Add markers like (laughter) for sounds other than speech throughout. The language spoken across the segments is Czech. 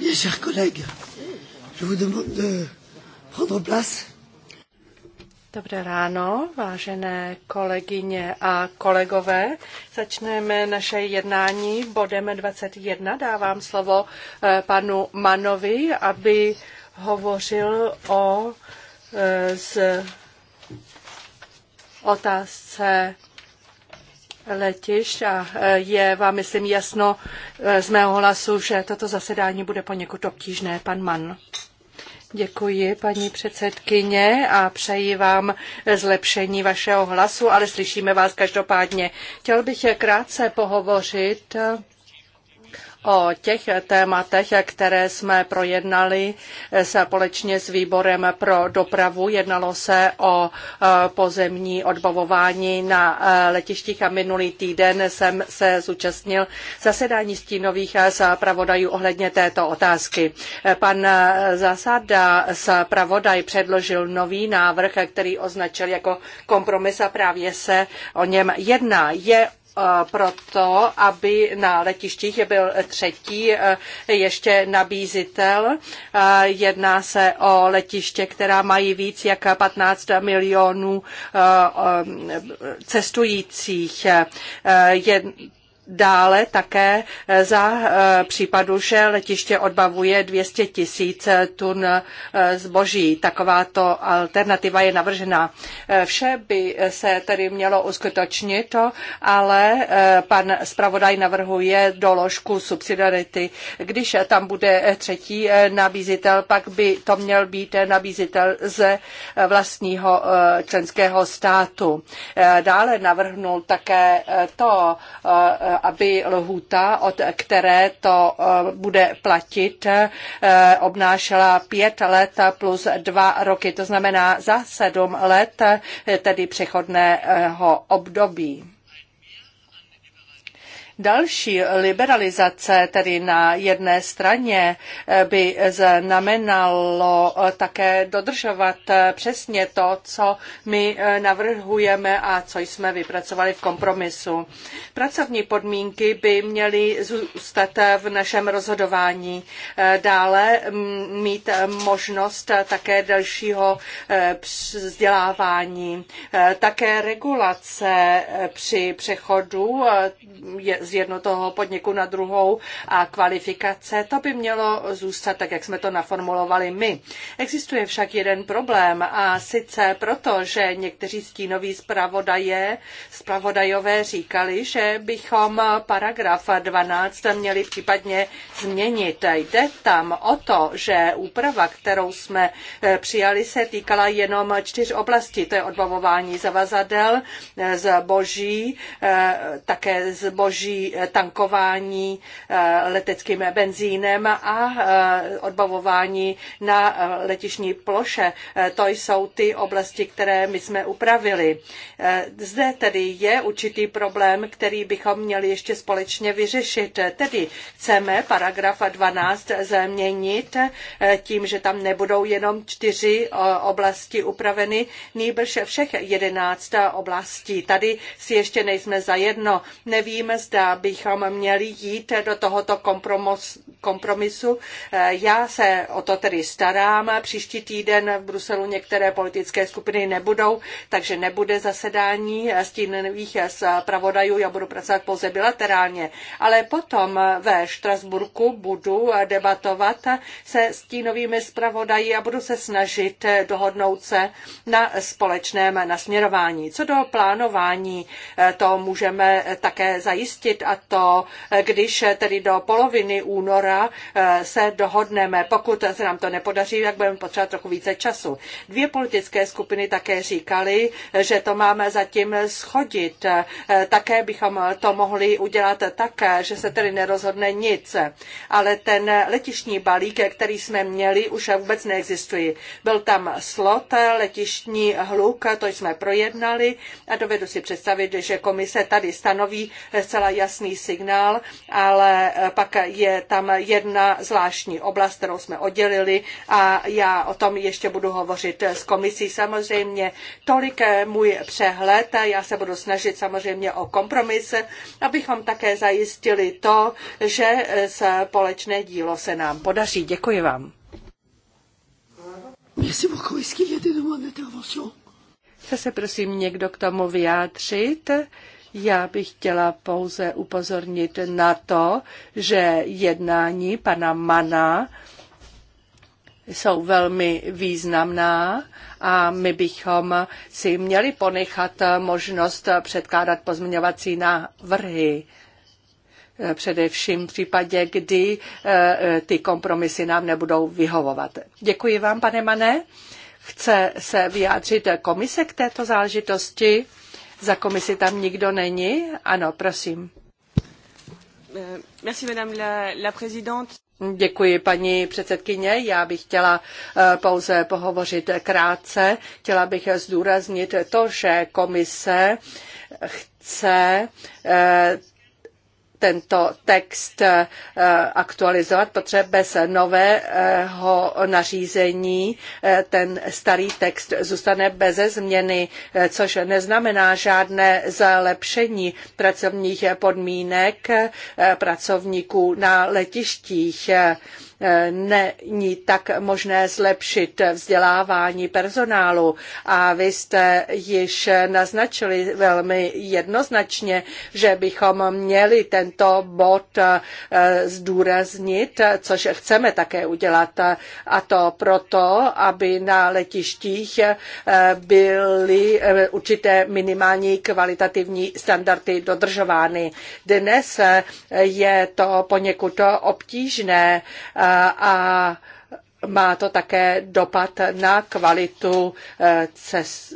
Mes chers collègues, je vous demande de prendre place. Dobré ráno, vážené kolegyně a kolegové. Začneme naše jednání bodem 21. Dávám slovo eh, panu Manovi, aby hovořil o eh, z otázce Letiš a e, je vám, myslím, jasno e, z mého hlasu, že toto zasedání bude poněkud obtížné. Pan Mann. Děkuji, paní předsedkyně, a přeji vám e, zlepšení vašeho hlasu, ale slyšíme vás každopádně. Chtěl bych krátce pohovořit o těch tématech, které jsme projednali společně s výborem pro dopravu. Jednalo se o e, pozemní odbavování na e, letištích a minulý týden jsem se zúčastnil zasedání stínových zpravodajů ohledně této otázky. Pan e, Zasada zpravodaj předložil nový návrh, který označil jako kompromis a právě se o něm jedná. Je Eh, proto, aby na letištích byl třetí eh, ještě nabízitel. Eh, jedná se o letiště, která mají víc jak 15 milionů mm, cestujících. Dále také za eh, případu, že letiště odbavuje 200 tisíc tun eh, zboží. Takováto alternativa je navržena. Eh, vše by se tedy mělo uskutečnit, ale pan zpravodaj navrhuje doložku subsidiarity. Když tam bude třetí nabízitel, pak by to měl být nabízitel ze vlastního členského státu. Dále navrhnul také to, aby lhůta, od které to eh, bude platit, eh, obnášela pět let plus dva roky, to znamená za sedm let, eh, tedy přechodného období. Další liberalizace tedy na jedné straně eh, by znamenalo eh, také dodržovat eh, přesně to, co my navrhujeme a co jsme vypracovali v kompromisu. Pracovní podmínky by měly zůstat v našem rozhodování. Dále mm, mít možnost také dalšího vzdělávání. Také regulace při přechodu je z jednoho podniku na druhou a kvalifikace, to by mělo zůstat tak, jak jsme to naformulovali my. Existuje však jeden problém a sice proto, že někteří stínoví zpravodaje, zpravodajové říkali, že bychom paragraf 12 měli případně změnit. Jde tam o to, že úprava, kterou jsme eh, přijali, se týkala jenom čtyř oblastí. To je odbavování zavazadel, eh, zboží, eh, také zboží tankování eh, leteckým benzínem a eh, odbavování na eh, letišní ploše. To jsou ty oblasti, které my jsme upravili. Zde tedy je určitý problém, který bychom měli ještě společně vyřešit. Tedy chceme paragraf 12 změnit tím, že tam nebudou jenom čtyři oblasti upraveny, nýbrž všech jedenáct oblastí. Tady si ještě nejsme zajedno. Nevíme, zda bychom měli jít do tohoto kompromisu. Eh, já se o to tedy starám. Příští týden v Bruselu některé politické skupiny nebudou, takže nebude zasedání stínových zpravodajů. Já budu pracovat pouze bilaterálně. Ale potom ve Štrasburku budu debatovat se stínovými zpravodaji a budu se snažit dohodnout se na společném nasměrování. Co do plánování, eh, to můžeme také zajistit posoudit a to, eh, když eh, tedy do poloviny února eh, se dohodneme. Pokud se nám to nepodaří, tak budeme potřebovat trochu více času. Dvě politické skupiny také říkaly, že to máme zatím schodit. Také bychom to mohli udělat tak, že se tedy nerozhodne nic. Ale ten letišní balík, který jsme měli, už vůbec neexistuje. Byl tam slot, letišní hluk, to jsme projednali a dovedu si představit, že komise tady stanoví zcela jasně jasný signál, ale eh, pak je tam jedna zvláštní oblast, kterou jsme oddělili a já o tom ještě budu hovořit s komisí samozřejmě. Tolik eh, můj přehled, a já se budu snažit samozřejmě o kompromis, abychom také zajistili to, že eh, společné dílo se nám podaří. Děkuji vám. Chce se prosím někdo k tomu vyjádřit? Já bych chtěla pouze upozornit na to, že jednání pana Mana jsou velmi významná a my bychom si měli ponechat možnost předkládat pozměňovací návrhy především v případě, kdy eh, ty kompromisy nám nebudou vyhovovat. Děkuji vám, pane Mané. Chce se vyjádřit komise k této záležitosti? Za komisi tam nikdo není? Ano, prosím. Eh, merci, madame la, la présidente. Děkuji, paní předsedkyně. Já bych chtěla eh, pouze pohovořit krátce. Chtěla bych zdůraznit to, že komise chce eh, tento text eh, aktualizovat, protože bez nového nařízení eh, ten starý text zůstane beze změny, eh, což neznamená žádné zlepšení pracovních podmínek pracovníků na letištích. E, není tak možné zlepšit vzdělávání personálu. A vy jste již naznačili velmi jednoznačně, že bychom měli tento bod e, zdůraznit, což chceme také udělat. A to proto, aby na letištích e, byly určité minimální kvalitativní standardy dodržovány. Dnes je to poněkud obtížné a má to také dopad na kvalitu e, cest,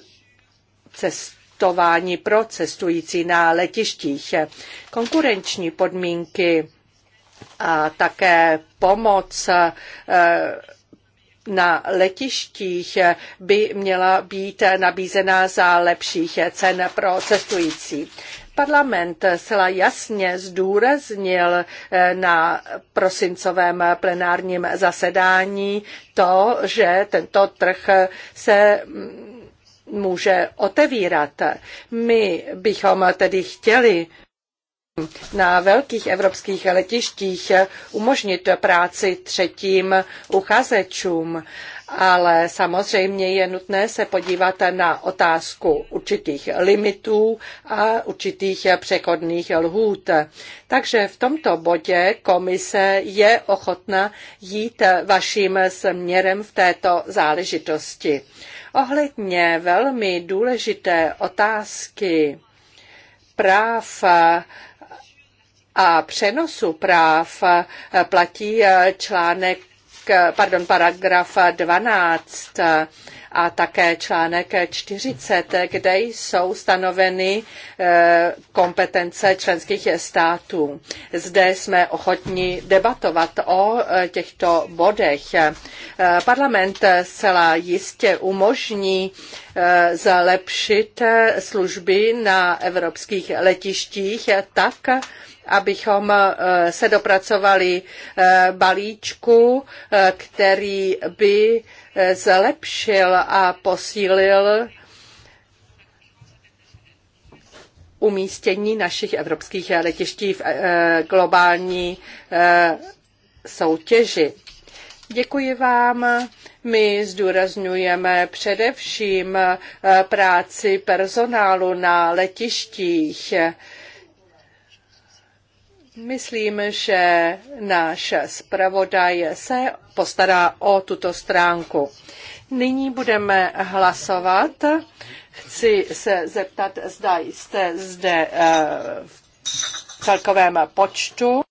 pro cestující na letištích, konkurenční podmínky a také pomoc e, na letištích by měla být nabízena za lepších cen pro cestující parlament zcela jasně zdůraznil eh, na prosincovém plenárním zasedání to, že tento trh se mm, může otevírat. My bychom tedy chtěli na velkých evropských letištích umožnit práci třetím uchazečům. Ale samozřejmě je nutné se podívat na otázku určitých limitů a určitých přechodných lhůt. Takže v tomto bodě komise je ochotna jít vaším směrem v této záležitosti. Ohledně velmi důležité otázky práv a přenosu práv eh, platí eh, článek eh, pardon, paragraf 12 a také článek 40, kde jsou stanoveny kompetence členských států. Zde jsme ochotni debatovat o těchto bodech. Parlament zcela jistě umožní zlepšit služby na evropských letištích tak, abychom eh, se dopracovali eh, balíčku, eh, který by zlepšil a posílil umístění našich evropských letiští v globální soutěži. Děkuji vám. My zdůrazňujeme především práci personálu na letištích. Myslím, že náš zpravodaj se postará o tuto stránku. Nyní budeme hlasovat. Chci se zeptat, zda jste zde eh, v celkovém počtu.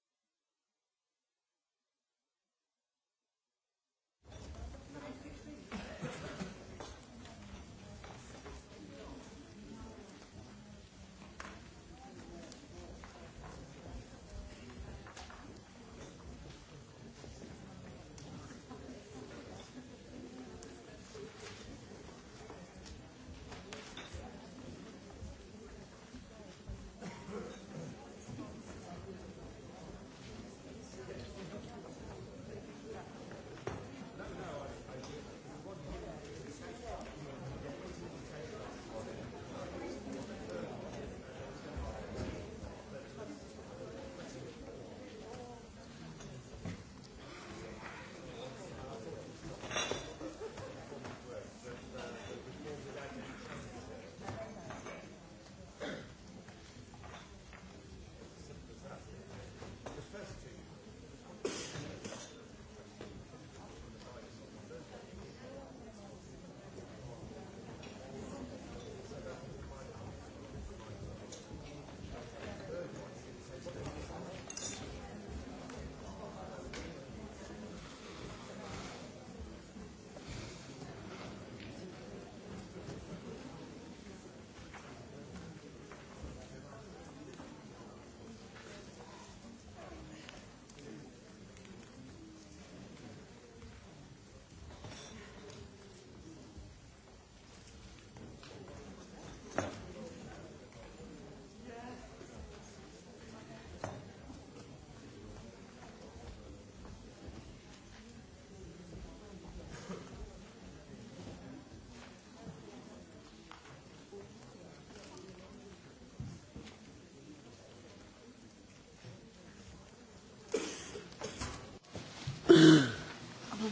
Aber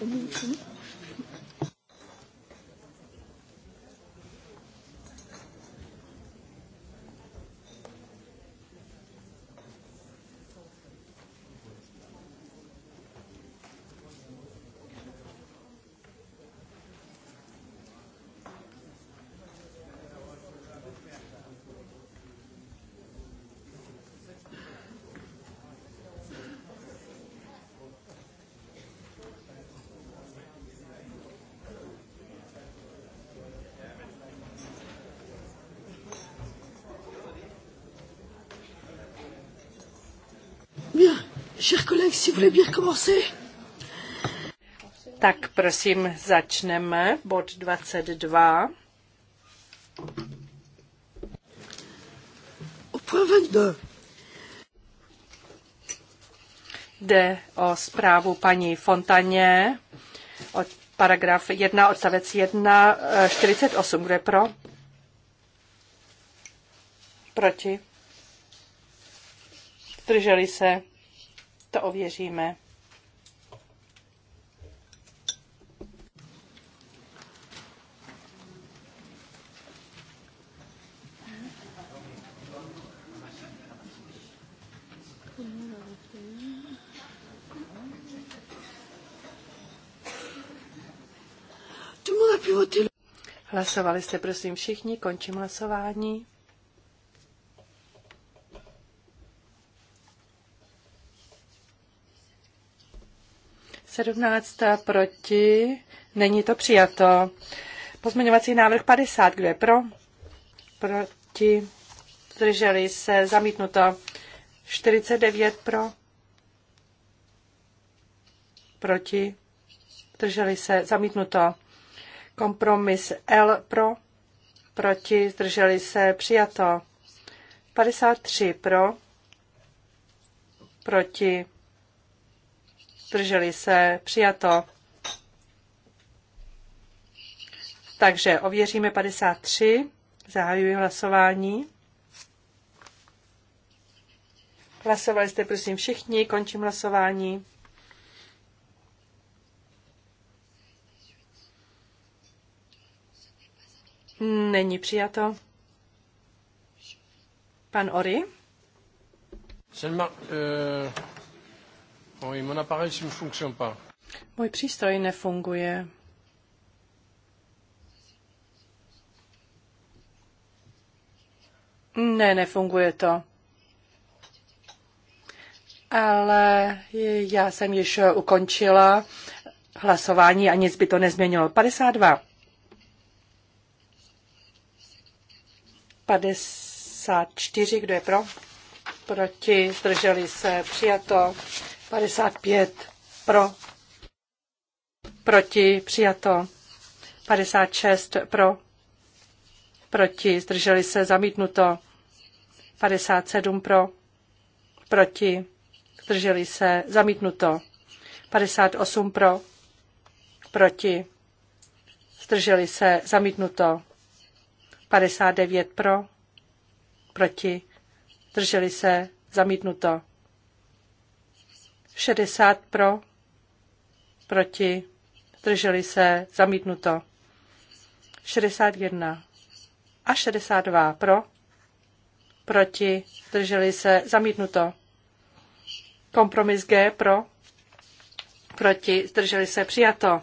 (gasps) dann... Chers collègues, si vous voulez bien commencer. Tak prosím, začneme. Bod 22. Au point 22. Jde o zprávu paní Fontaně od paragraf 1, odstavec 1, 48. Eh, Kdo je pro? Proti? Drželi se? To ověříme. Hlasovali jste prosím všichni, končím hlasování. 17 proti, není to přijato. Pozměňovací návrh 50, kdo je pro? Proti, zdrželi se, zamítnuto. 49 pro, proti, zdrželi se, zamítnuto. Kompromis L pro, proti, zdrželi se, přijato. 53 pro, proti, zdrželi se? Přijato. Takže ověříme 53. Zahajuji hlasování. Hlasovali jste prosím všichni, končím hlasování. Není přijato. Pan Ory? Seulement, euh, Oui, mon appareil ne fonctionne pas. Můj přístroj nefunguje. Ne, nefunguje to. Ale já jsem již ukončila hlasování a nic by to nezměnilo. 52. 54, kdo je pro? Proti, zdrželi se, přijato. 55 pro, proti, přijato. 56 pro, proti, zdrželi se, zamítnuto. 57 pro, proti, zdrželi se, zamítnuto. 58 pro, proti, zdrželi se, zamítnuto. 59 pro, proti, zdrželi se, zamítnuto. 60 pro, proti, zdrželi se, zamítnuto. 61 a 62 pro, proti, zdrželi se, zamítnuto. Kompromis G pro, proti, zdrželi se, přijato.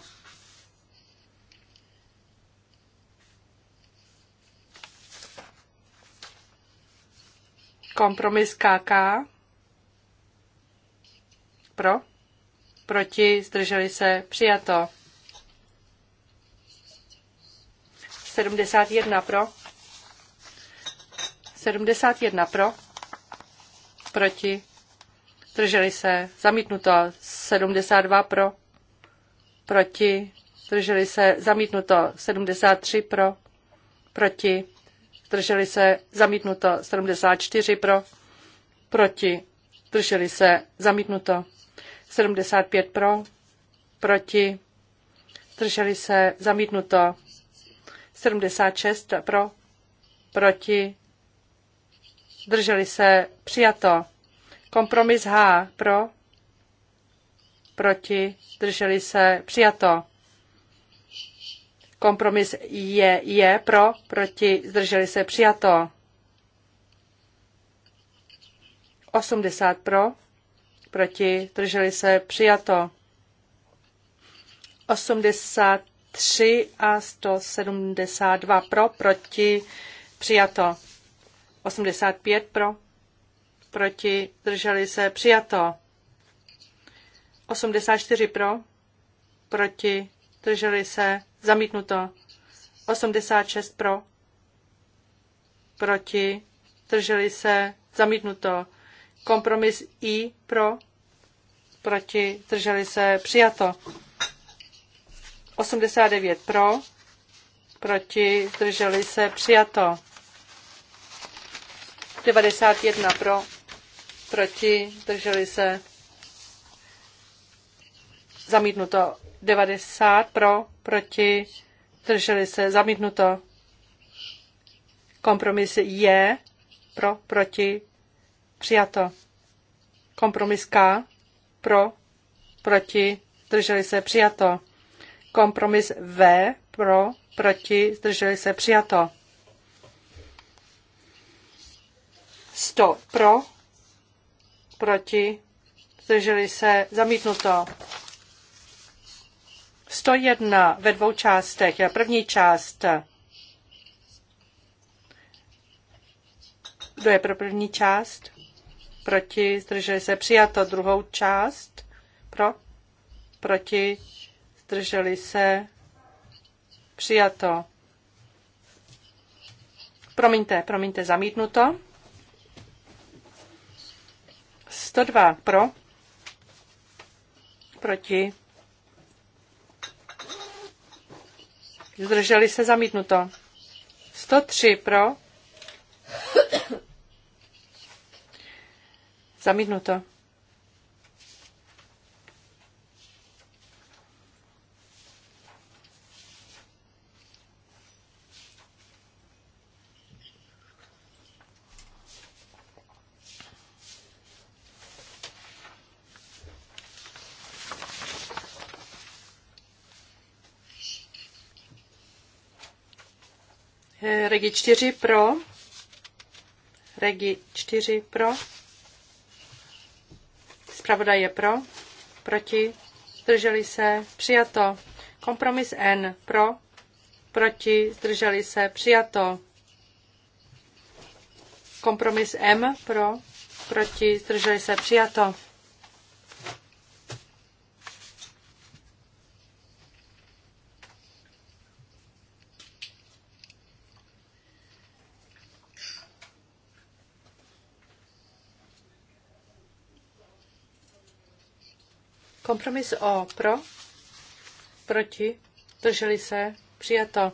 Kompromis KK pro? Proti? Zdrželi se? Přijato. 71 pro. 71 pro. Proti? Zdrželi se? Zamítnuto. 72 pro. Proti? Zdrželi se? Zamítnuto. 73 pro. Proti? Zdrželi se? Zamítnuto. 74 pro. Proti? Zdrželi se? Zamítnuto. 75 pro, proti, zdrželi se, zamítnuto. 76 pro, proti, zdrželi se, přijato. Kompromis H pro, proti, zdrželi se, přijato. Kompromis je, je pro, proti, zdrželi se, přijato. 80 pro, proti, drželi se, přijato. 83 a 172 pro, proti, přijato. 85 pro, proti, drželi se, přijato. 84 pro, proti, drželi se, zamítnuto. 86 pro, proti, drželi se, zamítnuto. Kompromis I pro, proti, zdrželi se, přijato. 89 pro, proti, zdrželi se, přijato. 91 pro, proti, zdrželi se, zamítnuto. 90 pro, proti, zdrželi se, zamítnuto. Kompromis je pro, proti, Přijato. Kompromis K. Pro. Proti. Zdrželi se. Přijato. Kompromis V. Pro. Proti. Zdrželi se. Přijato. 100 pro, proti, zdrželi se, zamítnuto. 101 ve dvou částech. První část. Kdo je pro první část? proti, zdrželi se přijato. Druhou část pro, proti, zdrželi se přijato. Promiňte, promiňte, zamítnuto. 102 pro, proti, zdrželi se zamítnuto. 103 pro, Zamítnuto. Eh, Regi 4 pro. Regi 4 pro. Zpravodaj je pro, proti, zdrželi se, přijato. Kompromis N pro, proti, zdrželi se, přijato. Kompromis M pro, proti, zdrželi se, přijato. Kompromis O pro, proti, drželi se, přijato.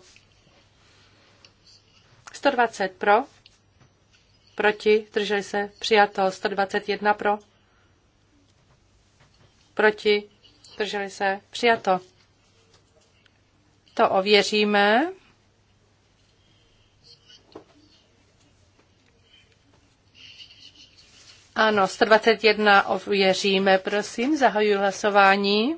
120 pro, proti, drželi se, přijato. 121 pro, proti, drželi se, přijato. To ověříme. Ano, 121 ověříme, prosím, zahajuji hlasování.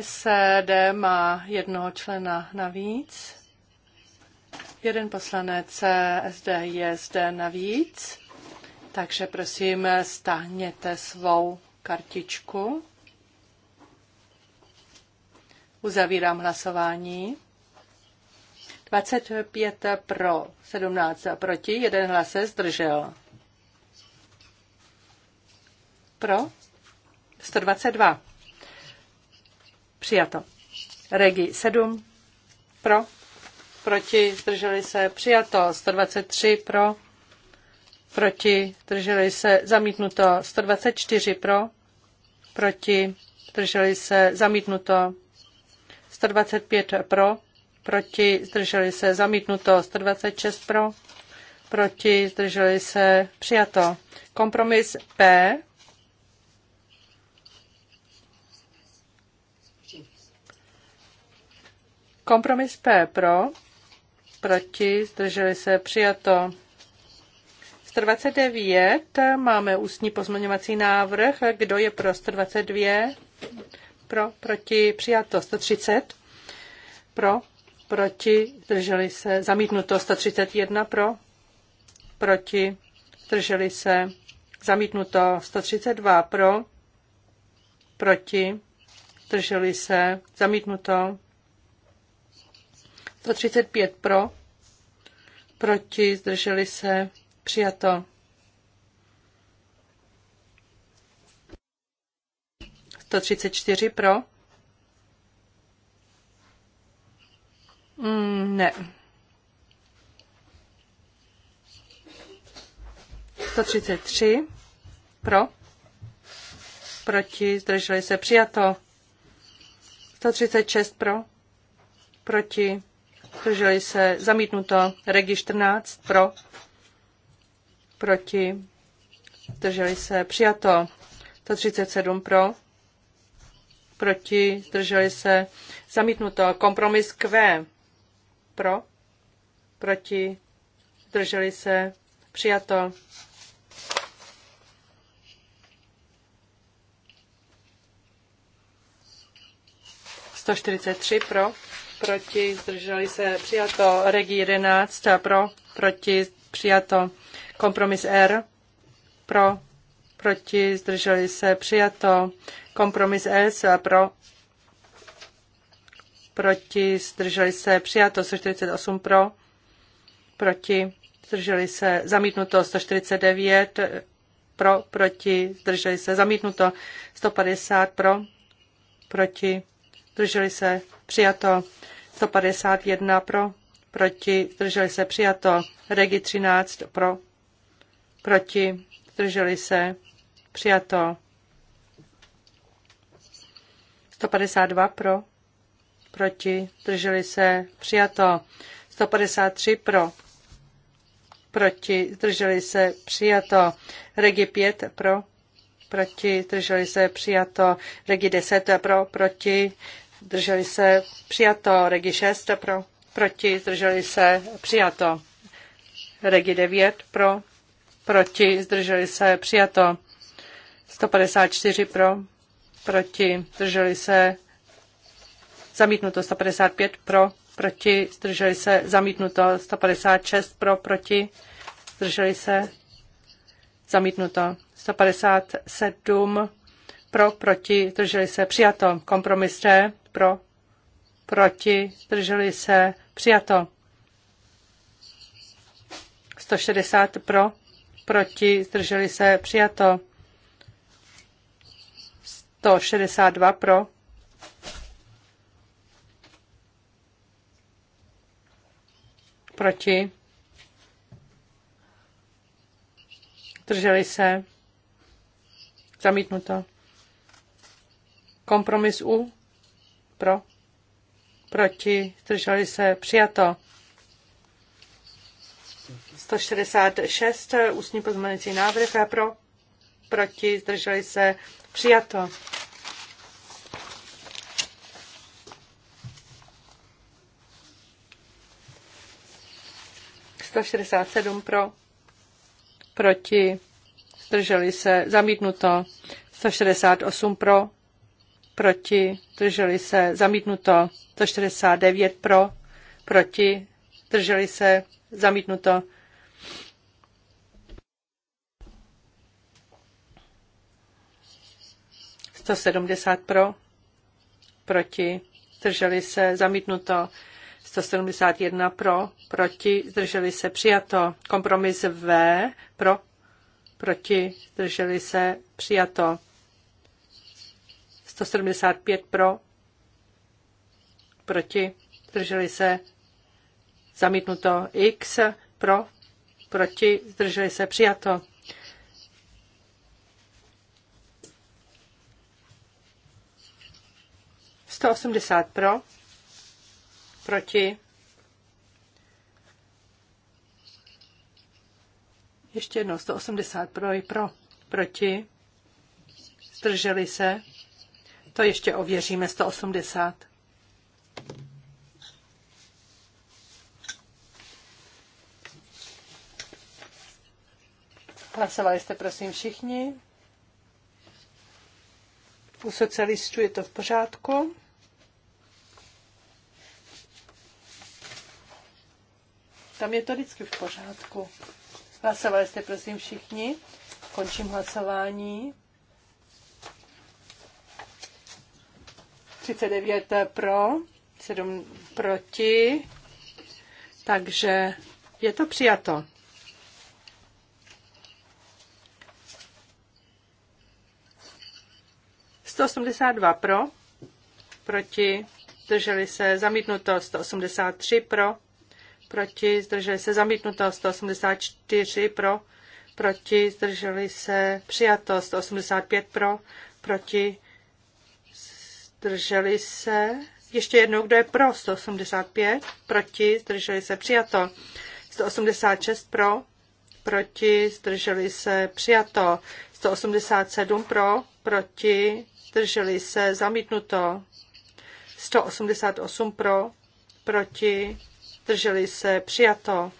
SED má jednoho člena navíc. Jeden poslanec SD je zde navíc, takže prosím, stáhněte svou kartičku. Uzavírám hlasování. 25 pro, 17 proti, jeden hlas se zdržel. Pro 122. Přijato. Regi 7 pro proti, zdrželi se, přijato. 123 pro, proti, zdrželi se, zamítnuto. 124 pro, proti, zdrželi se, zamítnuto. 125 pro, proti, zdrželi se, zamítnuto. 126 pro, proti, zdrželi se, přijato. Kompromis P. Kompromis P pro, proti, zdrželi se, přijato. 129, máme ústní pozměňovací návrh. Kdo je pro 122? Pro, proti, přijato 130. Pro, proti, zdrželi se, zamítnuto 131 pro, proti, zdrželi se, zamítnuto 132 pro, proti, zdrželi se, zamítnuto 135 pro, proti, zdrželi se, přijato. 134 pro? Mm, ne. 133 pro? Proti, zdrželi se, přijato. 136 pro? Proti, zdrželi se, zamítnuto, regi 14 pro, proti, zdrželi se, přijato, 137 pro, proti, zdrželi se, zamítnuto, kompromis Q, pro, proti, zdrželi se, přijato. Sto čtyřicet tři pro, proti, zdrželi se, přijato. Regi 11, pro, proti, přijato. Kompromis R, pro, proti, zdrželi se, přijato. Kompromis S, pro, proti, zdrželi se, přijato 148 pro, proti, zdrželi se, zamítnuto 149 pro, proti, zdrželi se, zamítnuto 150 pro, proti, zdrželi se, přijato 151 pro, proti, zdrželi se přijato. Regi 13 pro, proti, zdrželi se přijato. 152 pro, proti, zdrželi se přijato. 153 pro, proti, zdrželi se přijato. Regi 5 pro, proti, zdrželi se přijato. Regi 10 pro, proti, zdrželi se přijato, regi 6 pro, proti, zdrželi se přijato, regi 9 pro, proti, zdrželi se přijato, 154 pro, proti, zdrželi se zamítnuto, 155 pro, proti, zdrželi se zamítnuto, 156 pro, proti, zdrželi se zamítnuto, 157 pro, proti, zdrželi se přijato, kompromis 3, pro, proti, zdrželi se, přijato. 160 pro, proti, zdrželi se, přijato. 162 pro, proti, Drželi se, zamítnuto. Kompromis U pro? Proti? Zdrželi se? Přijato. 166 Ústní pozměnící návrh. A pro? Proti? Zdrželi se? Přijato. sedm pro, proti, zdrželi se, zamítnuto, 168 pro, proti, drželi se, zamítnuto 149 pro, proti, drželi se, zamítnuto. Sto sedmdesát pro, proti, zdrželi se, zamítnuto. 171 pro, proti, zdrželi se, přijato. Kompromis V, pro, proti, zdrželi se, přijato. 175 pro, proti, zdrželi se, zamítnuto X, pro, proti, zdrželi se, přijato. Sto osmdesát pro, proti, ještě jedno 180 pro i pro, proti, zdrželi se, to ještě ověříme 180. Hlasovali jste prosím všichni. U socialistů je to v pořádku. Tam je to vždycky v pořádku. Hlasovali jste prosím všichni. Končím hlasování. 39 pro, 7 proti, takže je to přijato. dva pro, proti, zdrželi se, zamítnuto 183 pro, proti, zdrželi se, zamítnuto 184 pro, proti, zdrželi se, přijato 185 pro, proti, zdrželi se. Ještě jednou, kdo je pro 185, proti, zdrželi se, přijato. 186 pro, proti, zdrželi se, přijato. 187 pro, proti, zdrželi se, zamítnuto. 188 pro, proti, zdrželi se, přijato.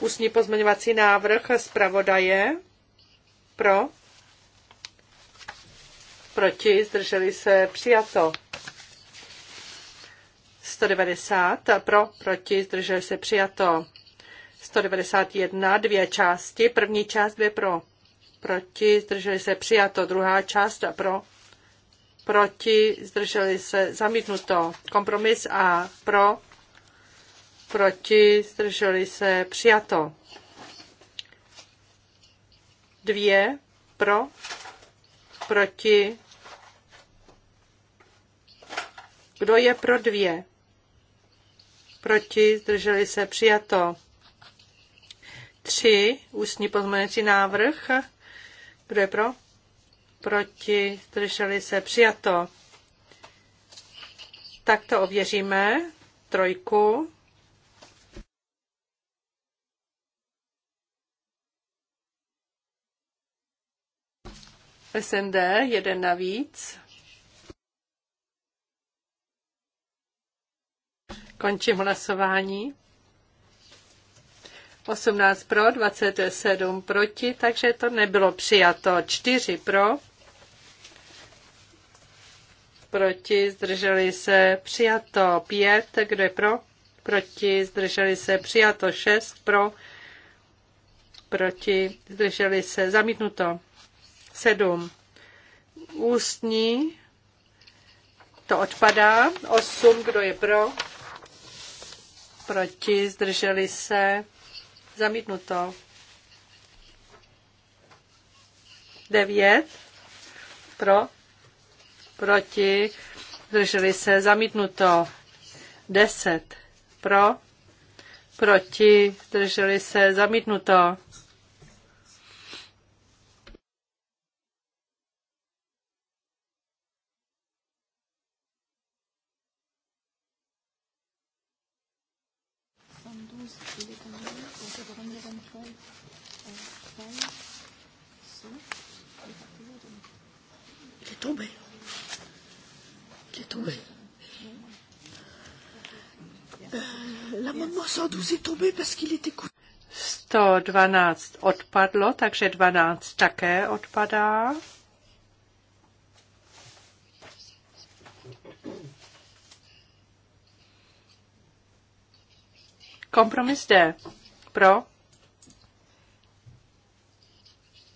Ústní pozměňovací návrh zpravodaje pro proti, zdrželi se, přijato. 190 pro, proti, zdrželi se, přijato. 191, dvě části. První část dvě pro, proti, zdrželi se, přijato. Druhá část pro, proti, zdrželi se, zamítnuto. Kompromis A pro, proti, zdrželi se, přijato. Dvě pro, proti? Kdo je pro dvě? Proti, zdrželi se, přijato. Tři, ústní pozměňovací návrh. Kdo je pro? Proti, zdrželi se, přijato. Tak to ověříme. Trojku. SND jeden navíc. Končím hlasování. 18 pro, 27 proti, takže to nebylo přijato. 4 pro, proti, zdrželi se, přijato 5, kdo je pro, proti, zdrželi se, přijato 6 pro, proti, zdrželi se, zamítnuto sedm, Ústní, to odpadá. osm, kdo je pro? Proti, zdrželi se. Zamítnuto. devět, Pro. Proti. Zdrželi se. Zamítnuto. deset, Pro. Proti. Zdrželi se. Zamítnuto. 112 odpadlo, takže 12 také odpadá. Kompromis D. Pro.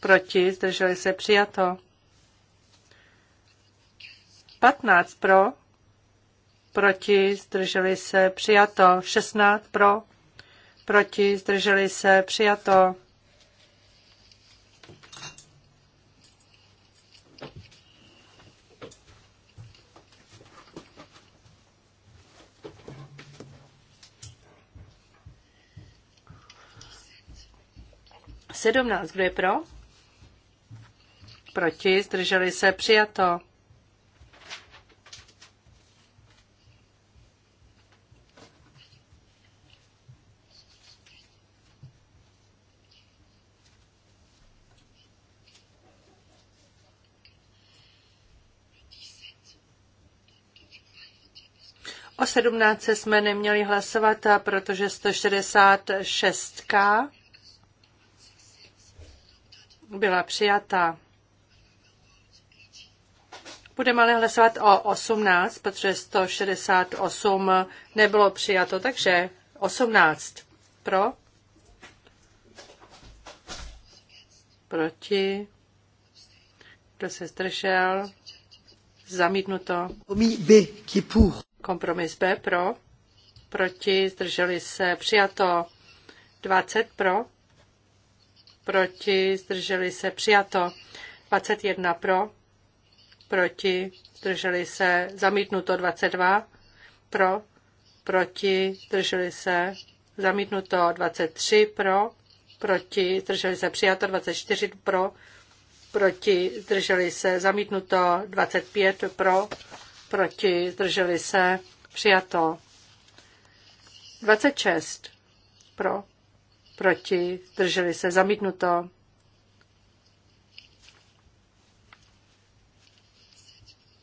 Proti. Zdrželi se. Přijato. 15 pro. Proti. Zdrželi se. Přijato. 16 pro proti, zdrželi se, přijato. Sedmnáct, kdo je pro? Proti, zdrželi se, přijato. 117 jsme neměli hlasovat, protože 166 byla přijatá. Budeme ale hlasovat o 18, protože 168 nebylo přijato, takže 18 pro, proti, kdo se zdržel, zamítnuto. Kompromis B, qui Kompromis B pro, proti, zdrželi se, přijato. 20 pro, proti, zdrželi se, přijato. 21 pro, proti, zdrželi se, zamítnuto 22, pro, proti, zdrželi se, zamítnuto 23, pro, proti, zdrželi se, přijato 24, pro, proti, zdrželi se, zamítnuto 25, pro, proti, zdrželi se, přijato. 26 pro, proti, zdrželi se, zamítnuto.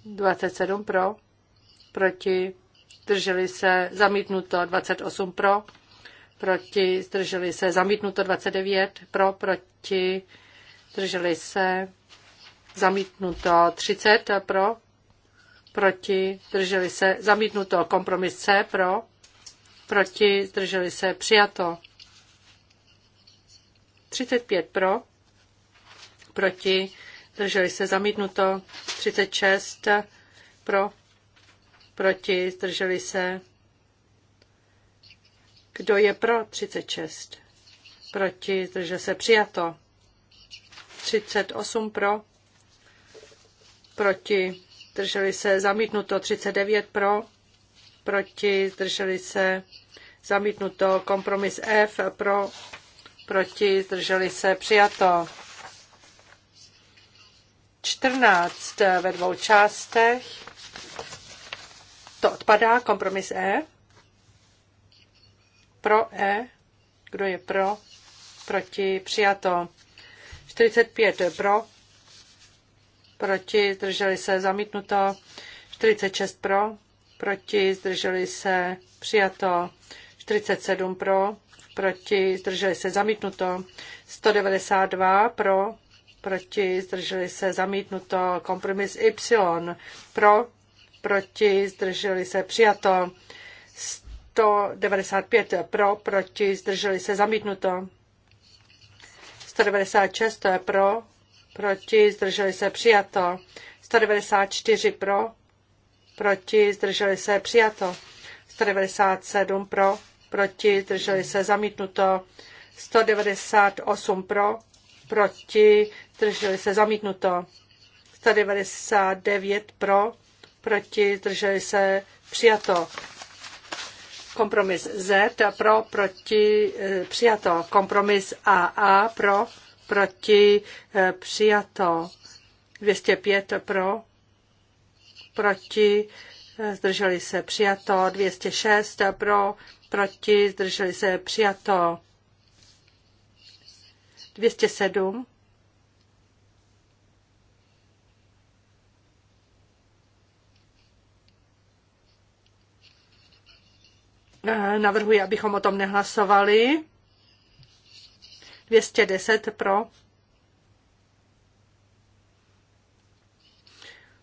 27 pro, proti, zdrželi se, zamítnuto 28 pro, proti, zdrželi se, zamítnuto 29 pro, proti, zdrželi se, zamítnuto 30 pro, proti, zdrželi se, zamítnuto. Kompromis C pro, proti, zdrželi se, přijato. 35 pro, proti, zdrželi se, zamítnuto. 36 pro, proti, zdrželi se. Kdo je pro 36? Proti, zdržel se, přijato. 38 pro, proti, zdrželi se, zamítnuto 39 pro, proti, zdrželi se, zamítnuto kompromis F pro, proti, zdrželi se, přijato. 14 ve dvou částech. To odpadá, kompromis E. Pro E. Kdo je pro? Proti, přijato. 45 pro, proti, zdrželi se, zamítnuto. 46 pro, proti, zdrželi se, přijato. 47 pro, proti, zdrželi se, zamítnuto. 192 pro, proti, zdrželi se, zamítnuto. Kompromis Y pro, proti, zdrželi se, přijato. 195 pro, proti, zdrželi se, zamítnuto. 196 pro, proti, zdrželi se přijato. 194 pro, proti, zdrželi se přijato. 197 pro, proti, zdrželi se zamítnuto. 198 pro, proti, zdrželi se zamítnuto. 199 pro, proti, zdrželi se přijato. Kompromis Z pro, proti, eh, přijato. Kompromis AA pro, proti, eh, přijato. 205 eh, pro, proti, zdrželi se přijato, 206 pro, proti, zdrželi se přijato, 207 Navrhuji, abychom o tom nehlasovali. 210 pro,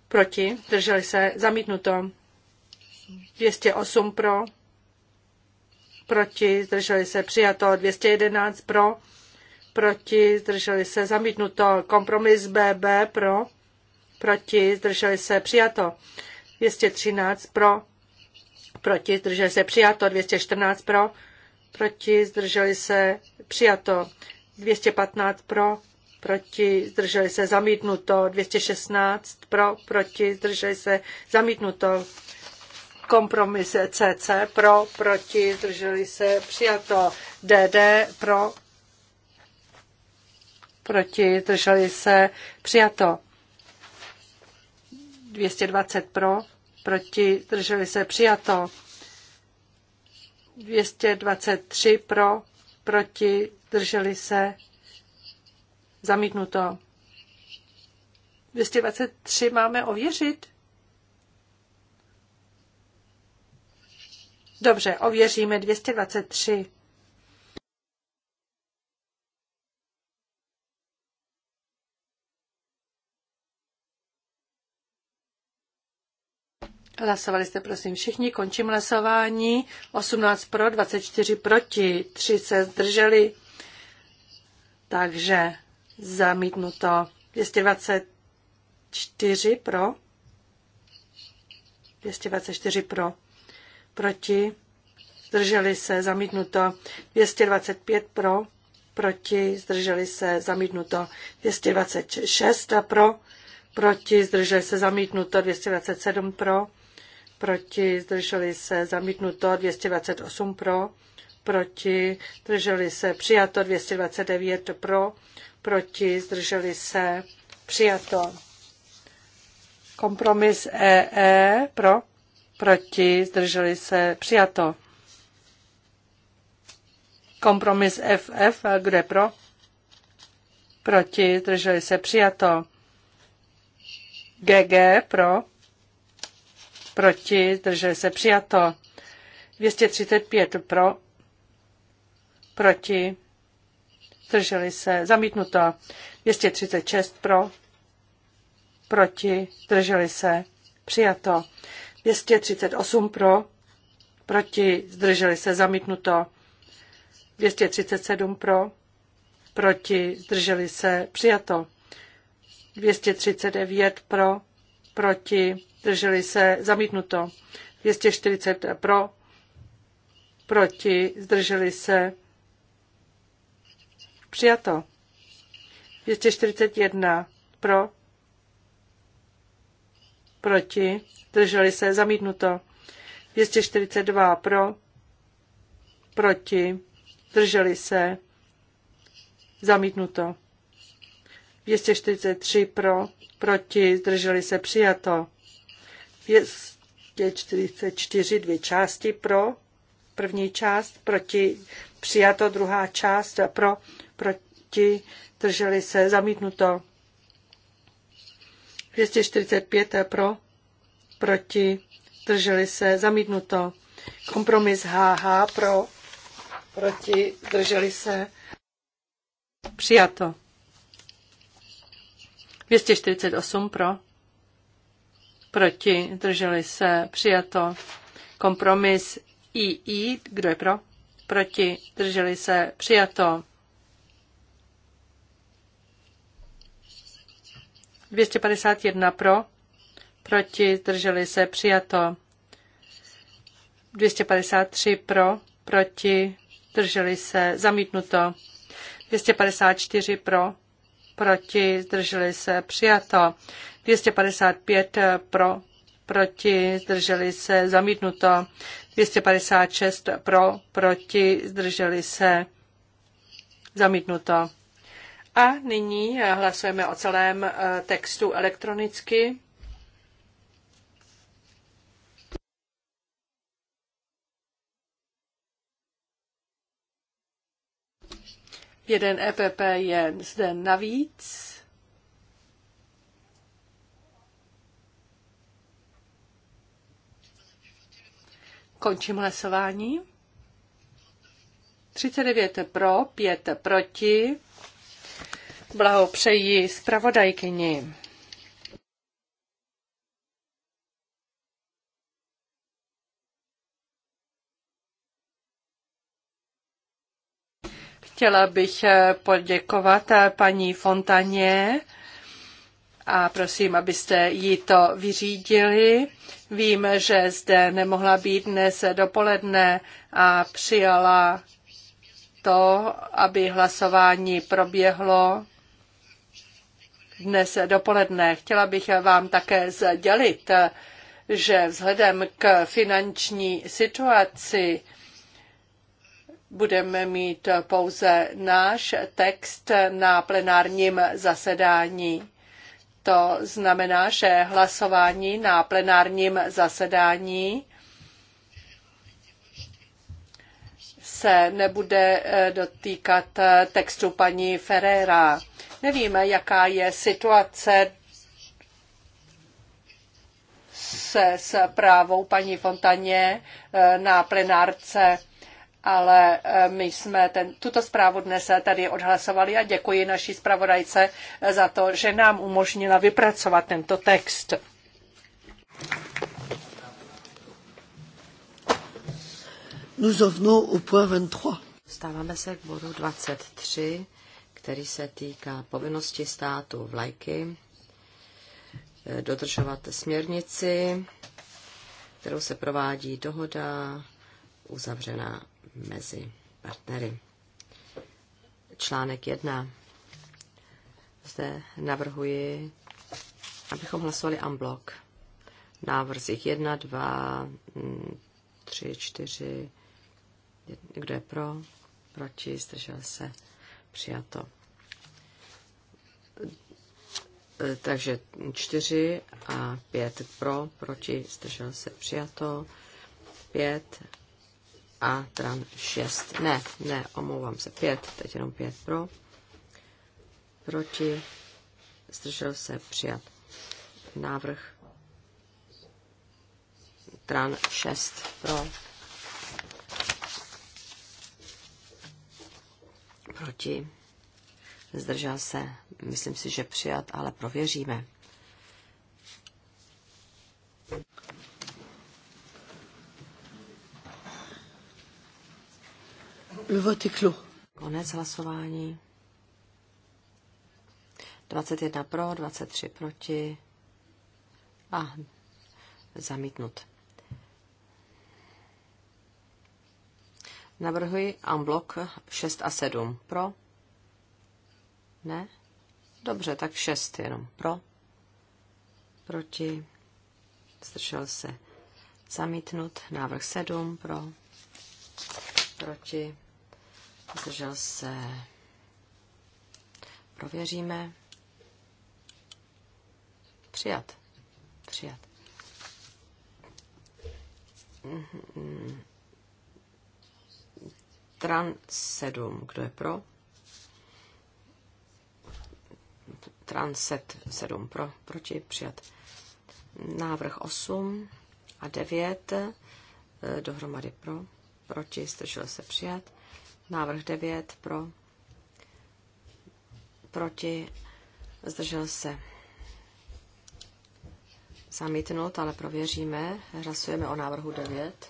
proti, drželi se, zamítnuto. 208 pro, proti, zdrželi se, přijato. 211 pro, proti, zdrželi se, zamítnuto. Kompromis BB pro, proti, zdrželi se, přijato. 213 pro, proti, zdrželi se, přijato. 214 pro, proti, zdrželi se, přijato. 215 pro, proti, zdrželi se zamítnuto, 216 pro, proti, zdrželi se zamítnuto, kompromis CC pro, proti, zdrželi se přijato, DD pro, proti, zdrželi se přijato, 220 pro, proti, zdrželi se přijato, 223 pro, proti, drželi se, zamítnuto. 223 máme ověřit? Dobře, ověříme 223. Hlasovali jste prosím všichni, končím hlasování. 18 pro, 24 proti, 3 se zdrželi. Takže zamítnuto 224 pro, 224 pro, proti, zdrželi se, zamítnuto 225 pro, proti, zdrželi se, zamítnuto 226 pro, proti, zdrželi se, zamítnuto 227 pro, proti, zdrželi se, zamítnuto 228 pro, proti, zdrželi se, přijato 229 pro, proti, zdrželi se, přijato. Kompromis EE e pro, proti, zdrželi se, přijato. Kompromis FF, je pro? Proti, zdrželi se, přijato. GG pro, proti, zdrželi se přijato. 235 pro, proti, zdrželi se zamítnuto. 236 pro, proti, zdrželi se přijato. 238 pro, proti, zdrželi se zamítnuto. 237 pro, proti, zdrželi se přijato. 239 pro, proti, zdrželi se, zamítnuto. 240 pro, proti, zdrželi se, přijato. 241 pro, proti, zdrželi se, zamítnuto. 242 pro, proti, zdrželi se, zamítnuto. 243 pro, proti, zdrželi se, přijato. 244, dvě části pro, první část proti, přijato druhá část pro, proti, drželi se, zamítnuto. 245 pro, proti, drželi se, zamítnuto. Kompromis HH pro, proti, drželi se, přijato. 248 pro, proti, drželi se, přijato. Kompromis II, kdo je pro, proti, drželi se, přijato. 251 pro, proti, drželi se, přijato. 253 pro, proti, drželi se, zamítnuto. 254 pro, proti, zdrželi se, přijato. 255 eh, pro, proti, zdrželi se, zamítnuto. 256 pro, proti, zdrželi se, zamítnuto. A nyní eh, hlasujeme o celém eh, textu elektronicky. Jeden EPP je zde navíc. Končím hlasování. 39 pro, 5 proti. Blahopřeji zpravodajkyni. Chtěla bych poděkovat paní Fontaně a prosím, abyste jí to vyřídili. Vím, že zde nemohla být dnes dopoledne a přijala to, aby hlasování proběhlo dnes dopoledne. Chtěla bych vám také sdělit, že vzhledem k finanční situaci budeme mít pouze náš text na plenárním zasedání. To znamená, že hlasování na plenárním zasedání se nebude eh, dotýkat eh, textu paní Ferrera. Nevíme, jaká je situace se s právou paní Fontaně eh, na plenárce ale eh, my jsme ten, tuto zprávu dnes tady odhlasovali a děkuji naší zpravodajce eh, za to, že nám umožnila vypracovat tento text. Nous venons au point 23. Stáváme se k bodu 23, který se týká povinnosti státu vlajky eh, dodržovat směrnici, kterou se provádí dohoda uzavřená mezi partnery. Článek 1. Zde navrhuji, abychom hlasovali unblock. Návrzích 1, 2, 3, 4. Kdo je pro? Proti? Zdržel se? Přijato. Takže 4 a 5 pro, proti, zdržel se přijato. 5 a tran 6. Ne, ne, omlouvám se, 5, teď jenom 5 pro. Proti, zdržel se, přijat. Návrh tran 6 pro. Proti, zdržel se, myslím si, že přijat, ale prověříme. Le Konec hlasování. 21 pro, 23 proti a zamítnut. Navrhuji unblock 6 a 7 pro. Ne? Dobře, tak 6 jenom pro. Proti. Zdržel se. Zamítnut. Návrh 7 pro. Proti zdržel se, prověříme, přijat, přijat. Tran 7, kdo je pro? Tran 7 pro, proti, přijat. Návrh 8 a 9 eh, dohromady pro, proti, zdržel se přijat. Návrh 9 pro, proti, zdržel se. Zamítnout, ale prověříme. Hlasujeme o návrhu 9.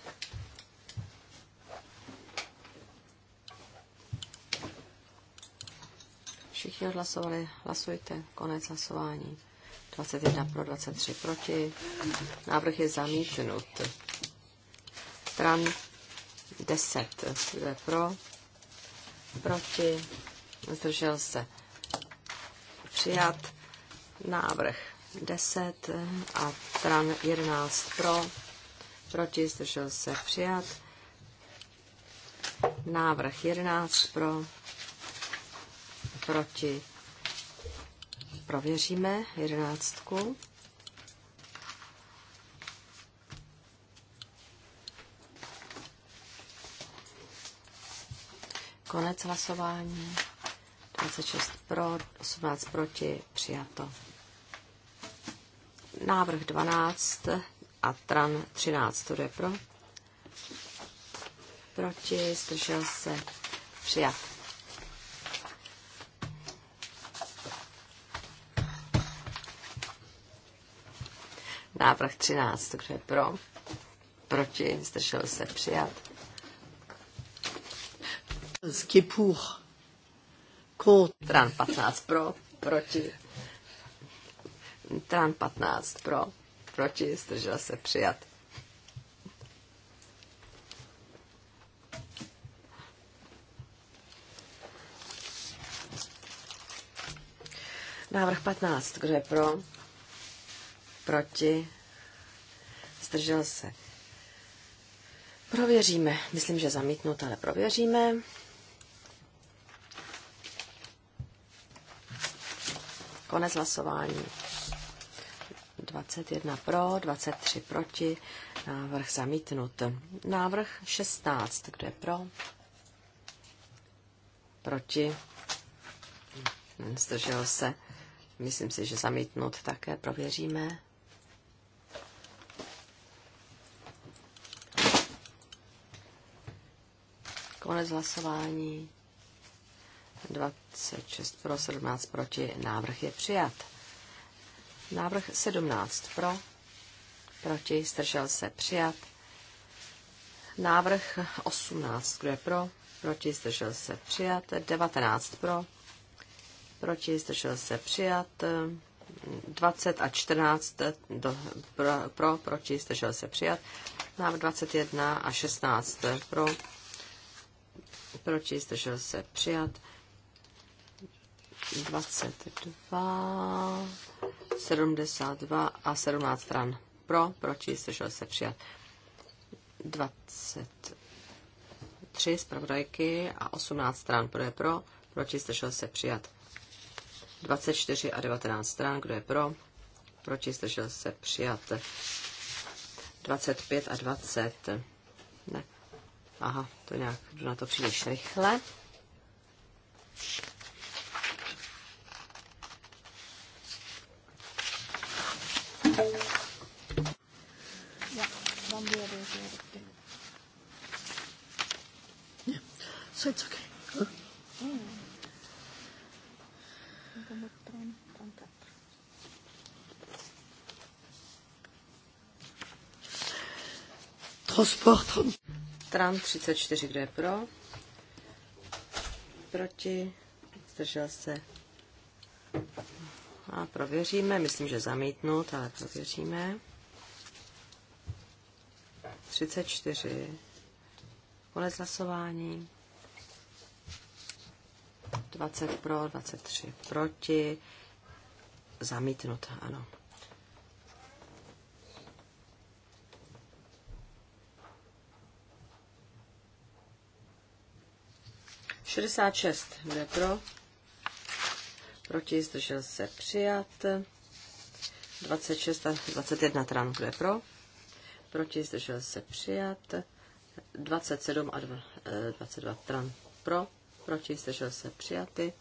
Všichni odhlasovali, hlasujte, konec hlasování. 21 pro, 23 proti. Návrh je zamítnut. Tran 10, kdo je pro, proti, zdržel se přijat návrh 10 a stran 11 pro, proti, zdržel se přijat návrh 11 pro, proti, prověříme jedenáctku. Konec hlasování. 26 pro, 18 proti, přijato. Návrh 12 a tran 13, to je pro. Proti, zdržel se, přijat. Návrh 13, kdo je pro? Proti, zdržel se, přijat. Tran 15 pro, proti. Tran 15 pro, proti, zdržel se přijat. Návrh 15. Kdo je pro? Proti? Zdržel se. Prověříme. Myslím, že zamítnut, ale prověříme. Konec hlasování. 21 pro, 23 proti, návrh zamítnut. Návrh 16, kdo je pro? Proti? Zdržel se. Myslím si, že zamítnut také prověříme. Konec hlasování. 26 pro, 17 proti. Návrh je přijat. Návrh 17 pro, proti, stržel se přijat. Návrh 18, kdo je pro, proti, zdržel se přijat. 19 pro, proti, zdržel se přijat. 20 a 14 do, pro, pro, proti, zdržel se přijat. Návrh 21 a 16 pro, proti, zdržel se přijat. 22, 72 a 17 stran. Pro, proti, jsi se přijat. 23 zpravodajky a 18 stran. Kdo je pro, proti, zdržel se přijat. 24 a 19 stran. Kdo je pro, proti, jsi se přijat. 25 a 20. Ne. Aha, to nějak jdu na to příliš rychle. So it's okay. Transport. Tram 34, kdo je pro? Proti? Zdržel se? A prověříme, myslím, že zamítnout, ale prověříme. 34. Konec hlasování. 20 pro, 23 proti. Zamítnut, ano. Šedesát šest bude pro, proti zdržel se přijat, 26 a 21 tran bude pro, proti zdržel se přijat, 27 a 22 eh, tran pro, proti, zdržel se přijaty.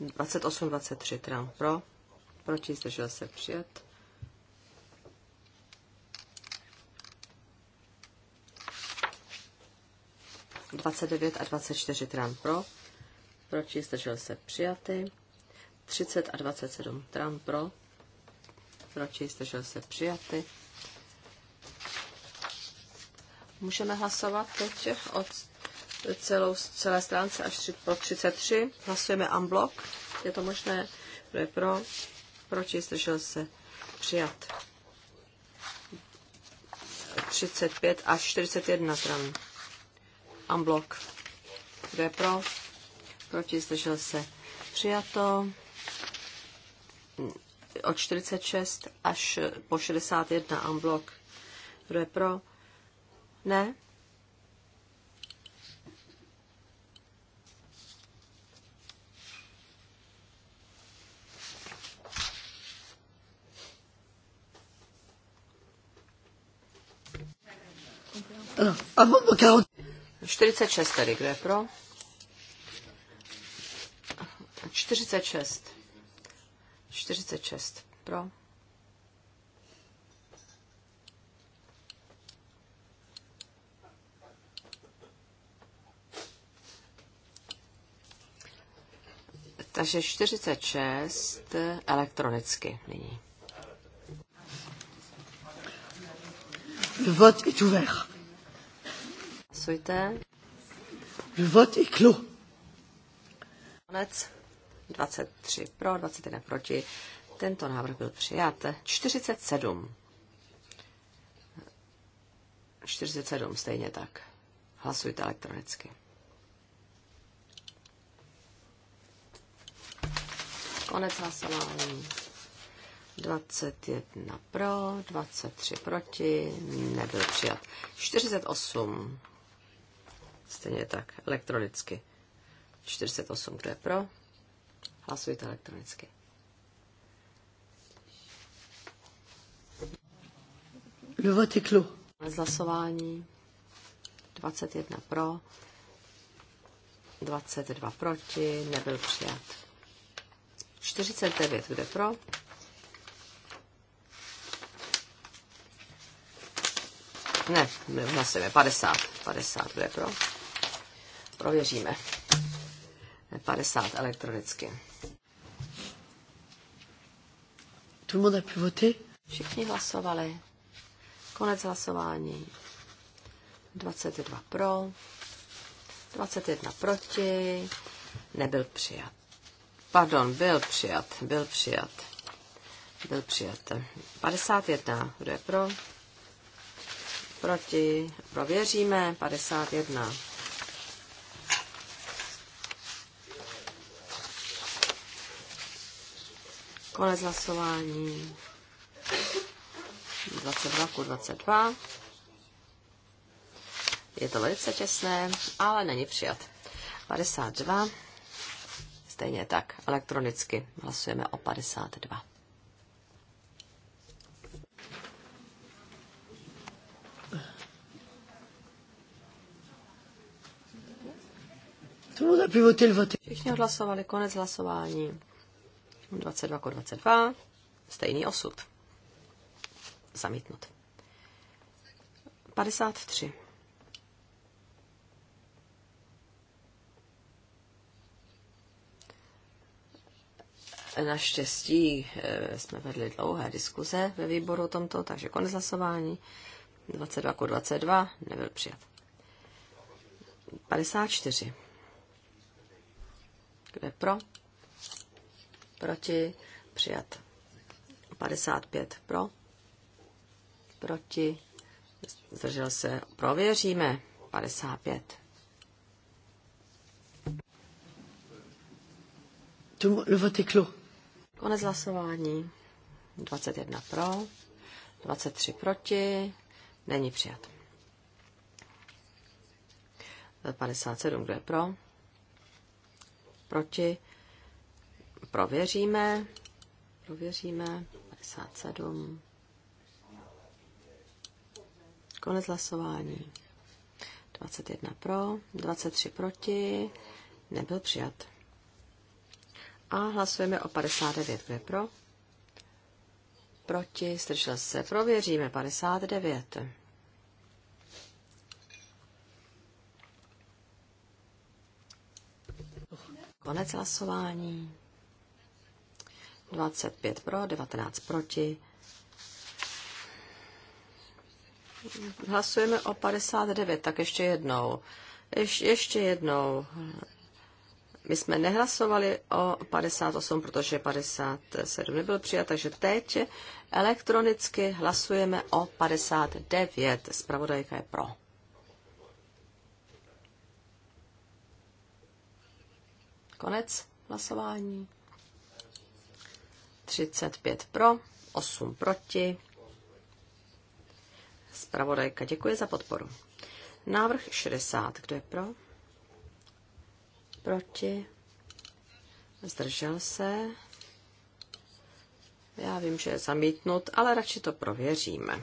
28, 23 teda pro, proti, zdržel se přijat. Dvacet a 24 čtyři tram pro, proti zdržel se přijaty. 30 a 27 sedm tram pro, proti zdržel se přijaty. Můžeme hlasovat teď od celou, celé stránce až tři, po 33. Hlasujeme unblock. Je to možné? Kdo je pro? Proti? Zdržel se? Přijat. 35 až 41 stran Unblock. Kdo je pro? Proti? Zdržel se? Přijato. Od 46 až po 61 unblock. Kdo je pro? Ne? 46 tedy, kdo je pro? 46. 46 pro. Takže 46 elektronicky nyní. Le vote est ouvert. Hlasujte. Vod i klu. Konec. 23 pro, 21 proti. Tento návrh byl přijat. 47. 47 stejně tak. Hlasujte elektronicky. Konec hlasování. 21 pro, 23 proti, nebyl přijat. 48 Stejně tak elektronicky. 48, kdo je pro? Hlasujte elektronicky. Le vote 21 pro, 22 proti, nebyl přijat. 49 kde pro. Ne, hlasujeme 50, 50 kde pro. Prověříme. 50 elektronicky. Všichni hlasovali. Konec hlasování. 22 pro, 21 proti, nebyl přijat. Pardon, byl přijat, byl přijat. Byl přijat. 51, kdo je pro? Proti, prověříme, 51. Konec hlasování. 22 ku 22. Je to velice těsné, ale není přijat. 52. Stejně tak, elektronicky hlasujeme o 52. Všichni odhlasovali konec hlasování. 22 jako 22, stejný osud. Zamítnut. 53. Naštěstí eh, jsme vedli dlouhé diskuze ve výboru o tomto, takže konec hlasování. 22 jako 22 nebyl přijat. 54. Kdo je pro? proti, přijat. 55 pro, proti, zdržel se, prověříme, 55. Le vote est clos. Konec hlasování. 21 pro, 23 proti, není přijat. 57, kdo je pro? Proti, prověříme. Prověříme. 57. Konec hlasování. 21 pro, 23 proti, nebyl přijat. A hlasujeme o 59, kdo je pro? Proti, zdržel se, prověříme, 59. Konec hlasování. 25 pro, 19 proti. Hlasujeme o 59, tak ještě jednou. Ješ, ještě jednou. My jsme nehlasovali o 58, protože 57 nebyl přijat, takže teď elektronicky hlasujeme o 59. Spravodajka je pro. Konec hlasování. 35 pro, 8 proti. Spravodajka, děkuji za podporu. Návrh 60, kdo je pro? Proti? Zdržel se? Já vím, že je zamítnut, ale radši to prověříme.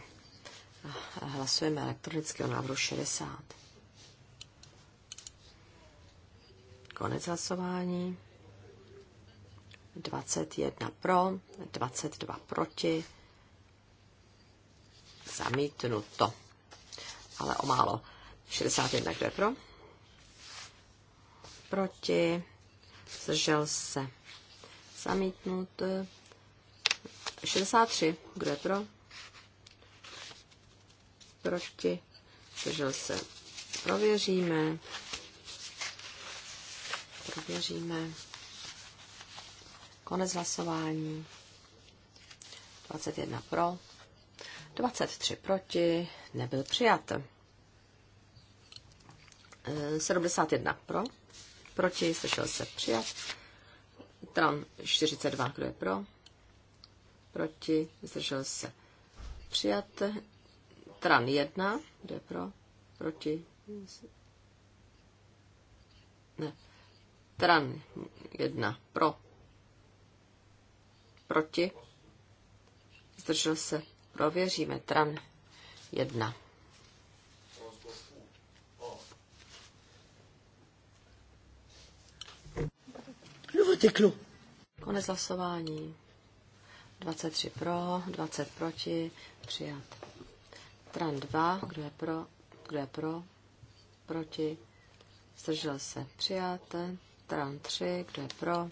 Hlasujeme elektronicky o návrhu 60. Konec hlasování. 21 pro, 22 proti. Zamítnuto. Ale o málo. 61 kdo je pro? Proti. Zdržel se. Zamítnut. 63 kdo je pro? Proti. Zdržel se. Prověříme. Prověříme. Konec hlasování. 21 pro, 23 proti, nebyl přijat. 71 eh, pro, proti, slyšel se přijat. Tran 42, kdo je pro, proti, zdržel se přijat. Tran 1, kdo je pro, proti, ne. Tran 1, pro, proti, zdržel se, prověříme, tran jedna. Vyteklo. Konec hlasování. 23 pro, 20 proti, přijat. Tran 2, kdo je pro, kdo je pro, proti, zdržel se, přijat. Tran 3, kdo je pro,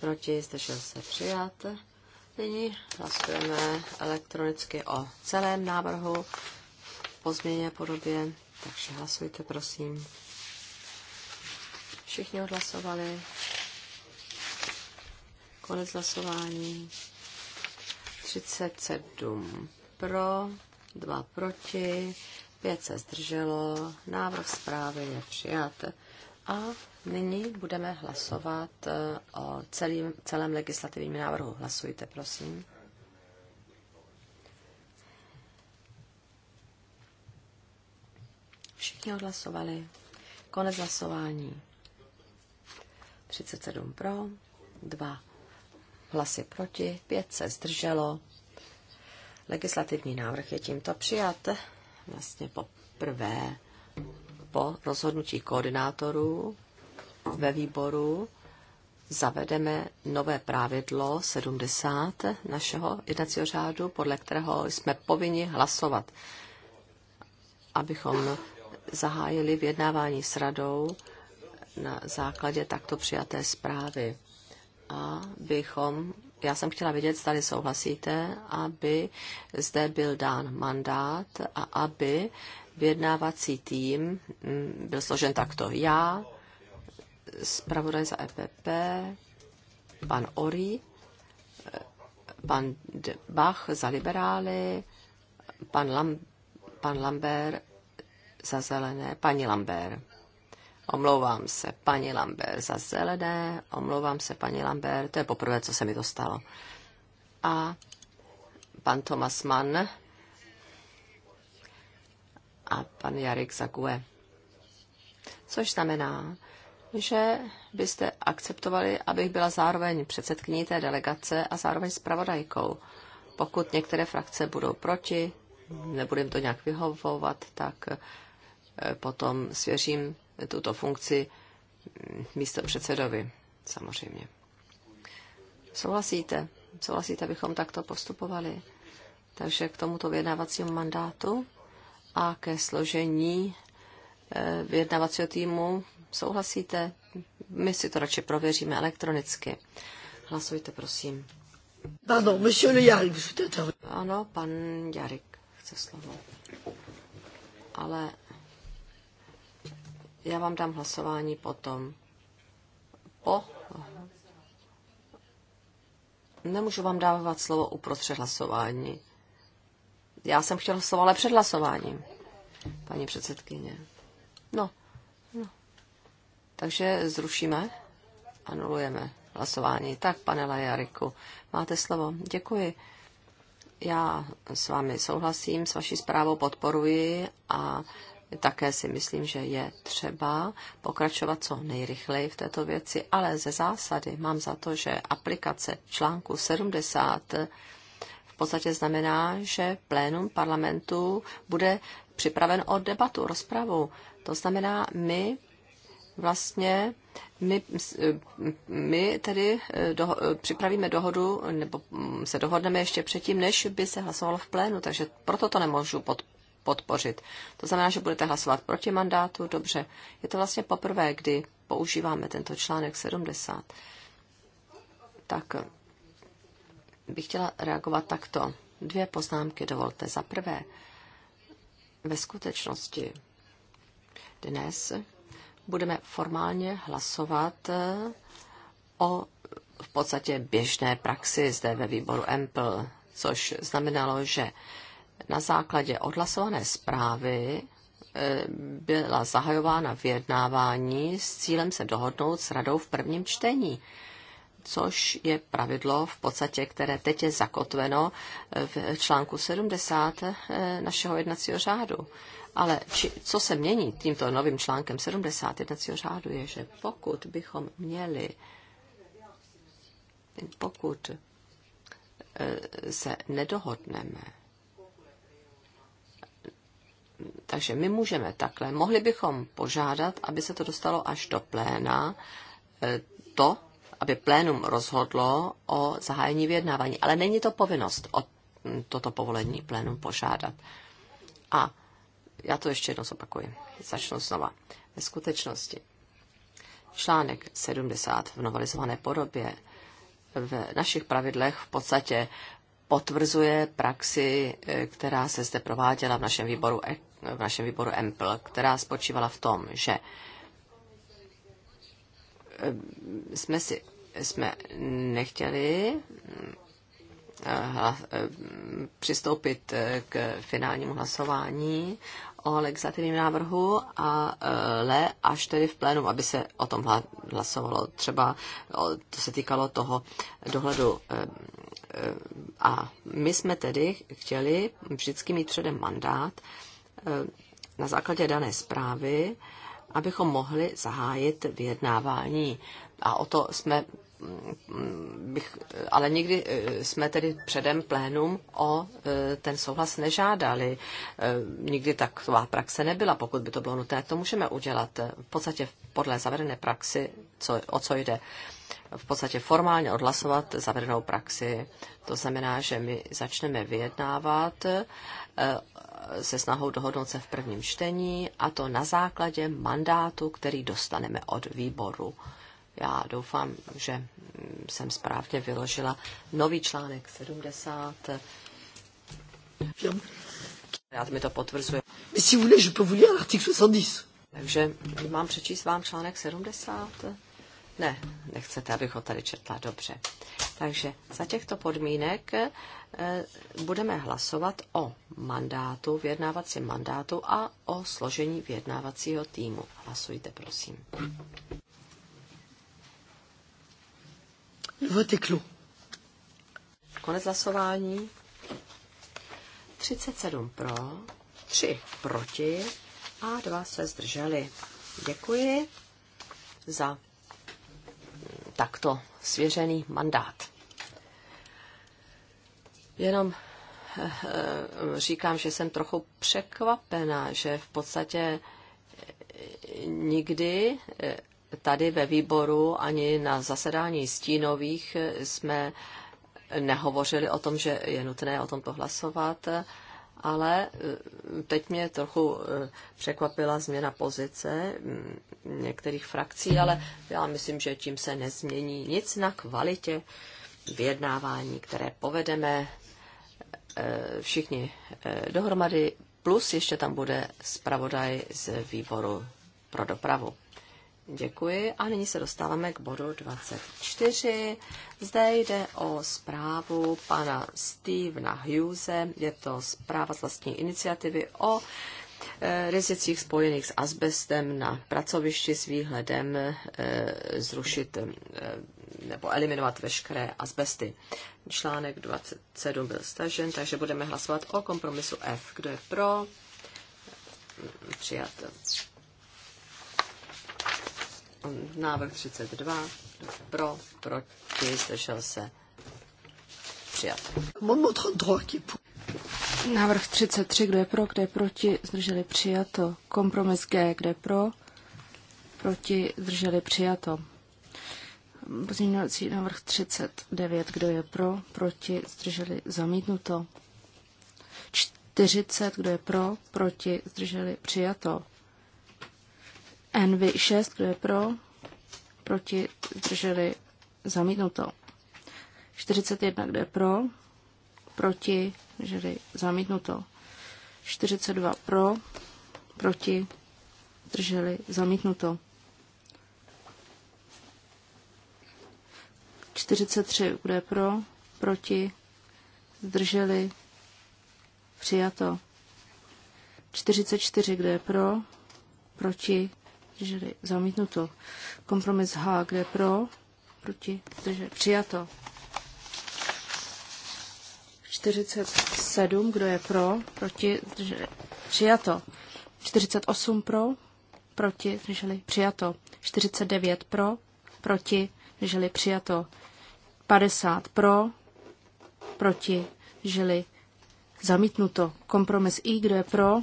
proti, zdržel se přijat. Nyní hlasujeme elektronicky o celém návrhu po změně podobě, takže hlasujte, prosím. Všichni odhlasovali. Konec hlasování. 37 pro, 2 proti, 5 se zdrželo, návrh zprávy je přijat. A Nyní budeme hlasovat eh, o celým, celém legislativním návrhu. Hlasujte, prosím. Všichni odhlasovali. Konec hlasování. 37 pro, 2 hlasy proti, 5 se zdrželo. Legislativní návrh je tímto přijat vlastně poprvé po rozhodnutí koordinátorů ve výboru zavedeme nové pravidlo 70 našeho jednacího řádu, podle kterého jsme povinni hlasovat, abychom zahájili vyjednávání s radou na základě takto přijaté zprávy. A bychom, já jsem chtěla vidět, zda souhlasíte, aby zde byl dán mandát a aby vyjednávací tým mm, byl složen takto. Já, zpravodaj za EPP, pan Ori, pan De Bach za liberály, pan, Lam, pan Lambert za zelené, paní Lambert. Omlouvám se, paní Lambert za zelené, omlouvám se, paní Lambert, to je poprvé, co se mi to stalo. A pan Thomas Mann a pan Jarek Zague. Což znamená, že byste akceptovali, abych byla zároveň předsedkyní té delegace a zároveň zpravodajkou. Pokud některé frakce budou proti, nebudu jim to nějak vyhovovat, tak eh, potom svěřím tuto funkci mm, místo předsedovi, samozřejmě. Souhlasíte? Souhlasíte, abychom takto postupovali? Takže k tomuto vyjednávacímu mandátu a ke složení eh, vyjednávacího týmu Souhlasíte? My si to radši prověříme elektronicky. Hlasujte, prosím. Ano, monsieur Le Jarek, Ano, pan Jarek chce slovo. Ale já vám dám hlasování potom. Po? Nemůžu vám dávat slovo uprostřed hlasování. Já jsem chtěl slovo, ale před hlasováním, paní předsedkyně. No, takže zrušíme, anulujeme hlasování. Tak, pane Lajariku, máte slovo. Děkuji. Já s vámi souhlasím, s vaší zprávou podporuji a také si myslím, že je třeba pokračovat co nejrychleji v této věci, ale ze zásady mám za to, že aplikace článku 70 v podstatě znamená, že plénum parlamentu bude připraven o debatu, rozpravu. To znamená, my vlastně my, my tedy eh, do, eh, připravíme dohodu, nebo mm, se dohodneme ještě předtím, než by se hlasovalo v plénu, takže proto to nemůžu pod, podpořit. To znamená, že budete hlasovat proti mandátu, dobře. Je to vlastně poprvé, kdy používáme tento článek 70. Tak eh, bych chtěla reagovat takto. Dvě poznámky dovolte. Za prvé, ve skutečnosti dnes budeme formálně hlasovat eh, o v podstatě běžné praxi zde ve výboru EMPL, což znamenalo, že na základě odhlasované zprávy eh, byla zahajována vyjednávání s cílem se dohodnout s radou v prvním čtení, což je pravidlo v podstatě, které teď je zakotveno eh, v článku 70 našeho jednacího řádu. Ale či, co se mění tímto novým článkem 70 jednacího řádu je, že pokud bychom měli, pokud e, se nedohodneme, takže my můžeme takhle. Mohli bychom požádat, aby se to dostalo až do pléna, e, to, aby plénum rozhodlo o zahájení vyjednávání. Ale není to povinnost o toto povolení plénum požádat. A já to ještě jednou zopakuji, začnu znova. Ve skutečnosti článek 70 v novelizované podobě v našich pravidlech v podstatě potvrzuje praxi, e, která se zde prováděla v našem výboru, e-, v našem výboru EMPL, která spočívala v tom, že e, jsme, si, jsme nechtěli přistoupit k finálnímu hlasování o legislativním návrhu a e, le až tedy v plénum, aby se o tom hlasovalo. Třeba to se týkalo toho dohledu. E, e, a my jsme tedy chtěli vždycky mít předem mandát na základě dané zprávy, abychom mohli zahájit vyjednávání. A o to jsme bych, ale nikdy eh, jsme tedy předem plénum o eh, ten souhlas nežádali. Eh, nikdy taková praxe nebyla. Pokud by to bylo nutné, to můžeme udělat. V podstatě podle zavedené praxi, co, o co jde v podstatě formálně odhlasovat zavedenou praxi. To znamená, že my začneme vyjednávat se snahou dohodnout se v prvním čtení a to na základě mandátu, který dostaneme od výboru já doufám, že mm, jsem správně vyložila nový článek 70. Já mi to potvrzuje. Mais si voulez, je peux vous lire l'article 70. Takže mám přečíst vám článek 70? Ne, nechcete, abych ho tady četla. Dobře. Takže za těchto podmínek eh, budeme hlasovat o mandátu, vyjednávacím mandátu a o složení vyjednávacího týmu. Hlasujte, prosím. Vote clos. Konec hlasování. 37 pro, 3 proti a 2 se zdrželi. Děkuji za mm, takto svěřený mandát. Jenom eh, eh, říkám, že jsem trochu překvapena, že v podstatě eh, nikdy tady ve výboru ani na zasedání stínových jsme nehovořili o tom, že je nutné o tomto hlasovat, ale eh, teď mě trochu eh, překvapila změna pozice mm, některých frakcí, ale já myslím, že tím se nezmění nic na kvalitě vyjednávání, které povedeme eh, všichni dohromady, plus ještě tam bude zpravodaj z výboru pro dopravu. Děkuji a nyní se dostáváme k bodu 24. Zde jde o zprávu pana Stevena Hughese. Je to zpráva z vlastní iniciativy o e, rizicích spojených s asbestem na pracovišti s výhledem e, zrušit e, nebo eliminovat veškeré asbesty. Článek 27 byl stažen, takže budeme hlasovat o kompromisu F. Kdo je pro? Přijat. Návrh 32. Pro, proti, zdržel se. Přijat. Návrh 33, kdo je pro, kdo je proti, zdrželi přijato. Kompromis G, kde pro, proti, zdrželi přijato. Pozměňovací návrh 39, kdo je pro, proti, zdrželi zamítnuto. 40, kdo je pro, proti, zdrželi přijato. NV 6, kdo je pro, proti, zdrželi, zamítnuto. 41, kdo je pro, proti, zdrželi, zamítnuto. 42 pro, proti, zdrželi, zamítnuto. 43, kdo je pro, proti, zdrželi, přijato. 44, kdo je pro, proti, zdrželi zamítnuto. Kompromis H, kde pro, proti, zdrželi přijato. 47, kdo je pro, proti, zdrželi přijato. 48 pro, proti, zdrželi přijato. 49 pro, proti, zdrželi přijato. 50 pro, proti, zdrželi zamítnuto. Kompromis I, kdo je pro,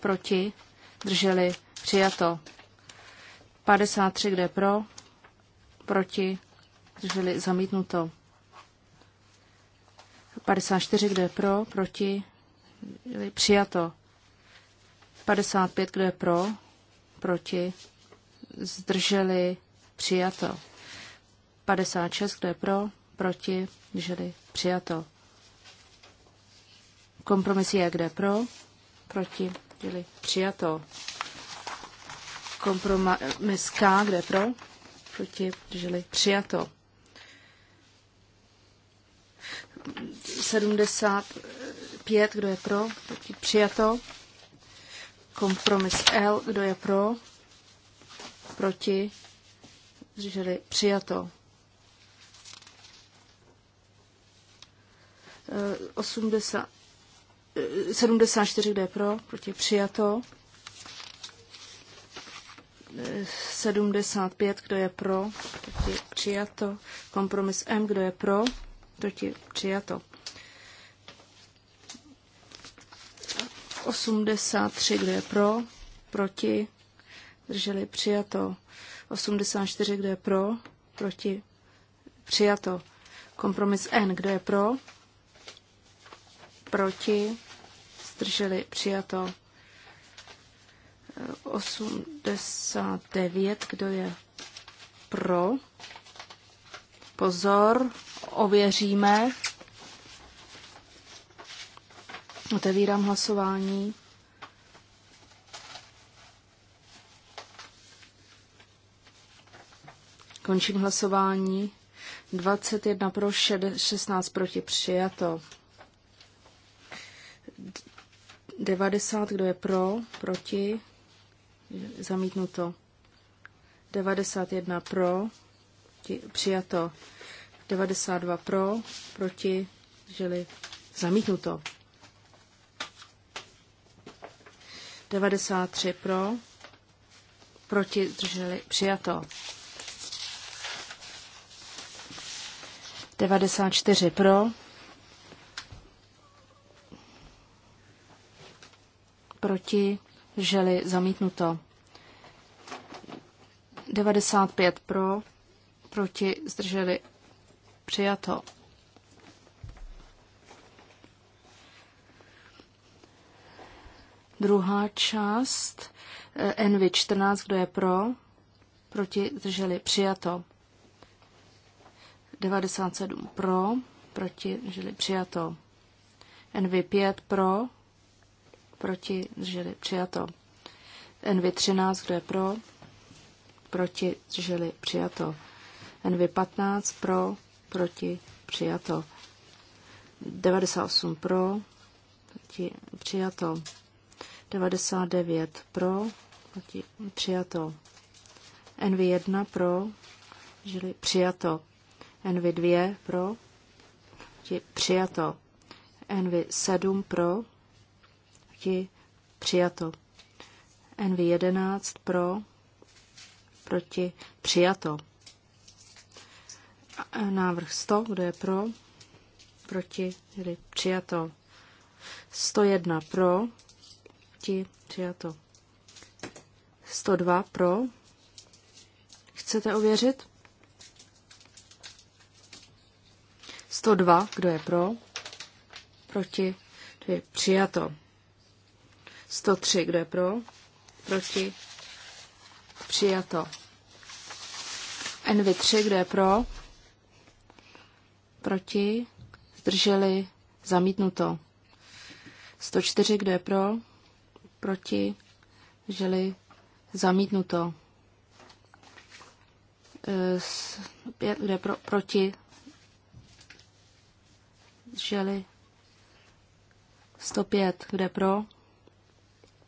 proti, drželi Přijato. 53, kde pro, proti, zdrželi, zamítnuto. 54, kde pro, proti, přijato. 55, kde pro, proti, zdrželi, přijato. 56, kde pro, proti, zdrželi, přijato. Kompromis je, kde pro, proti, drželi přijato. Kompromis K, kde pro? Proti, drželi přijato. 75, kdo je pro? Proti, přijato. Kompromis L, kdo je pro? Proti, drželi přijato. 80, 74, kde je pro, proti přijato. 75, kdo je pro, proti přijato. Kompromis M, kdo je pro, proti přijato. 83, kdo je pro, proti, drželi přijato. 84, kdo je pro, proti, přijato. Kompromis N, kdo je pro, proti, zdrželi přijato. 89, kdo je pro. Pozor, ověříme. Otevírám hlasování. Končím hlasování. 21 pro, 16 proti přijato. 90, kdo je pro, proti, zamítnuto. 91 pro, přijato. 92 pro, proti, žili zamítnuto. 93 pro, proti, drželi přijato. 94 pro, proti, Želi zamítnuto. 95 pro, proti zdrželi přijato. Druhá část eh, nv 14, kdo je pro, proti zdrželi přijato. 97 pro, proti zdrželi přijato. NV5 pro, proti, zdrželi, přijato. NV13, kdo je pro, proti, zdrželi, přijato. NV15 pro, proti, přijato. 98 pro, proti, přijato. 99 pro, proti, přijato. NV1 pro, zdrželi, přijato. NV2 pro, proti, přijato. NV7 pro, proti, přijato. NV11 pro, proti, přijato. E, návrh 100, kdo je pro, proti, tedy přijato. 101 pro, proti, přijato. 102 pro. Chcete ověřit? 102, kdo je pro? Proti, tedy přijato. 103, kdo je pro? Proti? Přijato. Envy 3 kdo je pro? Proti? Zdrželi? Zamítnuto. 104, kdo je pro? Proti? Zdrželi? Zamítnuto. 5, kdo je pro? Proti? Zdrželi? 105, kde pro?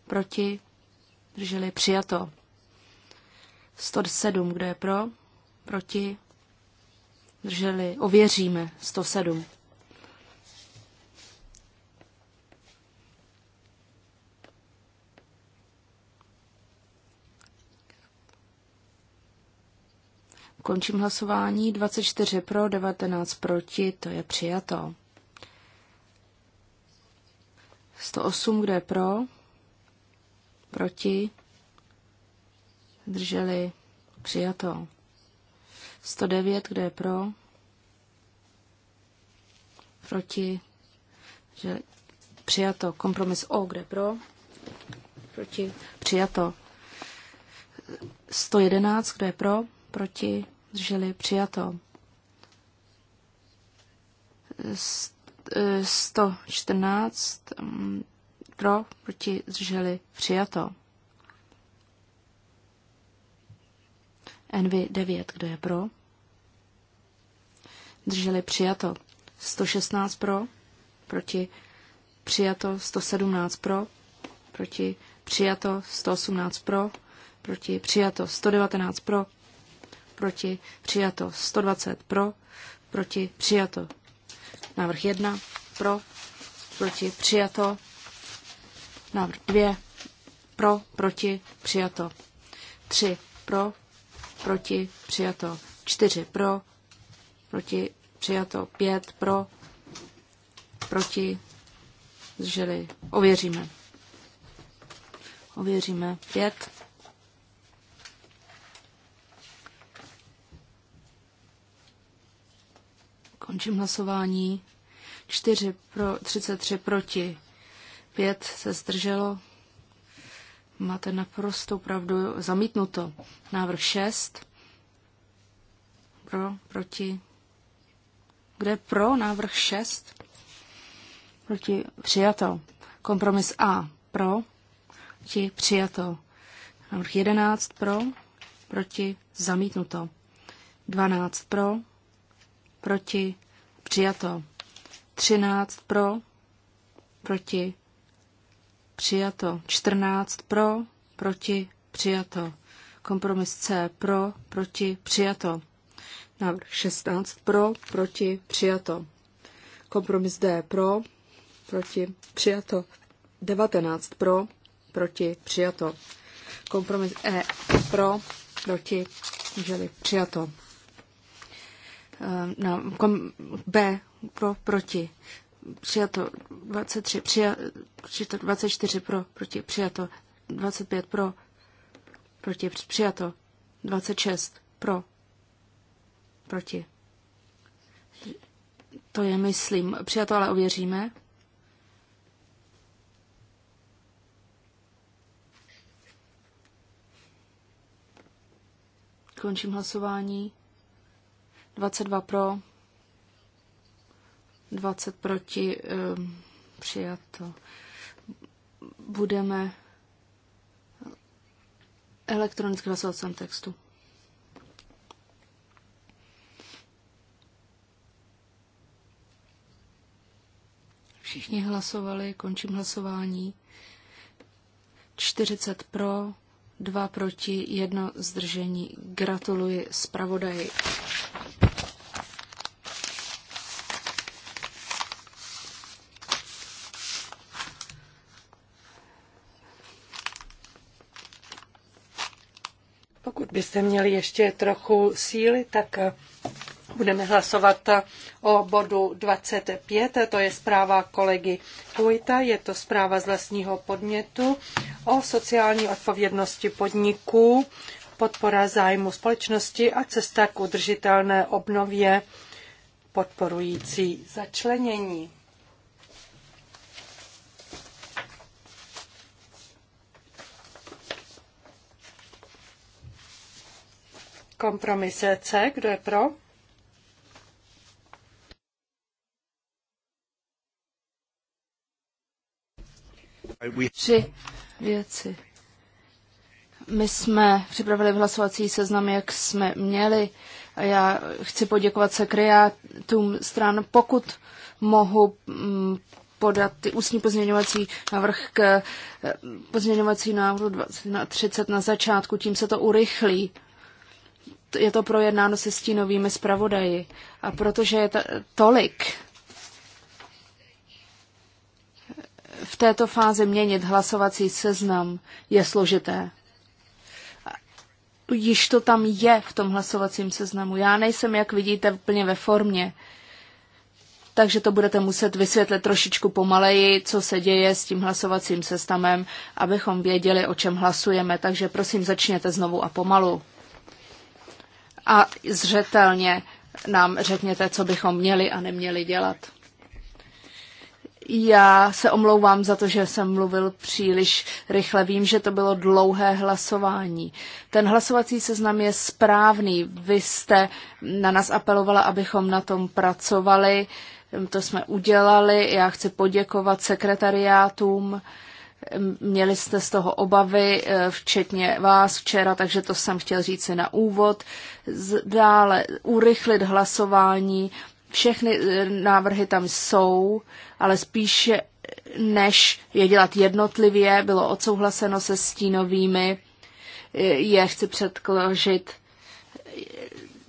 proti, drželi přijato. 107, kdo je pro, proti, drželi, ověříme, 107. Končím hlasování. 24 pro, 19 proti, to je přijato. 108, kde je pro, proti, drželi, přijato. 109, kde je pro, proti, že přijato. Kompromis O, kde je pro, proti, přijato. 111, kde je pro, proti, drželi, přijato. 114, eh, pro, proti, zdrželi, přijato. Envy 9, kdo je pro? Drželi přijato 116 pro, proti přijato 117 pro, proti přijato 118 pro, proti přijato 119 pro, proti přijato 120 pro, proti přijato návrh 1 pro, proti přijato Návrh dvě Pro, proti, přijato. Tři Pro, proti, přijato. čtyři Pro, proti, přijato. Pět Pro, proti, zdrželi. Ověříme. Ověříme. Pět. Končím hlasování. 4 pro, 33 proti. Pět se zdrželo. Máte naprosto pravdu. Zamítnuto. Návrh šest. Pro, proti. Kde je pro návrh šest? Proti. Přijato. Kompromis A. Pro. Proti. Přijato. Návrh 11 pro, proti, zamítnuto. 12 pro, proti, přijato. 13 pro, proti, přijato. 14 pro, proti, přijato. Kompromis C pro, proti, přijato. Návrh 16 pro, proti, přijato. Kompromis D pro, proti, přijato. 19 pro, proti, přijato. Kompromis E pro, proti, želi, přijato. Ehm, na, kom, B pro, proti, přijato 23, přijato 24 pro, proti přijato 25 pro, proti přijato 26 pro, proti. To je, myslím, přijato, ale ověříme. Končím hlasování. 22 pro, 20 proti um, přijato. Budeme elektronicky hlasovat sám textu. Všichni hlasovali, končím hlasování. 40 pro, 2 proti, 1 zdržení. Gratuluji zpravodaji. byste měli ještě trochu síly, tak eh, budeme hlasovat eh, o bodu 25. To je zpráva kolegy Kujta, je to zpráva z vlastního podmětu o sociální odpovědnosti podniků, podpora zájmu společnosti a cesta k udržitelné obnově podporující začlenění. Kompromis C, kdo je pro? Tři věci. My jsme připravili v hlasovací seznam, jak jsme měli. A já chci poděkovat se kreatům stran, pokud mohu mm, podat ty ústní pozměňovací návrh k eh, pozměňovací návrhu 20 na 30 na začátku, tím se to urychlí je to projednáno se stínovými zpravodaji. A protože je ta, tolik v této fázi měnit hlasovací seznam je složité. Již to tam je v tom hlasovacím seznamu. Já nejsem, jak vidíte, úplně ve formě. Takže to budete muset vysvětlit trošičku pomaleji, co se děje s tím hlasovacím seznamem, abychom věděli, o čem hlasujeme. Takže prosím, začněte znovu a pomalu a zřetelně nám řekněte, co bychom měli a neměli dělat. Já se omlouvám za to, že jsem mluvil příliš rychle. Vím, že to bylo dlouhé hlasování. Ten hlasovací seznam je správný. Vy jste na nás apelovala, abychom na tom pracovali. To jsme udělali. Já chci poděkovat sekretariátům Měli jste z toho obavy, eh, včetně vás včera, takže to jsem chtěl říct si na úvod. Dále urychlit hlasování. Všechny eh, návrhy tam jsou, ale spíše než je dělat jednotlivě, bylo odsouhlaseno se stínovými, eh, je chci předložit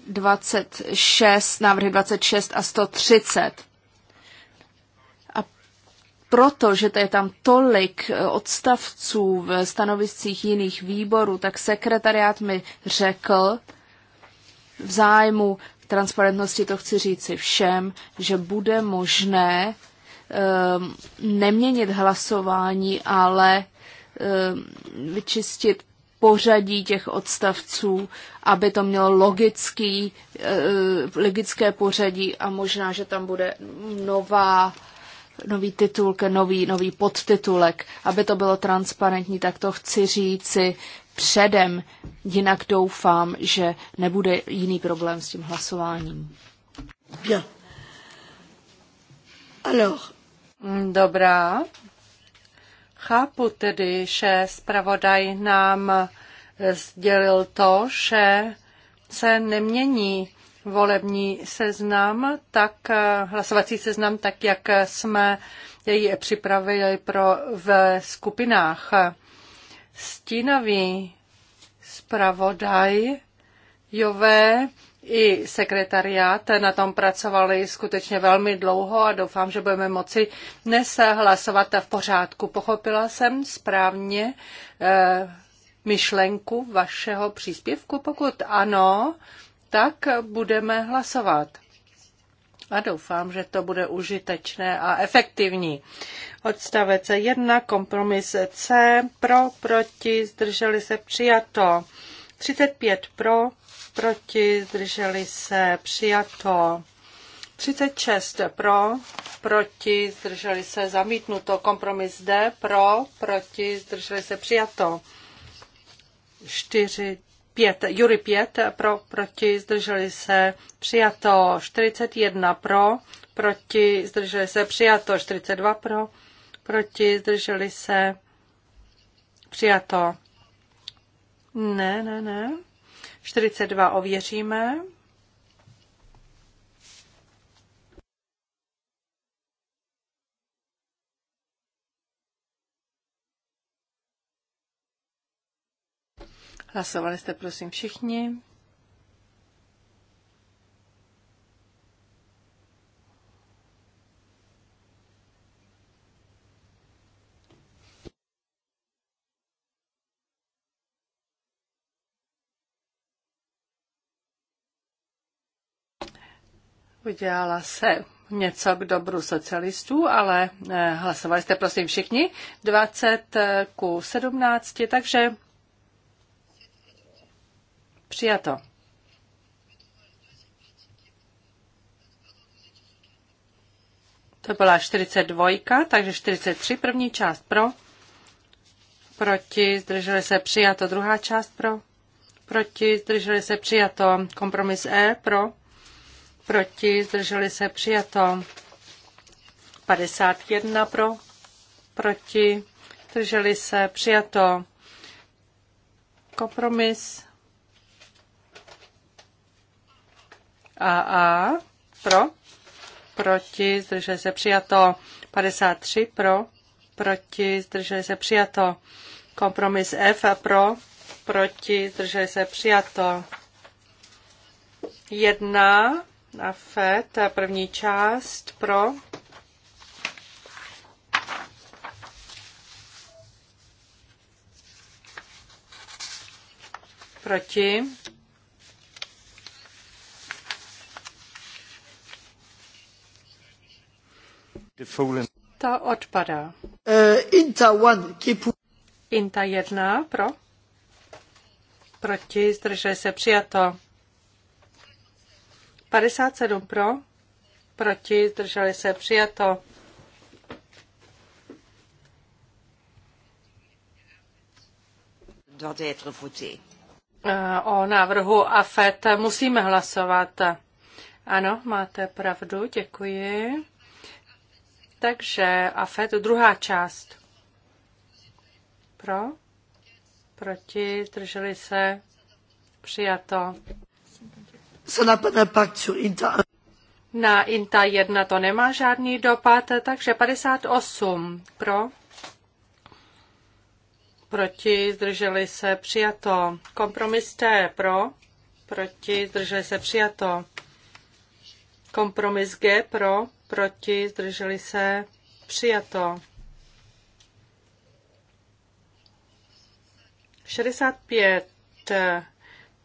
26, návrhy 26 a 130 protože je tam tolik eh, odstavců v stanoviscích jiných výborů, tak sekretariát mi řekl v zájmu transparentnosti, to chci říci všem, že bude možné um, neměnit hlasování, ale um, vyčistit pořadí těch odstavců, aby to mělo logický, eh, logické pořadí a možná, že tam bude nová nový titulk, nový, nový podtitulek. Aby to bylo transparentní, tak to chci říci předem. Jinak doufám, že nebude jiný problém s tím hlasováním. Bien. Alors. Dobrá. Chápu tedy, že zpravodaj nám sdělil to, že se nemění volební seznam, tak eh, hlasovací seznam, tak jak jsme jej připravili pro v skupinách. Stínový zpravodaj Jové i sekretariát na tom pracovali skutečně velmi dlouho a doufám, že budeme moci dnes hlasovat v pořádku. Pochopila jsem správně eh, myšlenku vašeho příspěvku? Pokud ano, tak budeme hlasovat. A doufám, že to bude užitečné a efektivní. Odstavec 1, kompromis C, pro, proti, zdrželi se, přijato. 35 pro, proti, zdrželi se, přijato. 36 pro, proti, zdrželi se, zamítnuto. Kompromis D, pro, proti, zdrželi se, přijato. 4 5, Jury 5 pro, proti, zdrželi se, přijato 41 pro, proti, zdrželi se, přijato 42 pro, proti, zdrželi se, přijato. Ne, ne, ne. 42 ověříme. Hlasovali jste prosím všichni. Udělala se něco k dobru socialistů, ale eh, hlasovali jste prosím všichni 20 ku 17, takže Přijato. To byla 42, takže 43 první část pro. Proti, zdrželi se přijato druhá část pro. Proti, zdrželi se přijato kompromis E pro. Proti, zdrželi se přijato 51 pro. Proti, zdrželi se přijato kompromis AA pro, proti, zdrželi se přijato. 53 pro, proti, zdrželi se přijato. Kompromis F a pro, proti, zdrželi se přijato. Jedna na FED, první část pro. Proti. Ta odpadá. Eh, Inta 1, kipu. Inta 1, pro. Proti, zdržel se, přijato. 57 pro, proti, zdrželi se, přijato. Eh, o návrhu AFET musíme hlasovat. Ano, máte pravdu, děkuji. Takže AFET, druhá část. Pro? Proti? Drželi se? Přijato. Na INTA 1 to nemá žádný dopad, takže 58 pro. Proti zdrželi se přijato. Kompromis T pro. Proti zdrželi se přijato. Kompromis G pro proti, zdrželi se, přijato. 65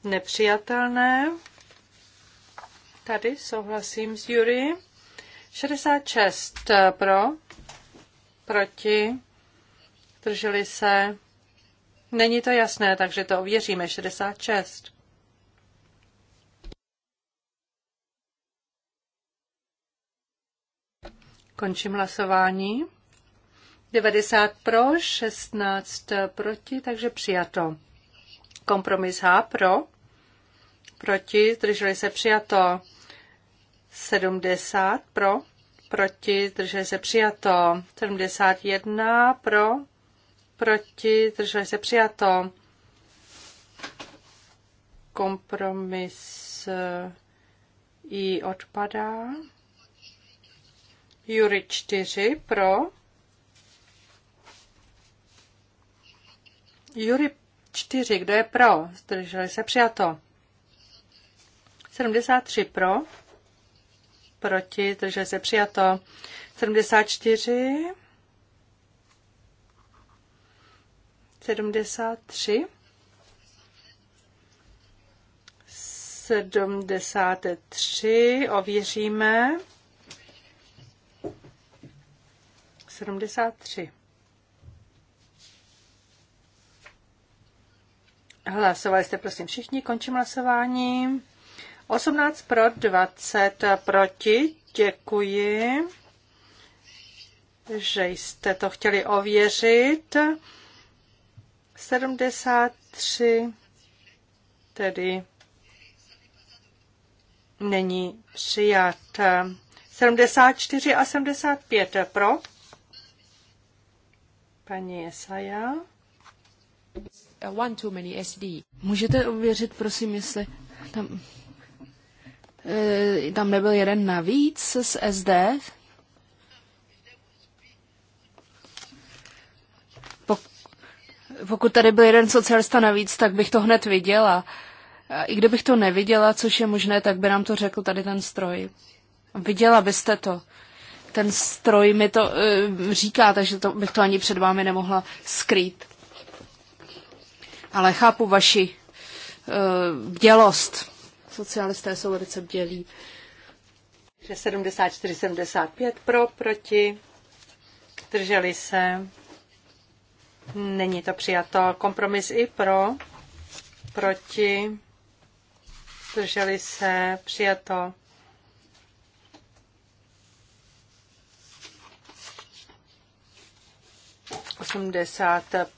nepřijatelné. Tady souhlasím s Jury. 66 pro, proti, zdrželi se. Není to jasné, takže to ověříme. 66. Končím hlasování. 90 pro, 16 proti, takže přijato. Kompromis H pro, proti, zdrželi se přijato. 70 pro, proti, zdrželi se přijato. 71 pro, proti, zdrželi se přijato. Kompromis eh, I odpadá. Jury 4 pro. Jury 4, kdo je pro? Zdrželi se přijato. 73 pro. Proti, zdrželi se přijato. 74. 73. 73 ověříme. 73. Hlasovali jste prosím všichni, končím hlasování. 18 pro, 20 proti, děkuji, že jste to chtěli ověřit. 73 tedy není přijat. 74 a 75 pro, Paní Esaja. One too many SD. Můžete uvěřit prosím, jestli tam, e, tam nebyl jeden navíc z SD? pokud tady byl jeden socialista navíc, tak bych to hned viděla. I kdybych to neviděla, což je možné, tak by nám to řekl tady ten stroj. Viděla byste to ten stroj mi to uh, říká, takže to, bych to ani před vámi nemohla skrýt. Ale chápu vaši uh, bdělost. Socialisté jsou velice bdělí. 74-75 pro, proti, drželi se. Není to přijato. Kompromis i pro, proti, drželi se, přijato. 85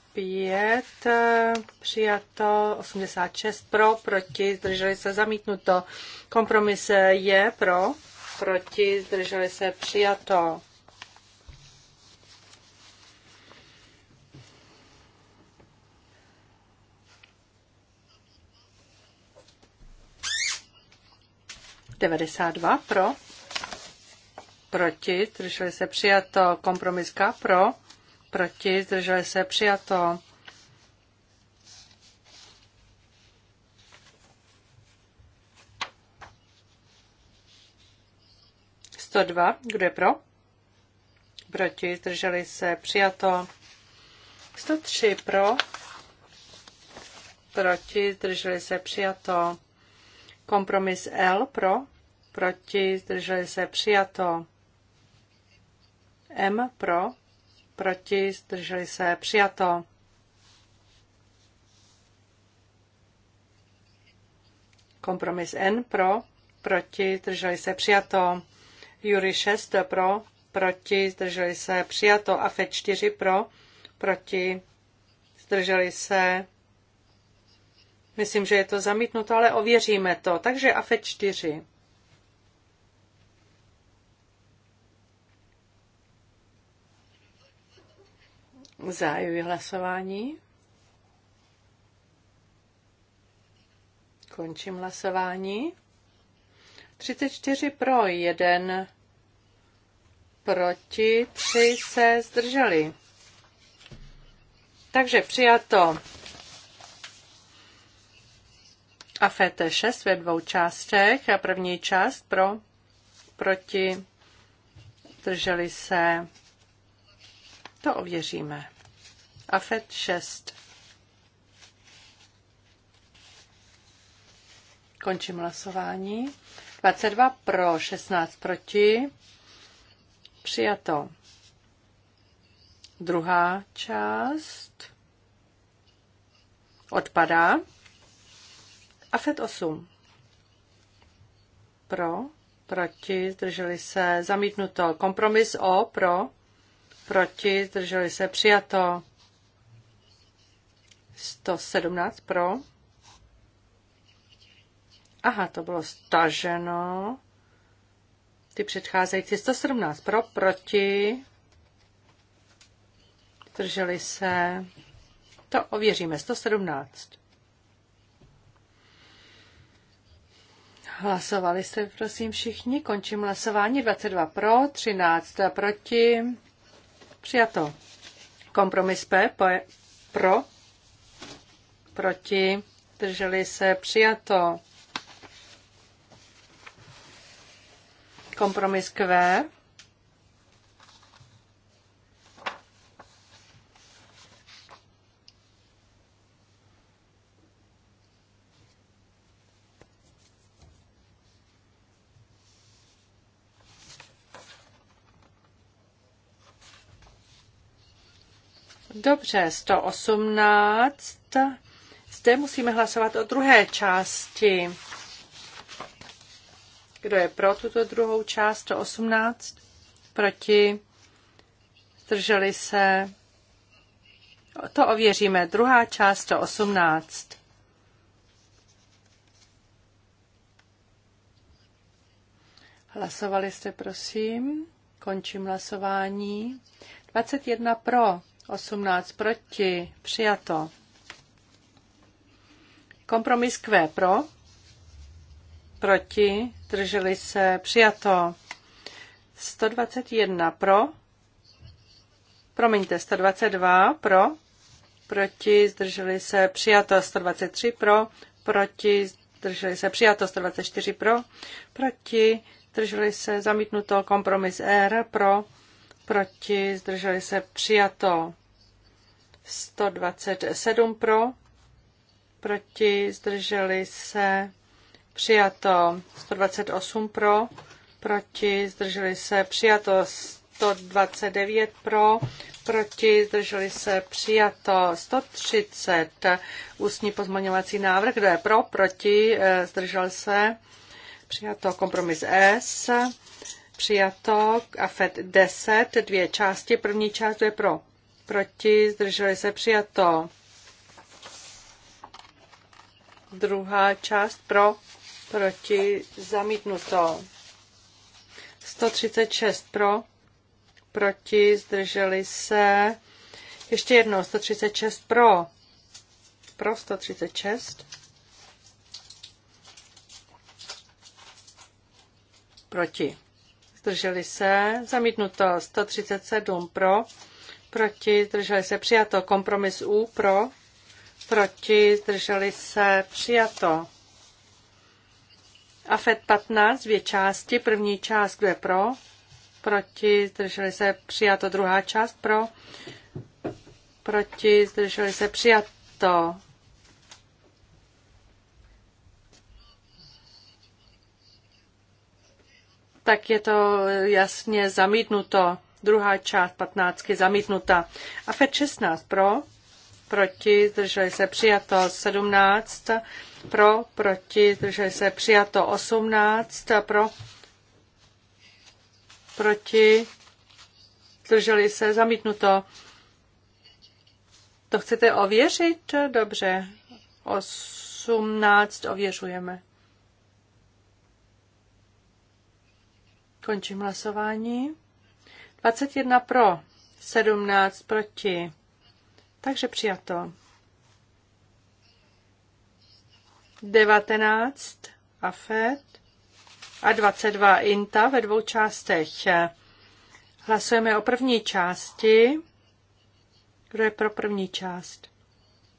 přijato, 86 pro, proti, zdrželi se zamítnuto. Kompromis je pro, proti, zdrželi se přijato. Devadesát dva pro, proti, zdrželi se přijato. Kompromiska pro proti, zdrželi se, přijato. Sto dva, kdo je pro? Proti, zdrželi se, přijato. 103 pro, proti, zdrželi se, přijato. Kompromis L pro, proti, zdrželi se, přijato. M pro, proti, zdrželi se, přijato. Kompromis N pro, proti, zdrželi se, přijato. Jury 6 pro, proti, zdrželi se, přijato. A FE 4 pro, proti, zdrželi se. Myslím, že je to zamítnuto, ale ověříme to. Takže AFE 4. Zájuji hlasování. Končím hlasování. 34 pro, 1 proti, 3 se zdrželi. Takže přijato. A FT6 ve dvou částech. A první část pro, proti, drželi se. To ověříme. AFET 6. Končím hlasování. 22 pro, 16 proti. Přijato. Druhá část odpadá. AFET 8. Pro, proti, zdrželi se, zamítnuto. Kompromis O, pro, proti, zdrželi se, přijato. 117 pro. Aha, to bylo staženo. Ty předcházející 117 pro, proti. Drželi se. To ověříme. 117. Hlasovali jste, prosím, všichni. Končím hlasování. 22 pro, 13 proti. Přijato. Kompromis P, P pro, proti, drželi se přijato. Kompromis Q. Dobře, 118 zde musíme hlasovat o druhé části. Kdo je pro tuto druhou část? 18 Proti? Zdrželi se? To ověříme. Druhá část 18. Hlasovali jste, prosím. Končím hlasování. 21 pro, 18 proti. Přijato. Kompromis kvé pro, proti, drželi se, přijato. 121 pro, promiňte, 122 pro, proti, zdrželi se, přijato 123 pro, proti, zdrželi se, přijato 124 pro, proti, zdrželi se, zamítnuto, kompromis R pro, proti, zdrželi se, přijato 127 pro, proti, zdrželi se, přijato 128 pro, proti, zdrželi se, přijato 129 pro, proti, zdrželi se, přijato 130, ústní pozmaňovací návrh, kdo je pro, proti, eh, zdržel se, přijato kompromis S, přijato AFET 10, dvě části, první část je pro, proti, zdrželi se, přijato Druhá část pro, proti, zamítnuto. 136 pro, proti, zdrželi se. Ještě jednou, 136 pro. Pro 136. Proti. Zdrželi se. Zamítnuto 137 pro. Proti. Zdrželi se. Přijato. Kompromis U pro proti, zdrželi se, přijato. AFET 15, dvě části, první část, kdo je pro, proti, zdrželi se, přijato, druhá část pro, proti, zdrželi se, přijato. tak je to jasně zamítnuto. Druhá část 15 zamítnuta. Afet 16 pro, proti, zdrželi se přijato 17, pro, proti, zdrželi se přijato 18, pro, proti, zdrželi se zamítnuto. To chcete ověřit? Dobře, 18 ověřujeme. Končím hlasování. 21 pro, 17 proti. Takže přijato. 19 AFET a 22 INTA ve dvou částech. Hlasujeme o první části. Kdo je pro první část?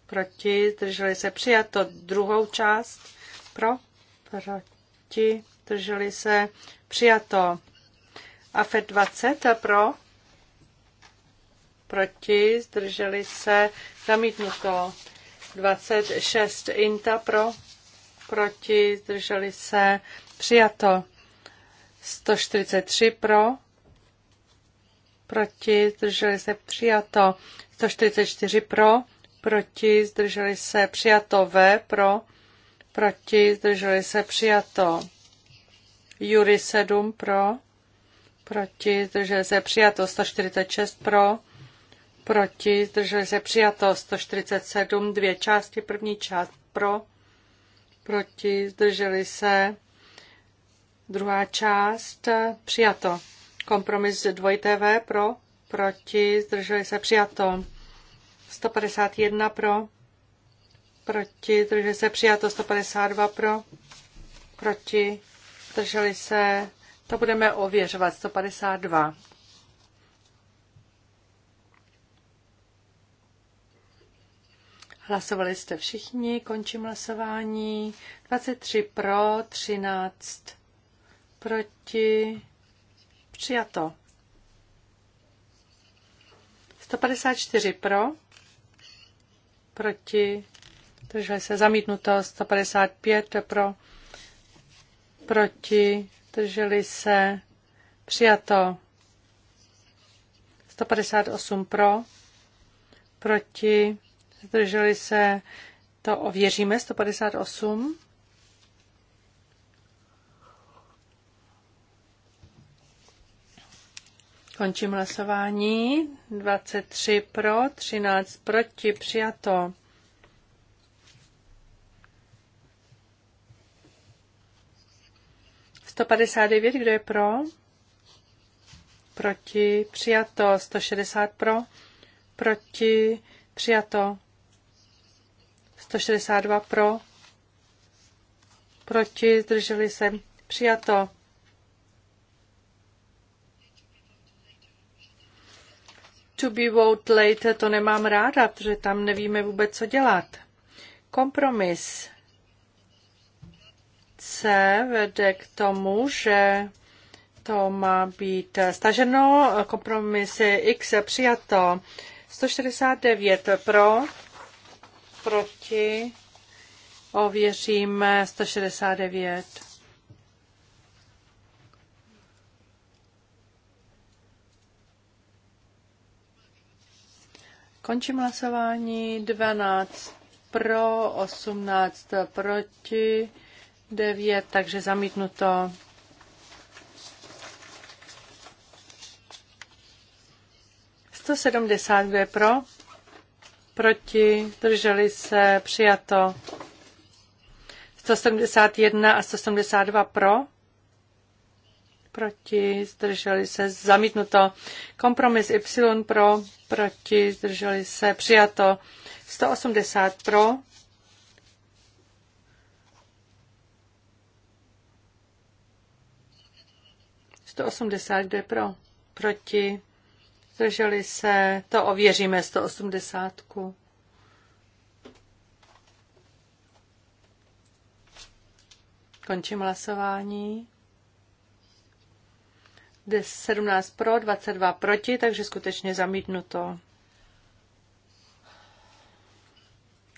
Proti, drželi se přijato. Druhou část pro, proti, drželi se přijato. AFET 20 pro, proti, zdrželi se, zamítnuto. 26 INTA pro, proti, zdrželi se, přijato. 143 pro, proti, zdrželi se, přijato. 144 pro, proti, zdrželi se, přijato. V pro, proti, zdrželi se, přijato. Jury 7 pro, proti, zdrželi se, přijato. 146 pro, proti, zdržel se přijato 147, dvě části, první část pro, proti, zdrželi se, druhá část přijato. Kompromis dvojité V pro, proti, zdrželi se přijato 151 pro, proti, zdrželi se přijato 152 pro, proti, zdrželi se, to budeme ověřovat 152. Hlasovali jste všichni, končím hlasování. 23 pro, 13 proti, přijato. 154 pro, proti, drželi se zamítnuto, 155 pro, proti, drželi se, přijato. 158 pro, proti, Zdrželi se, to ověříme, 158. Končím hlasování. 23 pro, 13 proti, přijato. Sto padesát devět, kdo je pro? Proti, přijato. Sto šedesát pro, proti, přijato. 162 pro, proti, zdrželi se, přijato. To be vote late, to nemám ráda, protože tam nevíme vůbec, co dělat. Kompromis C vede k tomu, že to má být staženo, kompromis X přijato. 149 pro, proti, ověříme 169. Končím hlasování 12 pro, 18 proti, 9, takže zamítnuto. To 70 je pro, proti, drželi se, přijato. 171 a 172 pro, proti, zdrželi se, zamítnuto. Kompromis Y pro, proti, zdrželi se, přijato. 180 pro, To 80 kdo pro? Proti, Zdrželi se, to ověříme 180. Končím hlasování. 17 pro, 22 proti, takže skutečně zamítnuto.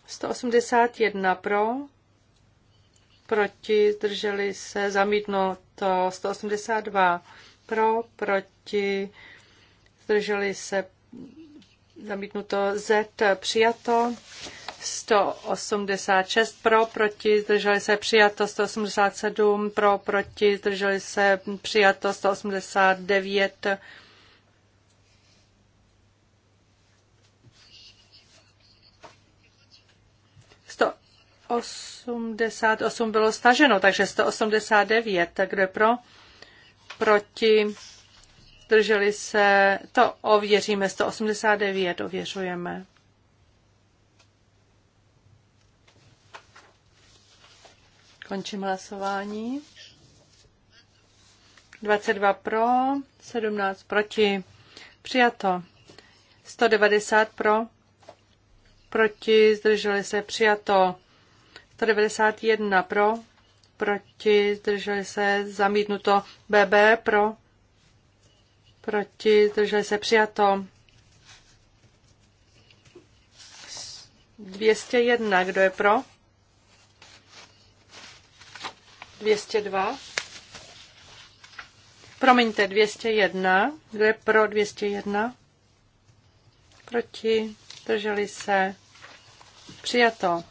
181 pro, proti, zdrželi se, zamítnuto. 182 pro, proti, zdrželi se zamítnuto Z, přijato. 186 pro, proti, zdrželi se přijato 187 pro, proti, zdrželi se přijato 189 188 bylo staženo, takže 189. Kdo je pro? Proti? zdrželi se, to ověříme, 189 ověřujeme. Končím hlasování. 22 pro, 17 proti. Přijato. 190 pro, proti, zdrželi se, přijato. 191 pro, proti, zdrželi se, zamítnuto. BB pro, proti, zdrželi se přijato. 201, kdo je pro? 202. Promiňte, 201. Kdo je pro 201? Proti, drželi se. Přijato.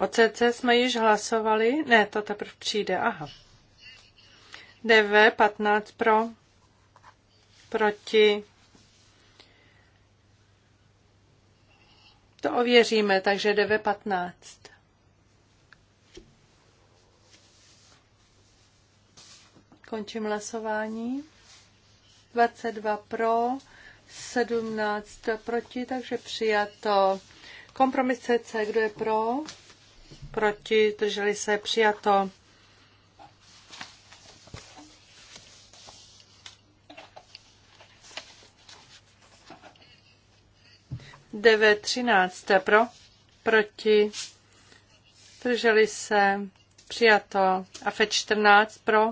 O CC jsme již hlasovali? Ne, to teprve přijde, aha. DV 15 pro, proti. To ověříme, takže DV 15. Končím hlasování. 22 pro, 17 proti, takže přijato. Kompromis CC, kdo je pro? proti, drželi se, přijato. Devět třináct pro, proti, drželi se, přijato. A FE 14 pro,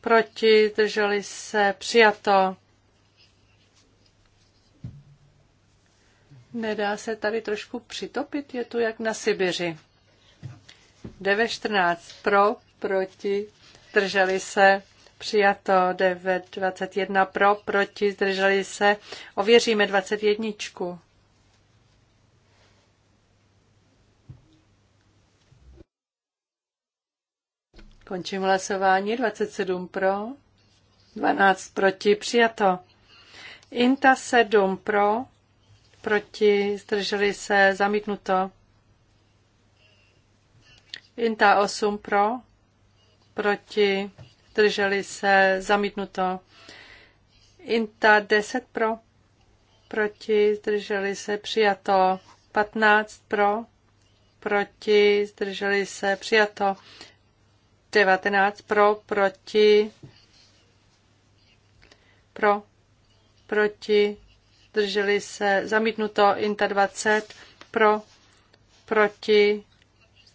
proti, drželi se, přijato. Nedá se tady trošku přitopit, je tu jak na Sibiři. 9.14 pro, proti, zdrželi se, přijato 9.21 pro, proti, zdrželi se, ověříme 21. Končím hlasování. 27 pro, 12 proti, přijato. Inta 7 pro, proti, zdrželi se, zamítnuto. Inta 8 pro, proti, drželi se, zamítnuto. Inta 10 pro, proti, zdrželi se, přijato. 15 pro, proti, zdrželi se, přijato. 19 pro, proti, pro, proti, zdrželi se, zamítnuto. Inta 20 pro, proti,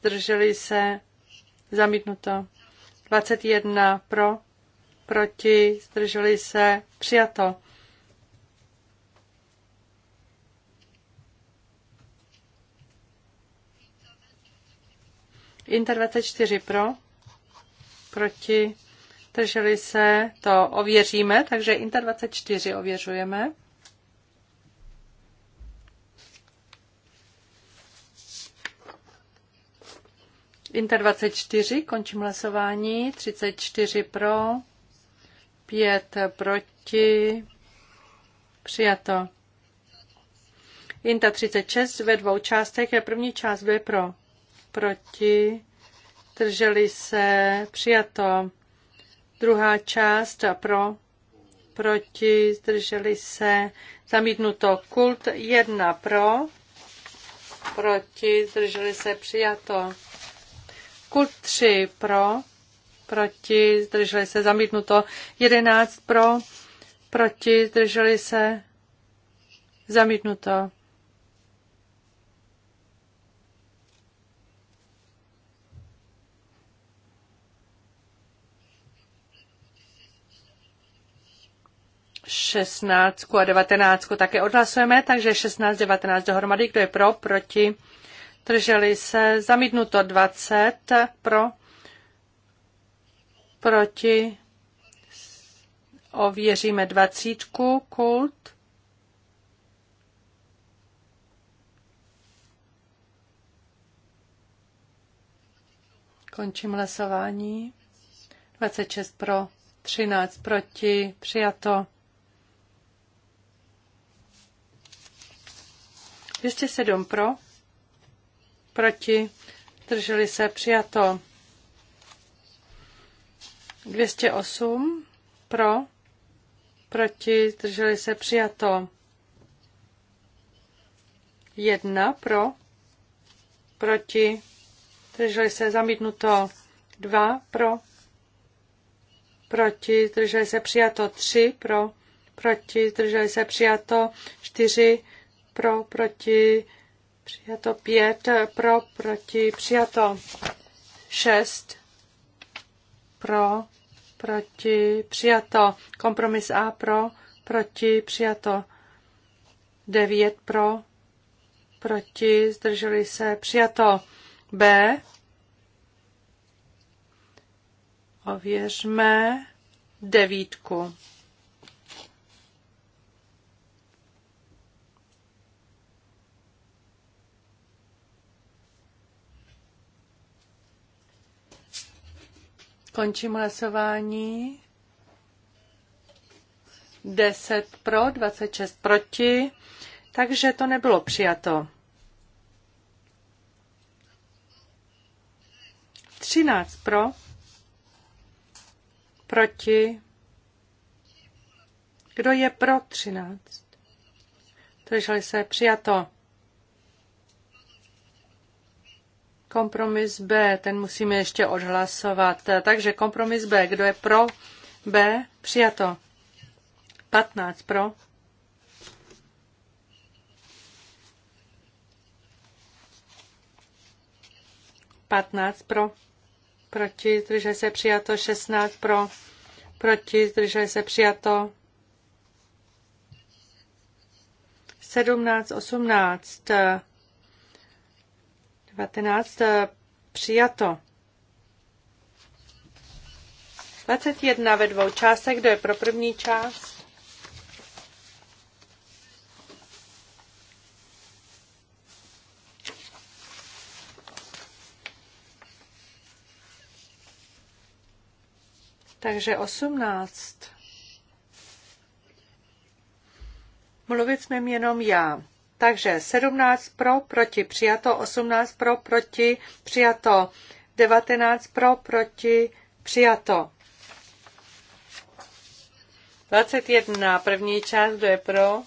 zdrželi se, zamítnuto. 21 pro, proti, zdrželi se, přijato. Inter 24 pro, proti, zdrželi se, to ověříme, takže Inter 24 ověřujeme. Inter 24, končím hlasování. 34 pro, 5 proti, přijato. Inta 36 ve dvou částech je první část, kdo pro, proti, drželi se, přijato. Druhá část pro, proti, zdrželi se, zamítnuto. Kult 1 pro, proti, zdrželi se, přijato. Kult 3 pro, proti, zdrželi se, zamítnuto. 11 pro, proti, zdrželi se, zamítnuto. šestnáctku a devatenáctku také odhlasujeme, takže šestnáct devatenáct dohromady, kdo je pro, proti, drželi se, zamítnuto 20 pro, proti, ověříme 20 kult. Končím hlasování. 26 pro, 13 proti, přijato. 207 pro, proti, drželi se přijato. 208 pro, proti, drželi se přijato. 1 pro, proti, drželi se zamítnuto. 2 pro, proti, drželi se přijato. 3 pro, proti, drželi se přijato. 4 pro, proti, Přijato pět pro, proti, přijato šest pro, proti, přijato kompromis A pro, proti, přijato devět pro, proti, zdrželi se, přijato B. Ověřme devítku. Končím hlasování. 10 pro, 26 proti, takže to nebylo přijato. 13 pro, proti. Kdo je pro 13? Drželi se přijato. Kompromis B, ten musíme ještě odhlasovat. Takže kompromis B, kdo je pro B, přijato. 15 pro. Patnáct pro, proti, zdrželi se přijato, šestnáct pro, proti, zdrželi se přijato, sedmnáct, osmnáct, 19 eh, přijato. 21 ve dvou částech, kdo je pro první část? Takže 18. Mluvit smím jenom já. Takže 17 pro, proti přijato, 18 pro, proti přijato, 19 pro, proti přijato. 21. První část, kdo je pro,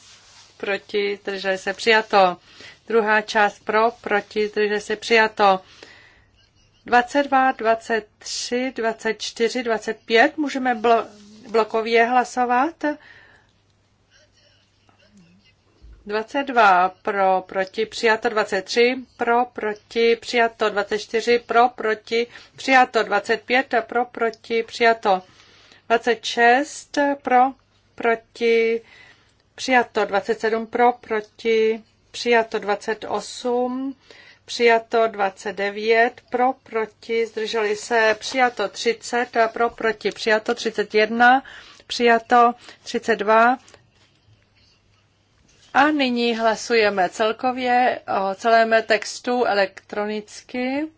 proti, drželi se přijato. Druhá část pro, proti, drželi se přijato. 22, 23, 24, 25 můžeme blo- blokově hlasovat. 22 pro, proti, přijato 23, pro, proti, přijato 24, pro, proti, přijato 25, pro, proti, přijato 26, pro, proti, přijato 27, pro, proti, přijato 28, přijato 29, pro, proti, zdrželi se, přijato 30, pro, proti, přijato 31, přijato 32, a nyní hlasujeme celkově o celém textu elektronicky.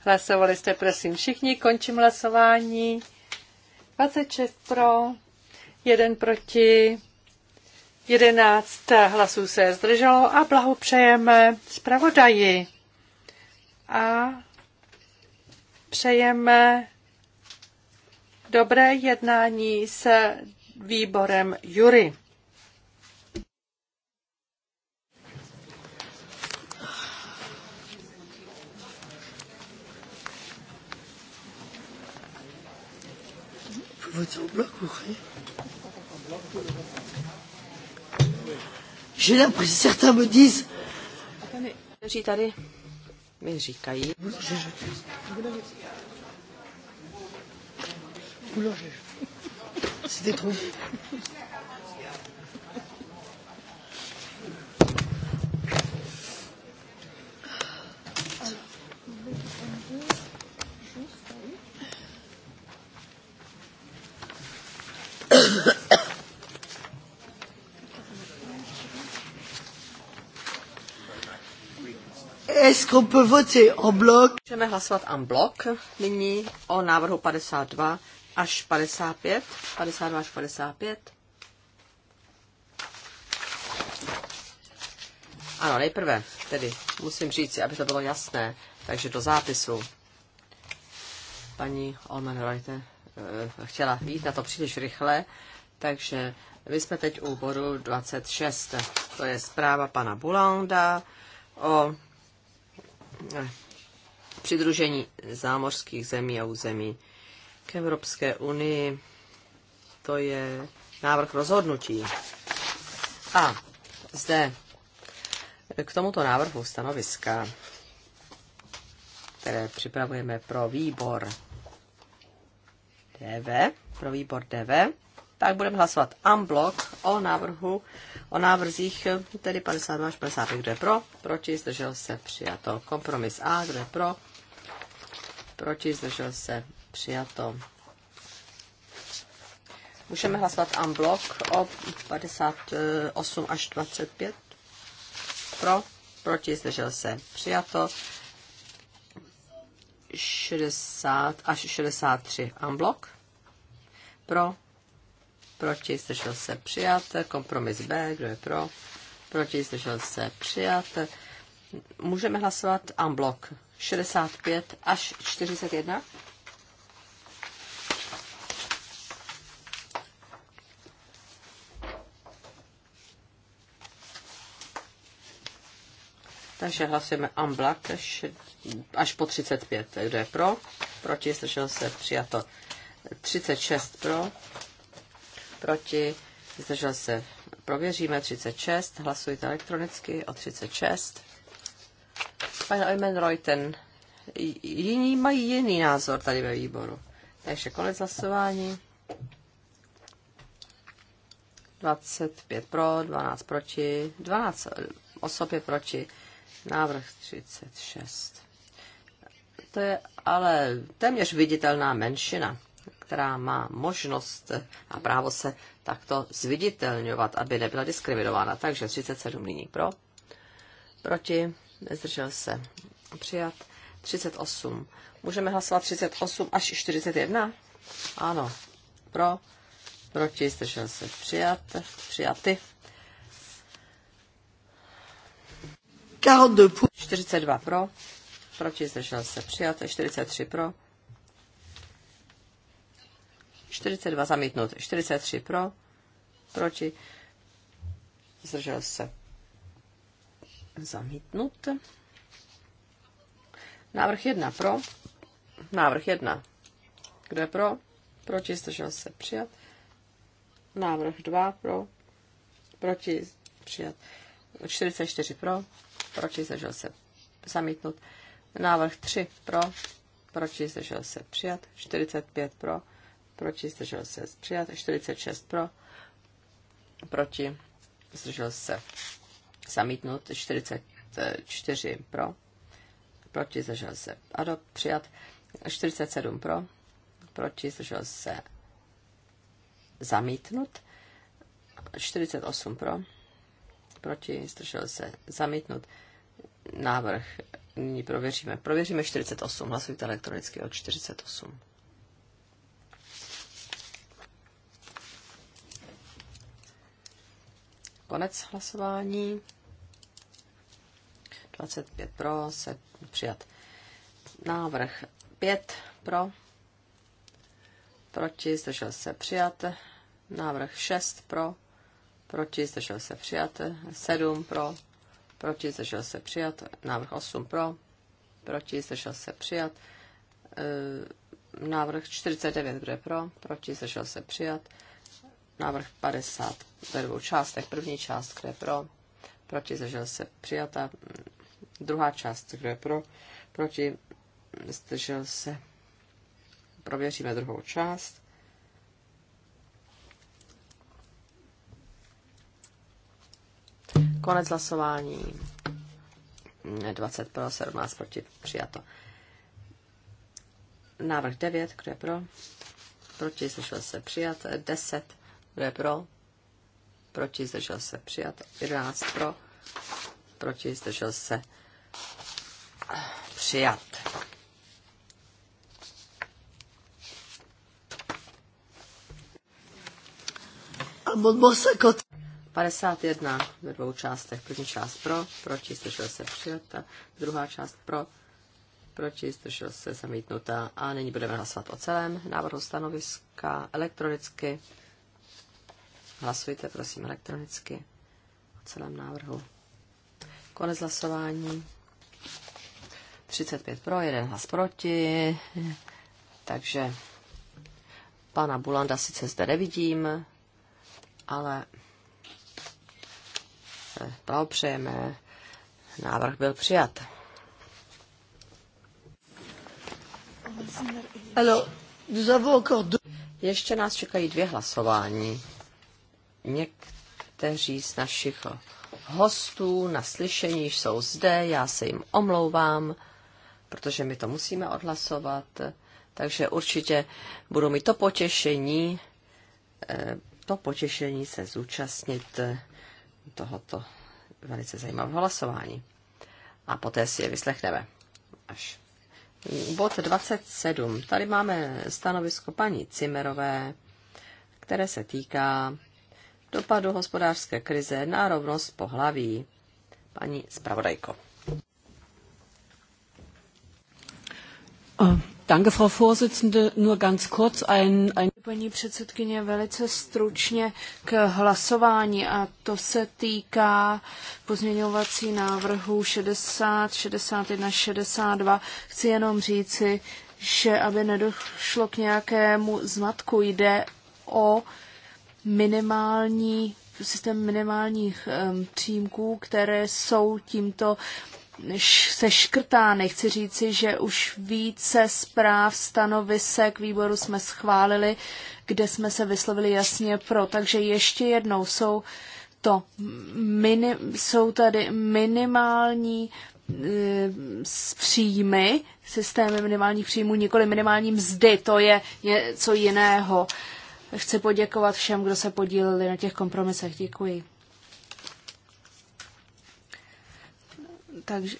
Hlasovali jste, prosím, všichni. Končím hlasování. 26 pro, 1 proti, 11 hlasů se zdrželo a blahopřejeme zpravodaji. A přejeme dobré jednání s výborem Jury. J'ai l'impression, certains me disent. Attendez, tady mi říkají couleur, j'ai... c'était trop. Můžeme hlasovat en bloc nyní o návrhu 52 až 55, 52 až 55. Ano, nejprve, tedy musím říct, aby to bylo jasné, takže do zápisu paní Olman Reuter eh, chtěla jít na to příliš rychle, takže my jsme teď u bodu 26. To je zpráva pana Bulanda o eh, přidružení zámořských zemí a území k Evropské unii. To je návrh rozhodnutí. A zde k tomuto návrhu stanoviska, které připravujeme pro výbor DV, pro výbor DV, tak budeme hlasovat unblock o návrhu, o návrzích, tedy 52 až 55, kdo je pro, proti, zdržel se, přijato. Kompromis A, kdo je pro, proti, zdržel se, Přijato. Můžeme hlasovat unblock o 58 až 25. Pro, proti, zdržel se. Přijato. 60 až 63 unblock. Pro, proti, zdržel se. Přijat. Kompromis B, kdo je pro, proti, zdržel se. Přijat. Můžeme hlasovat unblock 65 až 41. Takže hlasujeme unblock až, až po 35. Kdo je pro? Proti, zdržel se, přijato. 36 pro, proti, zdržel se, prověříme 36, hlasujte elektronicky o 36. Pan Oymen Reuten, jiní mají jiný názor tady ve výboru. Takže konec hlasování. 25 pro, 12 proti, 12 osob je proti. Návrh 36. To je ale téměř viditelná menšina, která má možnost a právo se takto zviditelňovat, aby nebyla diskriminována. Takže 37 nyní pro, proti, nezdržel se, přijat. 38. Můžeme hlasovat 38 až 41? Ano. Pro, proti, zdržel se, přijat, přijaty. 42 pro, proti zdržel se přijat, 43 pro, 42 zamítnut, 43 pro, proti zdržel se zamítnut. Návrh 1 pro, návrh 1, kdo je pro, proti zdržel se přijat, návrh 2 pro, proti přijat, 44 pro, proti, zdržel se zamítnut. Návrh 3 pro, proti, zdržel se přijat. 45 pro, proti, zdržel se přijat. 46 pro, proti, zdržel se zamítnut. 44 pro, proti, zdržel se adop, přijat. 47 pro, proti, zdržel se zamítnut. 48 pro, proti, zdržel se zamítnut návrh nyní prověříme. Prověříme 48. Hlasujte elektronicky o 48. Konec hlasování. 25 pro, se přijat. Návrh 5 pro, proti, zdržel se přijat. Návrh 6 pro, proti, zdržel se přijat. 7 pro, proti, zdržel se přijat, návrh 8 pro, proti, zdržel se přijat, e, návrh 49, kdo je pro, proti, zdržel se přijat, návrh 50 ve dvou částech, první část, kdo je pro, proti, zdržel se a druhá část, kdo je pro, proti, zdržel se, prověříme druhou část, Konec hlasování. 20 pro, 17 proti, přijato. Návrh 9, kdo je pro? Proti, zdržel se přijat. 10, kdo je pro? Proti, zdržel se přijat. 11 pro, proti, zdržel se přijat. Amendment 50. 51 ve dvou částech. První část pro, proti, zdržel se přijata. Druhá část pro, proti, zdržel se zamítnutá. A nyní budeme hlasovat o celém návrhu stanoviska elektronicky. Hlasujte, prosím, elektronicky o celém návrhu. Konec hlasování. 35 pro, jeden hlas proti. Takže pana Bulanda sice zde nevidím, ale Blahopřejeme. Návrh byl přijat. Ještě nás čekají dvě hlasování. Někteří z našich hostů na slyšení jsou zde, já se jim omlouvám, protože my to musíme odhlasovat, takže určitě budou mít to potěšení, eh, to potěšení se zúčastnit tohoto velice zajímavého hlasování. A poté si je vyslechneme. Až. Bod 27. Tady máme stanovisko paní Cimerové, které se týká dopadu hospodářské krize na rovnost pohlaví. Paní zpravodajko. Äh, danke, Frau Vorsitzende. Nur ganz kurz ein, ein paní předsedkyně, velice stručně k hlasování a to se týká pozměňovací návrhu 60, 61, 62. Chci jenom říci, že aby nedošlo k nějakému zmatku, jde o minimální systém minimálních um, ehm, přímků, které jsou tímto seškrtány. Chci říci, že už více zpráv, stanovisek výboru jsme schválili, kde jsme se vyslovili jasně pro. Takže ještě jednou jsou to mini, jsou tady minimální s eh, příjmy, systémy minimálních příjmů, nikoli minimální mzdy, to je něco jiného. Chci poděkovat všem, kdo se podíleli na těch kompromisech. Děkuji. Takže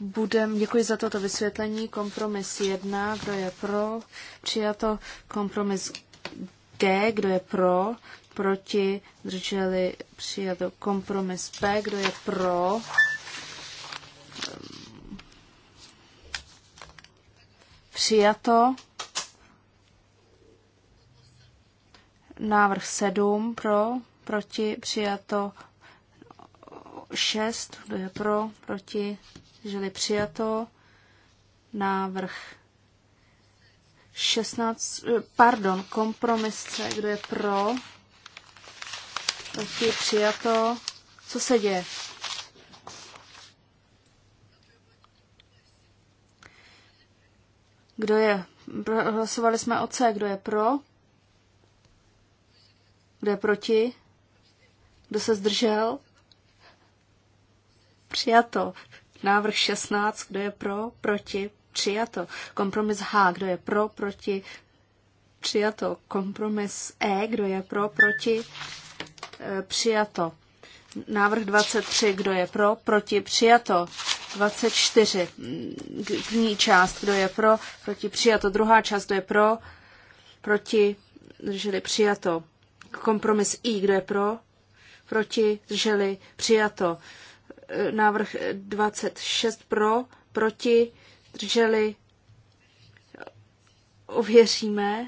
budem, děkuji za toto vysvětlení. Kompromis 1, kdo je pro, přijato. Kompromis G, kdo je pro, proti, drželi, přijato. Kompromis P, kdo je pro, přijato. Návrh 7 pro, proti, přijato. 6, kdo je pro, proti, žili přijato. Návrh 16, eh, pardon, kompromisce, kdo je pro, proti, přijato. Co se děje? Kdo je? Hlasovali jsme o C. Kdo je pro? Kdo je proti? Kdo se zdržel? Přijato. Návrh 16, kdo je pro, proti, přijato. Kompromis H, kdo je pro, proti, přijato. Kompromis E, kdo je pro, proti, e, přijato. Návrh 23, kdo je pro, proti, přijato. 24, první část, kdo je pro, proti, přijato. Druhá část, kdo je pro, proti, drželi, přijato. Kompromis I, kdo je pro, proti, drželi, přijato návrh 26 pro, proti, drželi, ověříme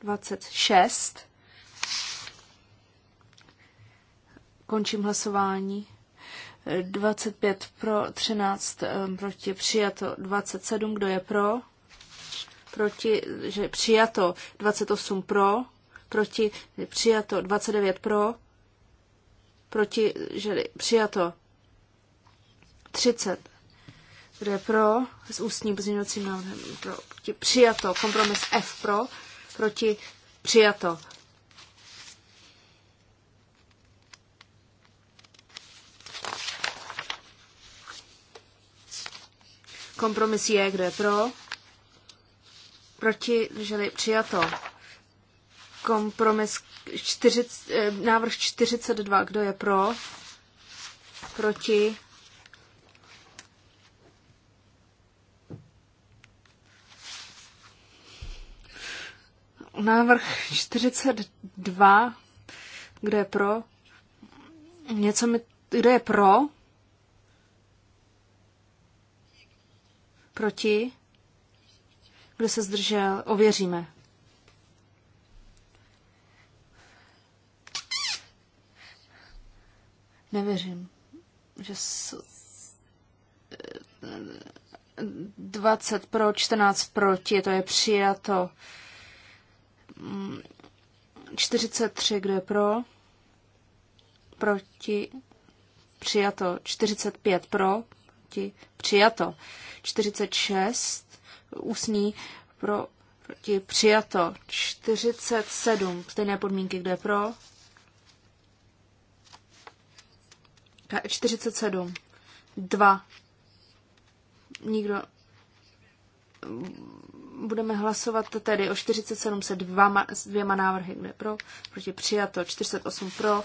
26. Končím hlasování. 25 pro, 13 eh, proti, přijato 27, kdo je pro, proti, že přijato 28 pro, proti, přijato 29 pro, proti, želi, přijato 30. Kdo je pro? S ústním pozměňovacím návrhem. Pro, proti, přijato. Kompromis F pro. Proti přijato. Kompromis je, kdo je pro? Proti, drželi přijato. Kompromis 40, eh, návrh 42, kdo je pro? Proti? Návrh 42, kdo je pro? Něco mi, kdo je pro? Proti? Kdo se zdržel? Ověříme. Nevěřím, že 20 pro, 14 proti, to je přijato. 43, kdo je pro? Proti, přijato. 45 pro, proti, přijato. 46, ústní, pro, proti, přijato. 47, stejné podmínky, kde je pro? 47. Eh, 2. Nikdo. Budeme hlasovat tedy o 47 se dvama, s dvěma návrhy, kde pro, proti přijato, 48 pro,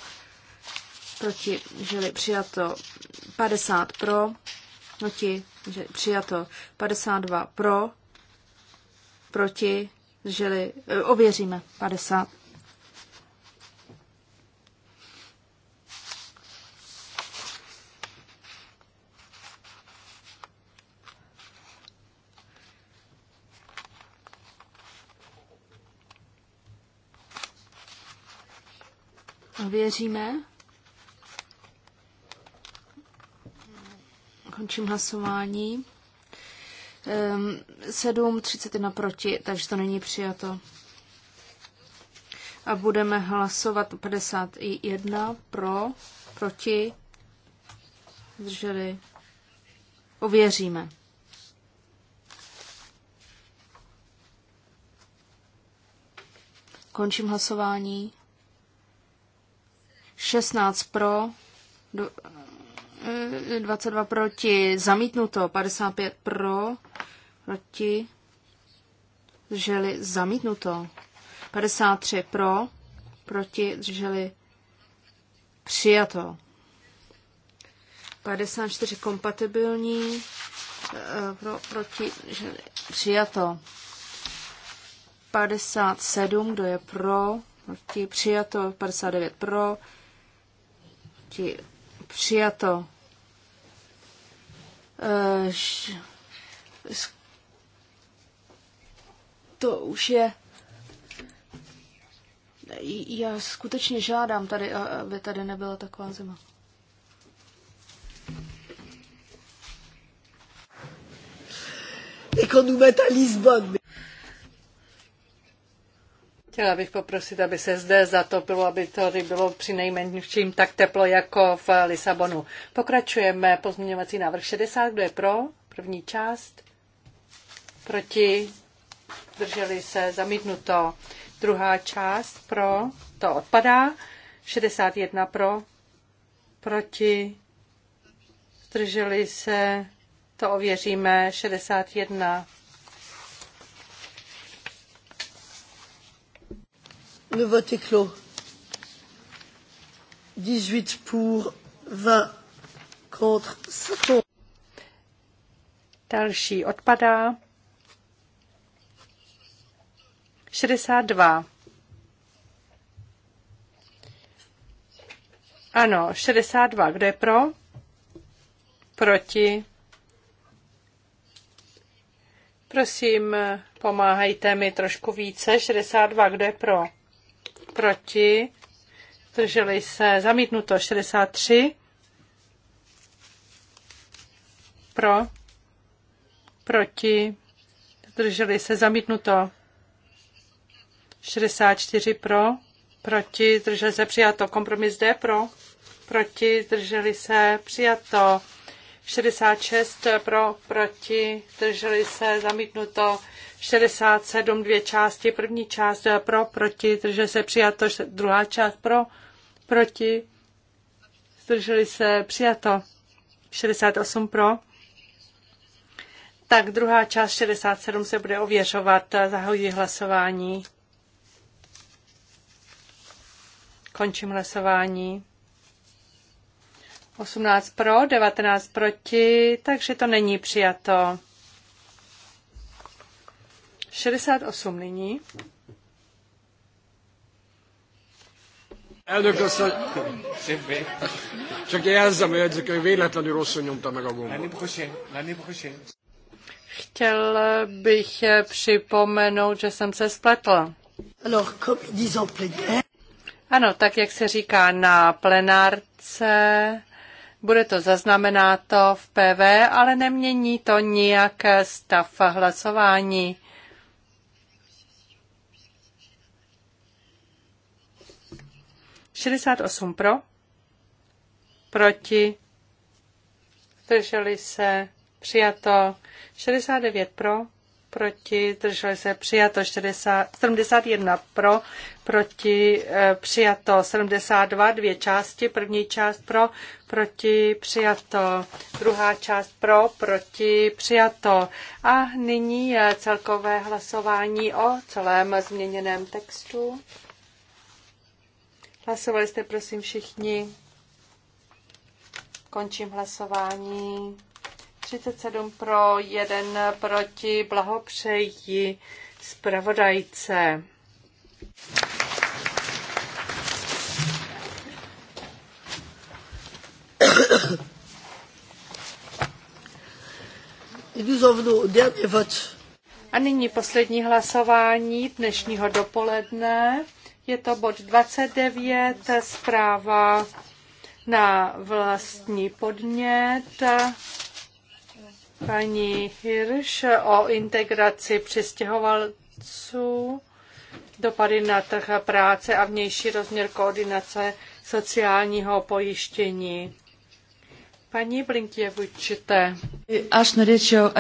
proti, žili přijato, 50 pro, proti, že přijato, 52 pro, proti, žili, eh, ověříme, 50. Věříme. Končím hlasování. 7, ehm, 31 proti, takže to není přijato. A budeme hlasovat 51 pro, proti, zdrželi. Ověříme. Končím hlasování. 16 pro, 22 eh, proti, zamítnuto, 55 pro, proti, drželi, zamítnuto, 53 pro, proti, drželi, přijato. 54 kompatibilní, eh, pro, proti, drželi, přijato. 57, kdo je pro, proti, přijato, 59 pro, ti přijato. Eh, to už je. Já skutečně žádám tady, aby tady nebyla taková zima. Et qu'on nous mette à Lisbonne. Chtěla bych poprosit, aby se zde zatopilo, aby tady bylo při nejmenším tak teplo jako v Lisabonu. Pokračujeme. Pozměňovací návrh 60. Kdo je pro? První část. Proti? Drželi se. Zamítnuto. Druhá část pro? To odpadá. 61 pro? Proti? Drželi se. To ověříme. 61 Le vote est clos. 18 pour, 20 contre, ça Další odpadá. 62. Ano, 62. Kdo je pro? Proti? Prosím, pomáhajte mi trošku více. 62. Kdo je pro? proti, zdrželi se, zamítnuto 63, pro, proti, zdrželi se, zamítnuto 64 pro, proti, zdrželi se, přijato, kompromis D pro, proti, zdrželi se, přijato 66 pro, proti, zdrželi se, zamítnuto 67, dvě části. První část pro, proti, zdrželi se přijato. Druhá část pro, proti, zdrželi se přijato. 68 pro. Tak druhá část 67 se bude ověřovat. Zahojí hlasování. Končím hlasování. 18 pro, 19 proti, takže to není přijato. 68 nyní. Elnök asszony, csak jelzem a jegyzők, hogy véletlenül rosszul nyomta meg a gombot. Chtěl bych připomenout, že jsem se spletl. Ano, tak jak se říká na plenárce, bude to zaznamenáto v PV, ale nemění to nijak stav hlasování. 68 pro, proti, zdrželi se, přijato 69 pro, proti, zdrželi se, přijato 60, 71 pro, proti, eh, přijato 72, dvě části, první část pro, proti, přijato, druhá část pro, proti, přijato. A nyní celkové hlasování o celém změněném textu. Hlasovali jste, prosím, všichni. Končím hlasování. 37 pro, 1 proti. Blahopřeji zpravodajce. A nyní poslední hlasování dnešního dopoledne. Je to bod 29, zpráva na vlastní podnět paní Hirsch o integraci přistěhovalců, dopady na trh práce a vnější rozměr koordinace sociálního pojištění. Paní vůjčte. Až na řeč o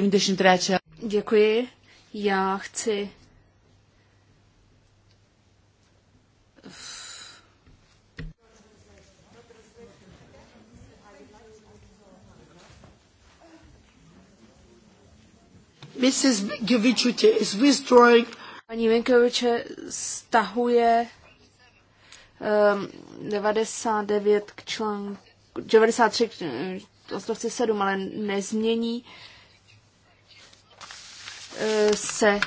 93. Děkuji. Já chci Mrs. Gevičute is withdrawing. Paní Vinkoviče stahuje um, ehm, 99 k článku, 93 k eh, odstavci 7, ale nezmění uh, se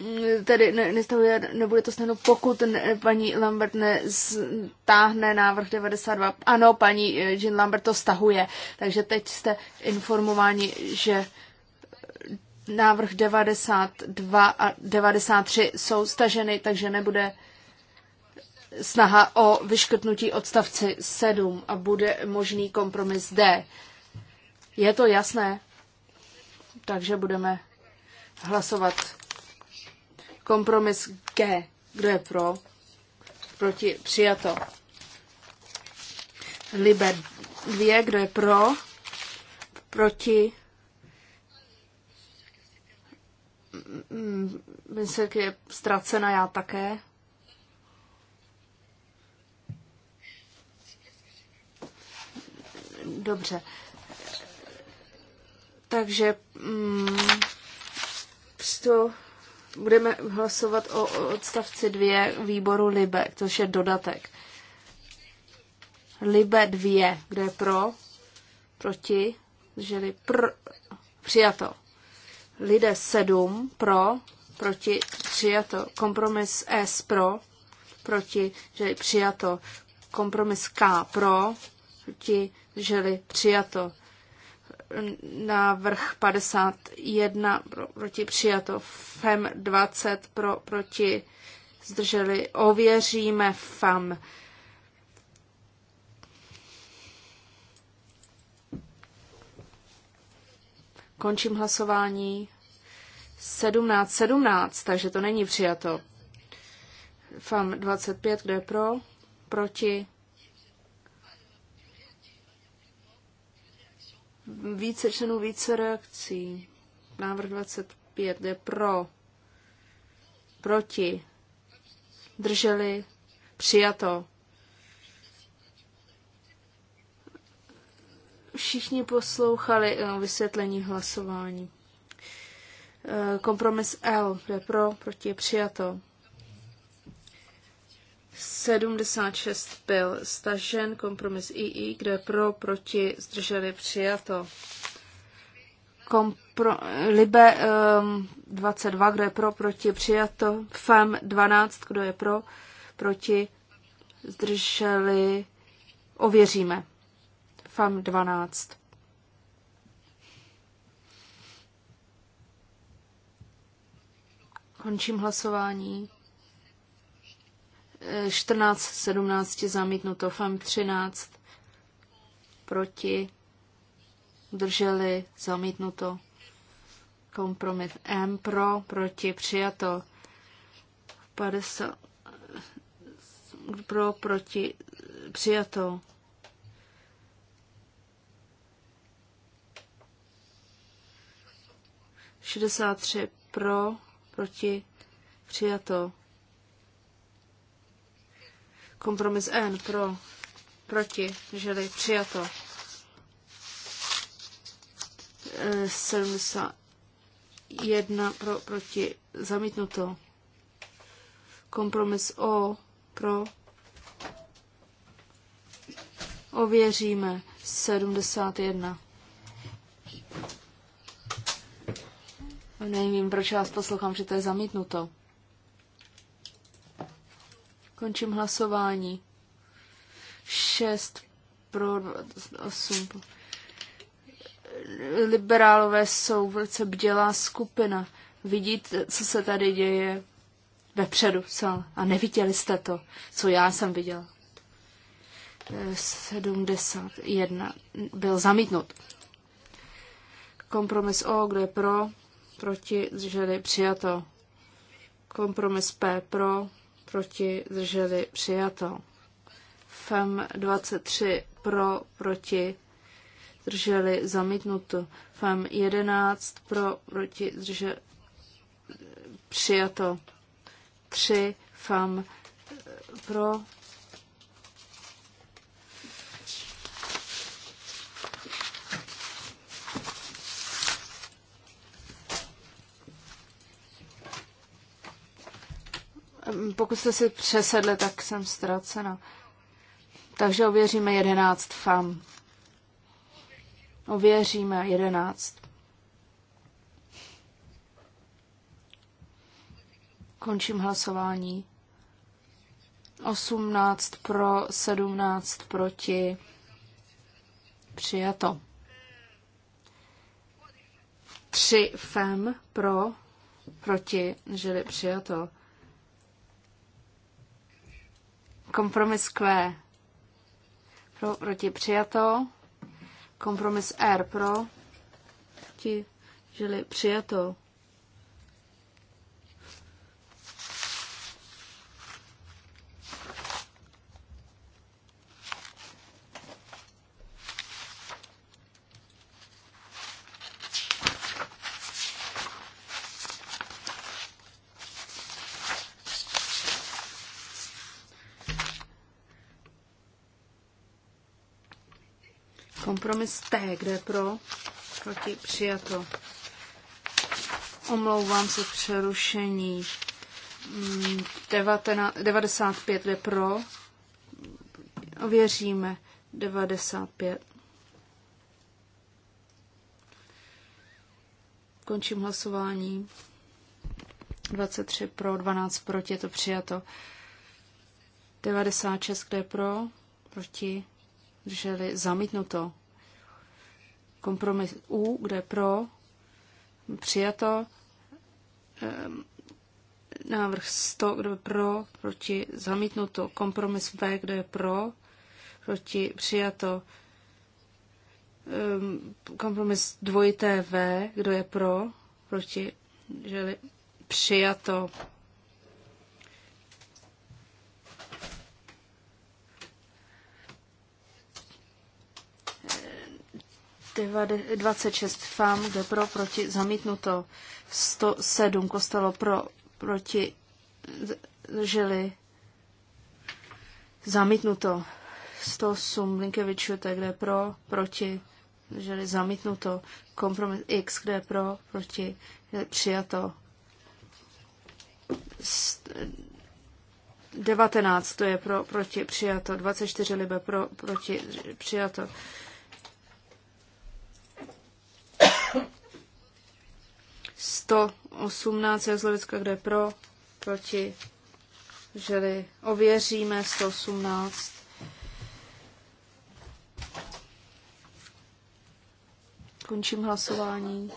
Mm, tedy ne, nestahuje, nebude to snadno, pokud ne, paní Lambert nestáhne návrh 92. Ano, paní eh, Jean Lambert to stahuje. Takže teď jste informováni, že eh, návrh 92 a 93 jsou staženy, takže nebude snaha o vyškrtnutí odstavci 7 a bude možný kompromis D. Je to jasné? Takže budeme hlasovat Kompromis G. Kdo je pro? Proti přijato. Liber 2. Kdo je pro? Proti Vincerk je ztracena, já také. Dobře. Takže mm, 100 budeme hlasovat o odstavci dvě výboru Libe, což je dodatek. Libe dvě, kde je pro, proti, žili pr, přijato. Lide sedm pro, proti, přijato. Kompromis S pro, proti, žili přijato. Kompromis K pro, proti, žili přijato návrh 51 pro, proti přijato, FEM 20 pro, proti zdrželi, ověříme FAM. E Končím hlasování. 17, 17, takže to není přijato. FAM e 25, kdo je pro? Proti? Více členů, více reakcí. Návrh 25 je pro, proti, drželi, přijato. Všichni poslouchali eh, vysvětlení hlasování. Eh, kompromis L je pro, proti, přijato. 76 byl stažen, kompromis II, kde pro, proti, zdrželi přijato. Kompro, libe um, ehm, 22, kdo je pro, proti, přijato. FEM 12, kdo je pro, proti, zdrželi, ověříme. FEM 12. Končím hlasování. 14, 17 zamítnuto, FAM 13 proti, drželi, zamítnuto, kompromit M pro, proti, přijato, 50 pro, proti, přijato. Šedesát tři pro, proti, přijato. Kompromis N pro, proti, želi přijato. 71 pro, proti, zamítnuto. Kompromis O pro, ověříme 71. Nevím, proč vás poslouchám, že to je zamítnuto. Končím hlasování. 6 pro 8. Liberálové jsou velice bdělá skupina. Vidíte, co se tady děje vepředu celé. A neviděli jste to, co já jsem viděl. 71 byl zamítnut. Kompromis O, kde je pro, proti, že je přijato. Kompromis P pro, proti, zdrželi, přijato. FEM 23 pro, proti, zdrželi, zamítnuto. FEM 11 pro, proti, zdrželi, přijato. 3 FEM pro, Pokud jste si přesedli, tak jsem ztracena. Takže ověříme jedenáct fam. Ověříme jedenáct. Končím hlasování. 18 pro, 17 proti. Přijato. 3 fem pro, proti, žili přijato. Kompromis Q. Pro, proti přijato. Kompromis R pro. ti, žili přijato. Kompromis T, kde je pro, proti, přijato. Omlouvám se přerušení. 95 mm, jde pro. Ověříme 95. Končím hlasování. 23 pro, 12 proti, je to přijato. 96 kde je pro, proti, drželi zamítnuto. Kompromis U, kde je pro, přijato. Ehm, návrh 100, kde je pro, proti, zamítnuto. Kompromis V, kde je pro, proti, přijato. Ehm, kompromis dvojité V, kdo je pro, proti, že přijato. 26 FAM, kde pro, proti, zamítnuto. 107 Kostelo pro, proti, žili, zamítnuto. 108 Linkevičů, tak kde pro, proti, žili, zamítnuto. Kompromis X, kde pro, proti, přijato. 19 to je pro, proti, přijato. 24 libe pro, proti, přijato. 118 Jazlovické, kde pro, proti, žili. Ověříme 118. Končím hlasování.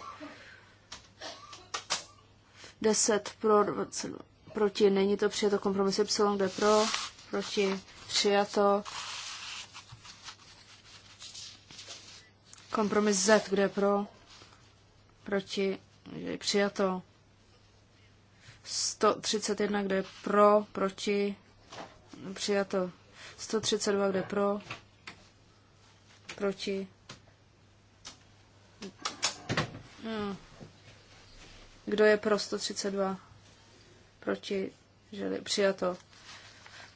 10 pro, 20, proti, není to přijato kompromis Y, kde pro, proti, přijato. Kompromis Z, kde pro, proti, je přijato. 131, kde je pro, proti, přijato. 132, kde je pro, proti. No. Kdo je pro 132? Proti, že přijato.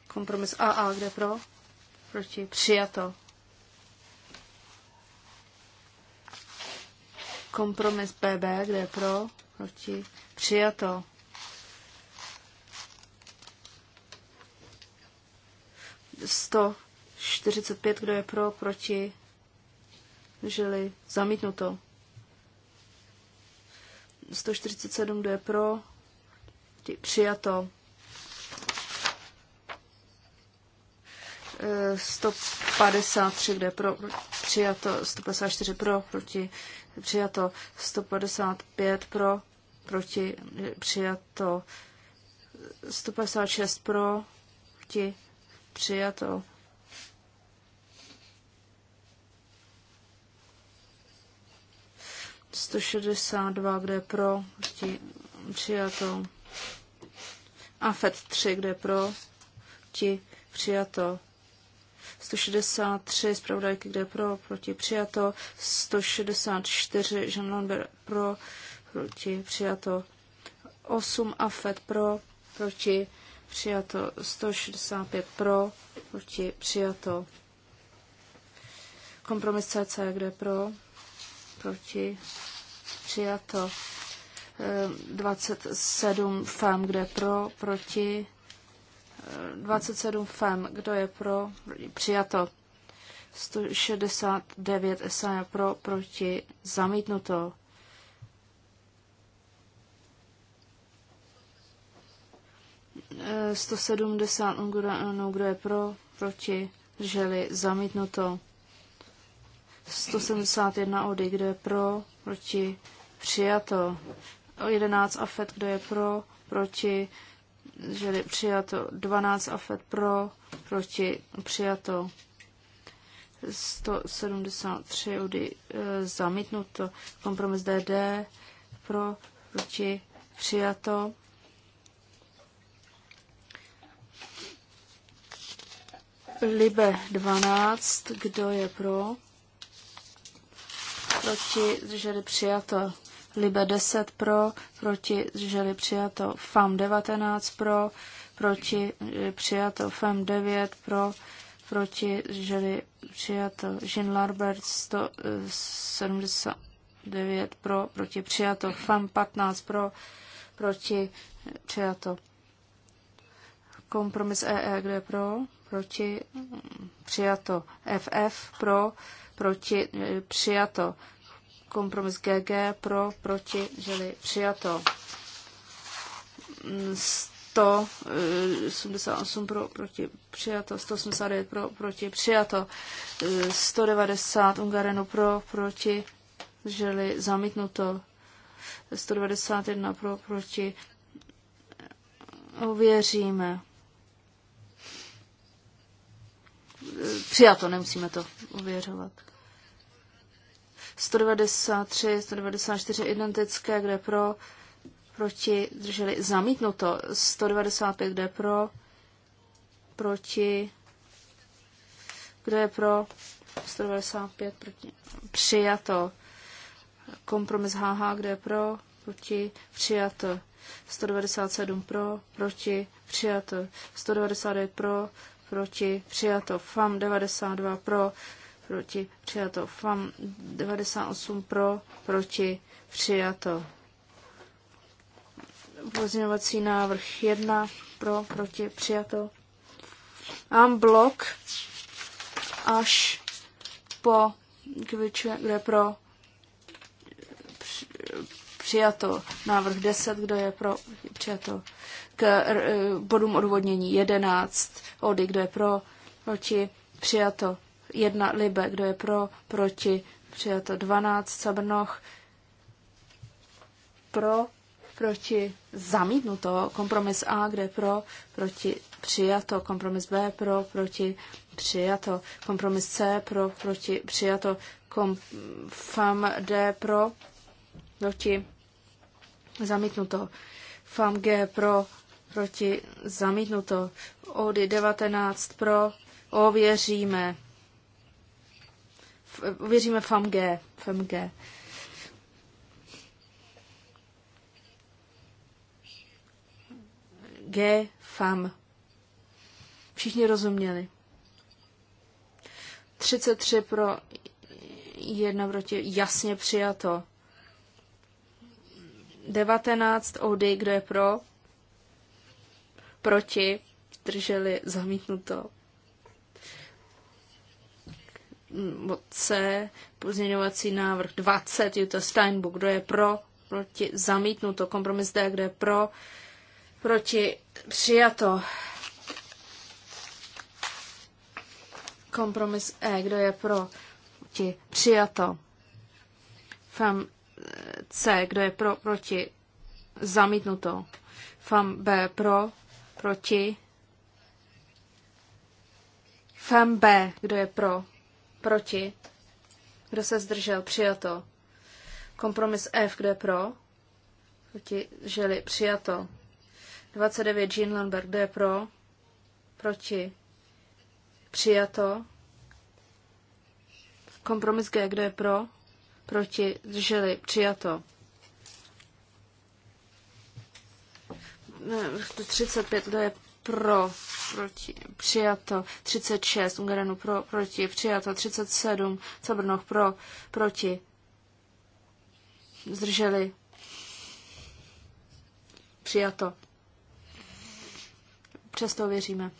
Kompromis AA, kde pro? Proti, přijato. Kompromis BB, kde je pro, proti, přijato. Sto 45, kdo je pro, proti, žili, zamítnuto. 147, kdo je pro, přijato. 153, kdo je pro, přijato 154 pro, proti přijato 155 pro, proti přijato 156 pro, proti přijato 162, kde je pro, proti přijato. A FED 3, kde je pro, proti přijato. 163 zpravodajky, kde je pro, proti přijato, 164 Jean pro, proti přijato, 8 AFET pro, proti přijato, 165 pro, proti přijato, kompromis CC, kde pro, proti přijato, 27 ehm, FAM, e kde pro, proti 27 FEM, kdo je pro, přijato. 169 SAE pro, proti, zamítnuto. E, 170 Unguranu, no, kdo je pro, proti, drželi, zamítnuto. 171 Ody, kdo je pro, proti, přijato. 11 AFET, kdo je pro, proti, zdrželi přijato 12 afet pro, proti přijato 173 udy e, zamítnuto, kompromis DD pro, proti přijato. Libe 12, kdo je pro? Proti, zdrželi přijato. Libe 10 pro, proti, Želi přijato. FAM eh, 19 eh, pro, proti, přijato. FAM 9 pro, proti, Želi eh, přijato. Jean Larbert 179 pro, proti, přijato. FAM 15 pro, proti, přijato. Kompromis EE, kde pro, proti, přijato. FF pro, proti, přijato. Kompromis GG pro, proti, žili přijato. 188 mm, eh, pro, proti přijato, 189 pro, proti přijato, 190 eh, Ungarenu pro, proti žili zamítnuto, 191 pro, proti uvěříme eh, Přijato, nemusíme to uvěřovat. 193, 194 identické, kde pro, proti, drželi zamítnuto. 195, kde pro, proti, kde je pro, 195 proti, přijato. Kompromis HH, kde je pro, proti, přijato. 197 pro, proti, přijato. 199 pro, proti, přijato. FAM 92 pro, proti, přijato. FAM 98 pro, proti, přijato. Pozměňovací návrh 1 pro, proti, přijato. Mám blok až po kviče, kde pro přijato návrh 10, kdo je pro přijato k bodům odvodnění 11, ody, kdo je pro, proti přijato jedna Libe, kdo je pro, proti, přijato 12 sabrnoch, pro, proti, zamítnuto, kompromis A, kde je pro, proti, přijato, kompromis B, pro, proti, přijato, kompromis C, pro, proti, přijato, kom, fam D, pro, proti, zamítnuto, fam G, pro, proti, zamítnuto, ODY 19, pro, ověříme věříme FAMG. FAMG. G, FAM. Všichni rozuměli. 33 pro jedna proti jasně přijato. 19 Ody, kdo je pro? Proti, drželi zamítnuto. C, pozměňovací návrh 20, Jutta Steinbuch, kdo je pro, proti, zamítnuto, kompromis D, kde je pro, proti, přijato, kompromis E, kdo je pro, proti, přijato, Fem C, kdo je pro, proti, zamítnuto, Fem B, pro, proti, Fem B, kdo je pro, Proti? Kdo se zdržel? Přijato. Kompromis F, kde pro? Proti? Žili? Přijato. 29 Jean Lambert, kde pro? Proti? Přijato. Kompromis G, kdo je pro? Proti? Zdrželi? Přijato. 35, eh, kdo je pro, proti, přijato 36, Ungarenu pro, proti, přijato 37, Cabrnoch pro, proti, zdrželi, přijato. Přesto věříme.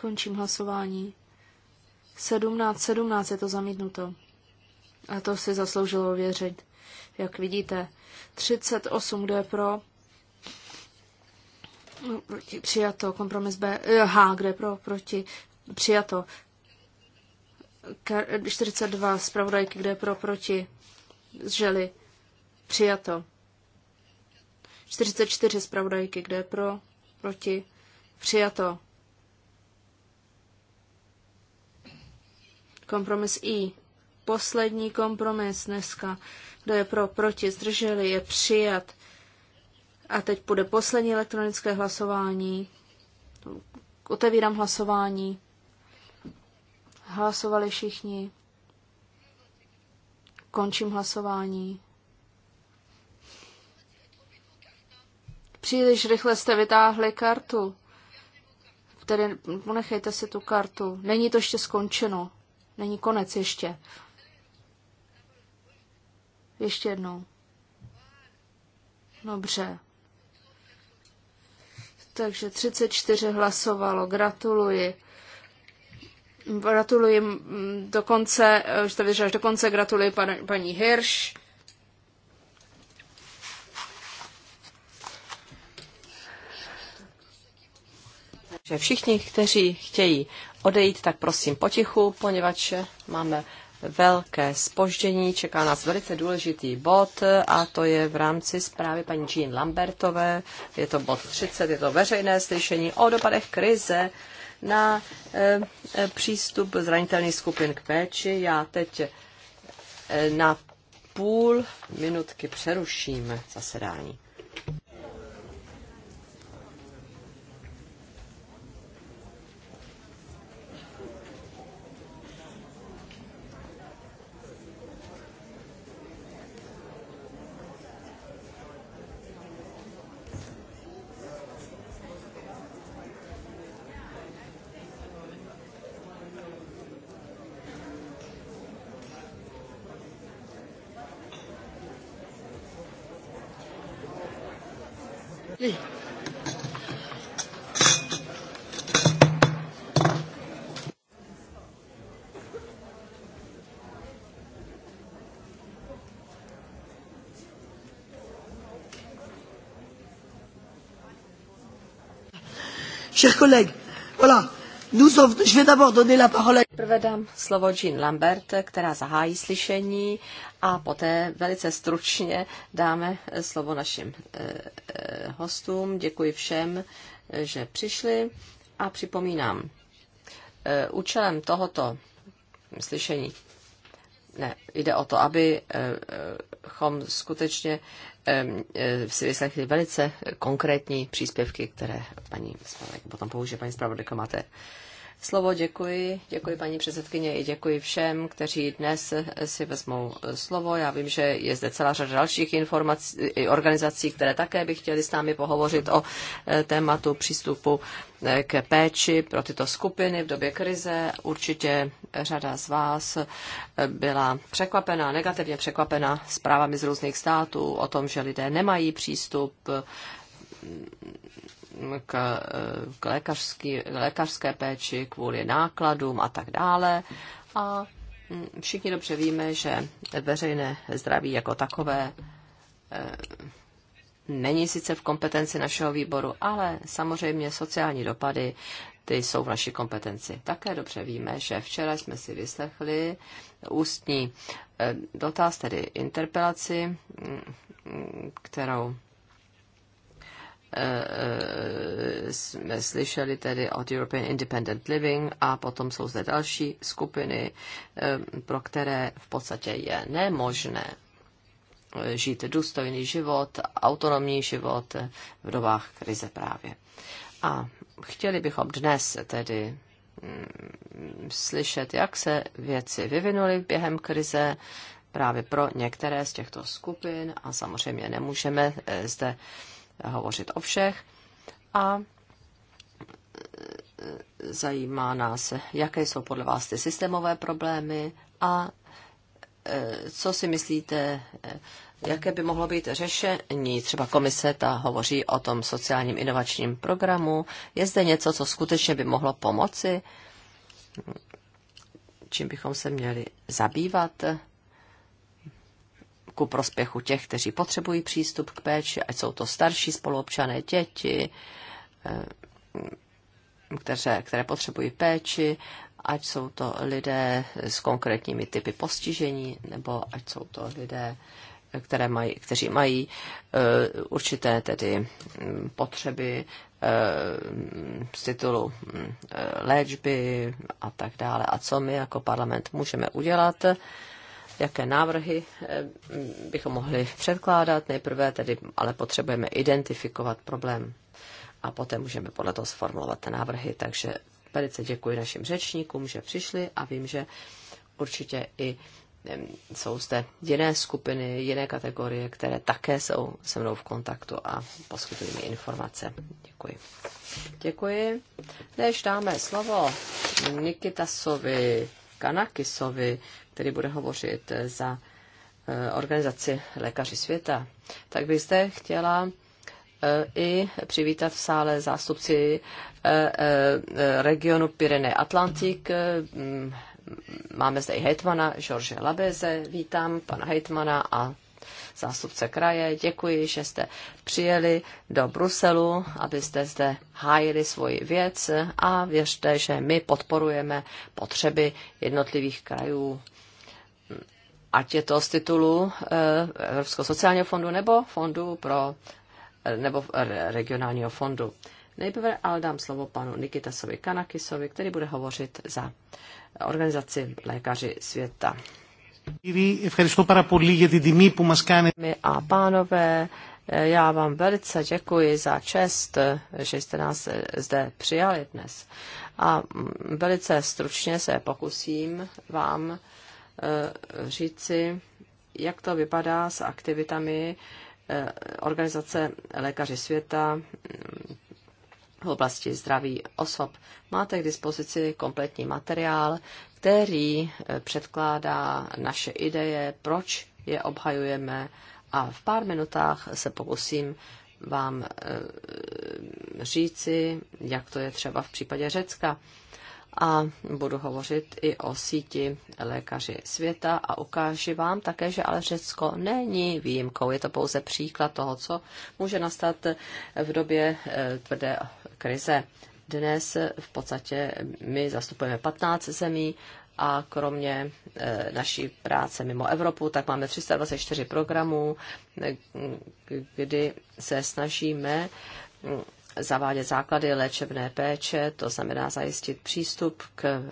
Končím hlasování. 17, 17 je to zamítnuto. A to si zasloužilo věřit jak vidíte. 38, kdo je pro, no, přijato, kompromis B, eh, H, kde je pro, proti, přijato. 42, zpravodajky, kde je pro, proti, zželi, přijato. 44, zpravodajky, kde je pro, proti, přijato. Kompromis I poslední kompromis dneska. Kdo je pro, proti, zdrželi, je přijat. A teď bude poslední elektronické hlasování. Otevírám hlasování. Hlasovali všichni. Končím hlasování. Příliš rychle jste vytáhli kartu. Tedy ponechejte si tu kartu. Není to ještě skončeno. Není konec ještě. Ještě jednou. Dobře. Takže 34 hlasovalo. Gratuluji. Gratuluji mm, do konce, eh, už to vyřeš, do konce gratuluji pan, paní Hirsch. Takže všichni, kteří chtějí odejít, tak prosím potichu, poněvadž máme velké spoždění. Čeká nás velice důležitý bod a to je v rámci zprávy paní Jean Lambertové. Je to bod 30, je to veřejné slyšení o dopadech krize na e, přístup zranitelných skupin k péči. Já teď e, na půl minutky přeruším zasedání. Chers Prvé dám slovo Jean Lambert, která zahájí slyšení a poté velice stručně dáme eh, slovo našim eh, eh, hostům. Děkuji všem, že přišli a připomínám, účelem tohoto slyšení ne, jde o to, abychom skutečně Eh, si vyslechli velice konkrétní příspěvky, které paní potom použije paní zpravodajka máte slovo. Děkuji. Děkuji paní předsedkyně i děkuji všem, kteří dnes si vezmou slovo. Já vím, že je zde celá řada dalších informací, organizací, které také by chtěli s námi pohovořit o e, tématu přístupu e, k péči pro tyto skupiny v době krize. Určitě řada z vás e, byla překvapená, negativně překvapená zprávami z různých států o tom, že lidé nemají přístup k, k lékařský, lékařské péči kvůli nákladům a tak dále. A všichni dobře víme, že veřejné zdraví jako takové eh, není sice v kompetenci našeho výboru, ale samozřejmě sociální dopady, ty jsou v naší kompetenci. Také dobře víme, že včera jsme si vyslechli ústní eh, dotaz, tedy interpelaci, mm, kterou Eh, eh, jsme slyšeli tedy od European Independent Living a potom jsou zde další skupiny, eh, pro které v podstatě je nemožné žít důstojný život, autonomní život v dobách krize právě. A chtěli bychom dnes tedy mm, slyšet, jak se věci vyvinuly během krize právě pro některé z těchto skupin a samozřejmě nemůžeme zde hovořit o všech. A zajímá nás, jaké jsou podle vás ty systémové problémy a e, co si myslíte, jaké by mohlo být řešení? Třeba komise ta hovoří o tom sociálním inovačním programu. Je zde něco, co skutečně by mohlo pomoci? Čím bychom se měli zabývat? ku prospěchu těch, kteří potřebují přístup k péči, ať jsou to starší spoluobčané, děti, eh, které, které potřebují péči, ať jsou to lidé s konkrétními typy postižení, nebo ať jsou to lidé, které mají, kteří mají eh, určité tedy mm, potřeby eh, z titulu mm, léčby a tak dále. A co my jako parlament můžeme udělat? jaké návrhy eh, bychom mohli předkládat. Nejprve tedy ale potřebujeme identifikovat problém a poté můžeme podle toho sformulovat návrhy. Takže velice děkuji našim řečníkům, že přišli a vím, že určitě i jsou zde jiné skupiny, jiné kategorie, které také jsou se mnou v kontaktu a poskytují mi informace. Děkuji. Děkuji. Než dáme slovo Nikitasovi Kanakisovi, který bude hovořit eh, za eh, organizaci Lékaři světa, tak bych zde chtěla eh, i přivítat v sále zástupci regionu Pyrené Atlantik. Mm, máme zde i hejtmana George Labeze. Vítám pana hejtmana a zástupce kraje. Děkuji, že jste přijeli do Bruselu, abyste zde hájili svoji věc a věřte, že my podporujeme potřeby jednotlivých krajů ať je to z titulu eh, Evropského sociálního fondu nebo fondu pro eh, nebo regionálního fondu. Nejprve ale dám slovo panu Nikitasovi Kanakisovi, který bude hovořit za organizaci Lékaři světa. My a pánové, eh, já vám velice děkuji za čest, že jste nás zde přijali dnes. A mm, velice stručně se pokusím vám Eh, říci, jak to vypadá s aktivitami eh, organizace Lékaři světa mm, v oblasti zdraví osob. Máte k dispozici kompletní materiál, který eh, předkládá naše ideje, proč je obhajujeme a v pár minutách se pokusím vám říci, jak to je třeba v případě Řecka a budu hovořit i o síti lékaři světa a ukáži vám také, že ale Řecko není výjimkou. Je to pouze příklad toho, co může nastat v době eh, tvrdé krize. Dnes v podstatě my zastupujeme 15 zemí a kromě eh, naší práce mimo Evropu, tak máme 324 programů, eh, kdy se snažíme mm, zavádět základy léčebné péče, to znamená zajistit přístup k, eh,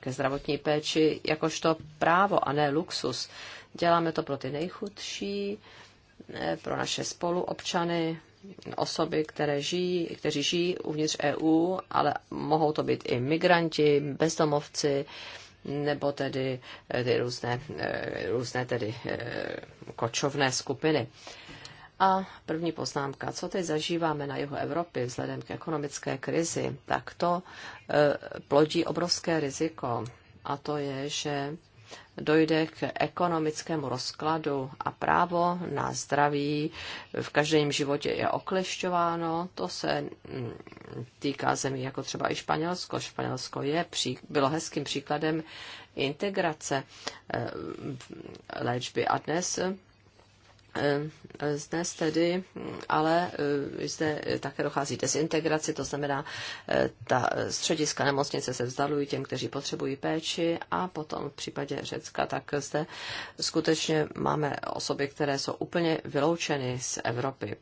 ke zdravotní péči jakožto právo a ne luxus. Děláme to pro ty nejchudší, eh, pro naše spoluobčany, osoby, které žijí, kteří žijí uvnitř EU, ale mohou to být i migranti, bezdomovci, nebo tedy eh, ty různé, různé tedy kočovné skupiny. A první poznámka, co teď zažíváme na jihu Evropy vzhledem k ekonomické krizi, tak to e, plodí obrovské riziko. A to je, že dojde k ekonomickému rozkladu a právo na zdraví v každém životě je oklešťováno. To se mm, týká zemí jako třeba i Španělsko. Španělsko je, bylo hezkým příkladem integrace e, léčby a dnes zde eh, eh, tedy, ale eh, zde také dochází dezintegraci, to znamená, ta střediska nemocnice se vzdalují těm, kteří potřebují péči a potom v případě Řecka, tak zde skutečně máme osoby, které jsou úplně vyloučeny z Evropy.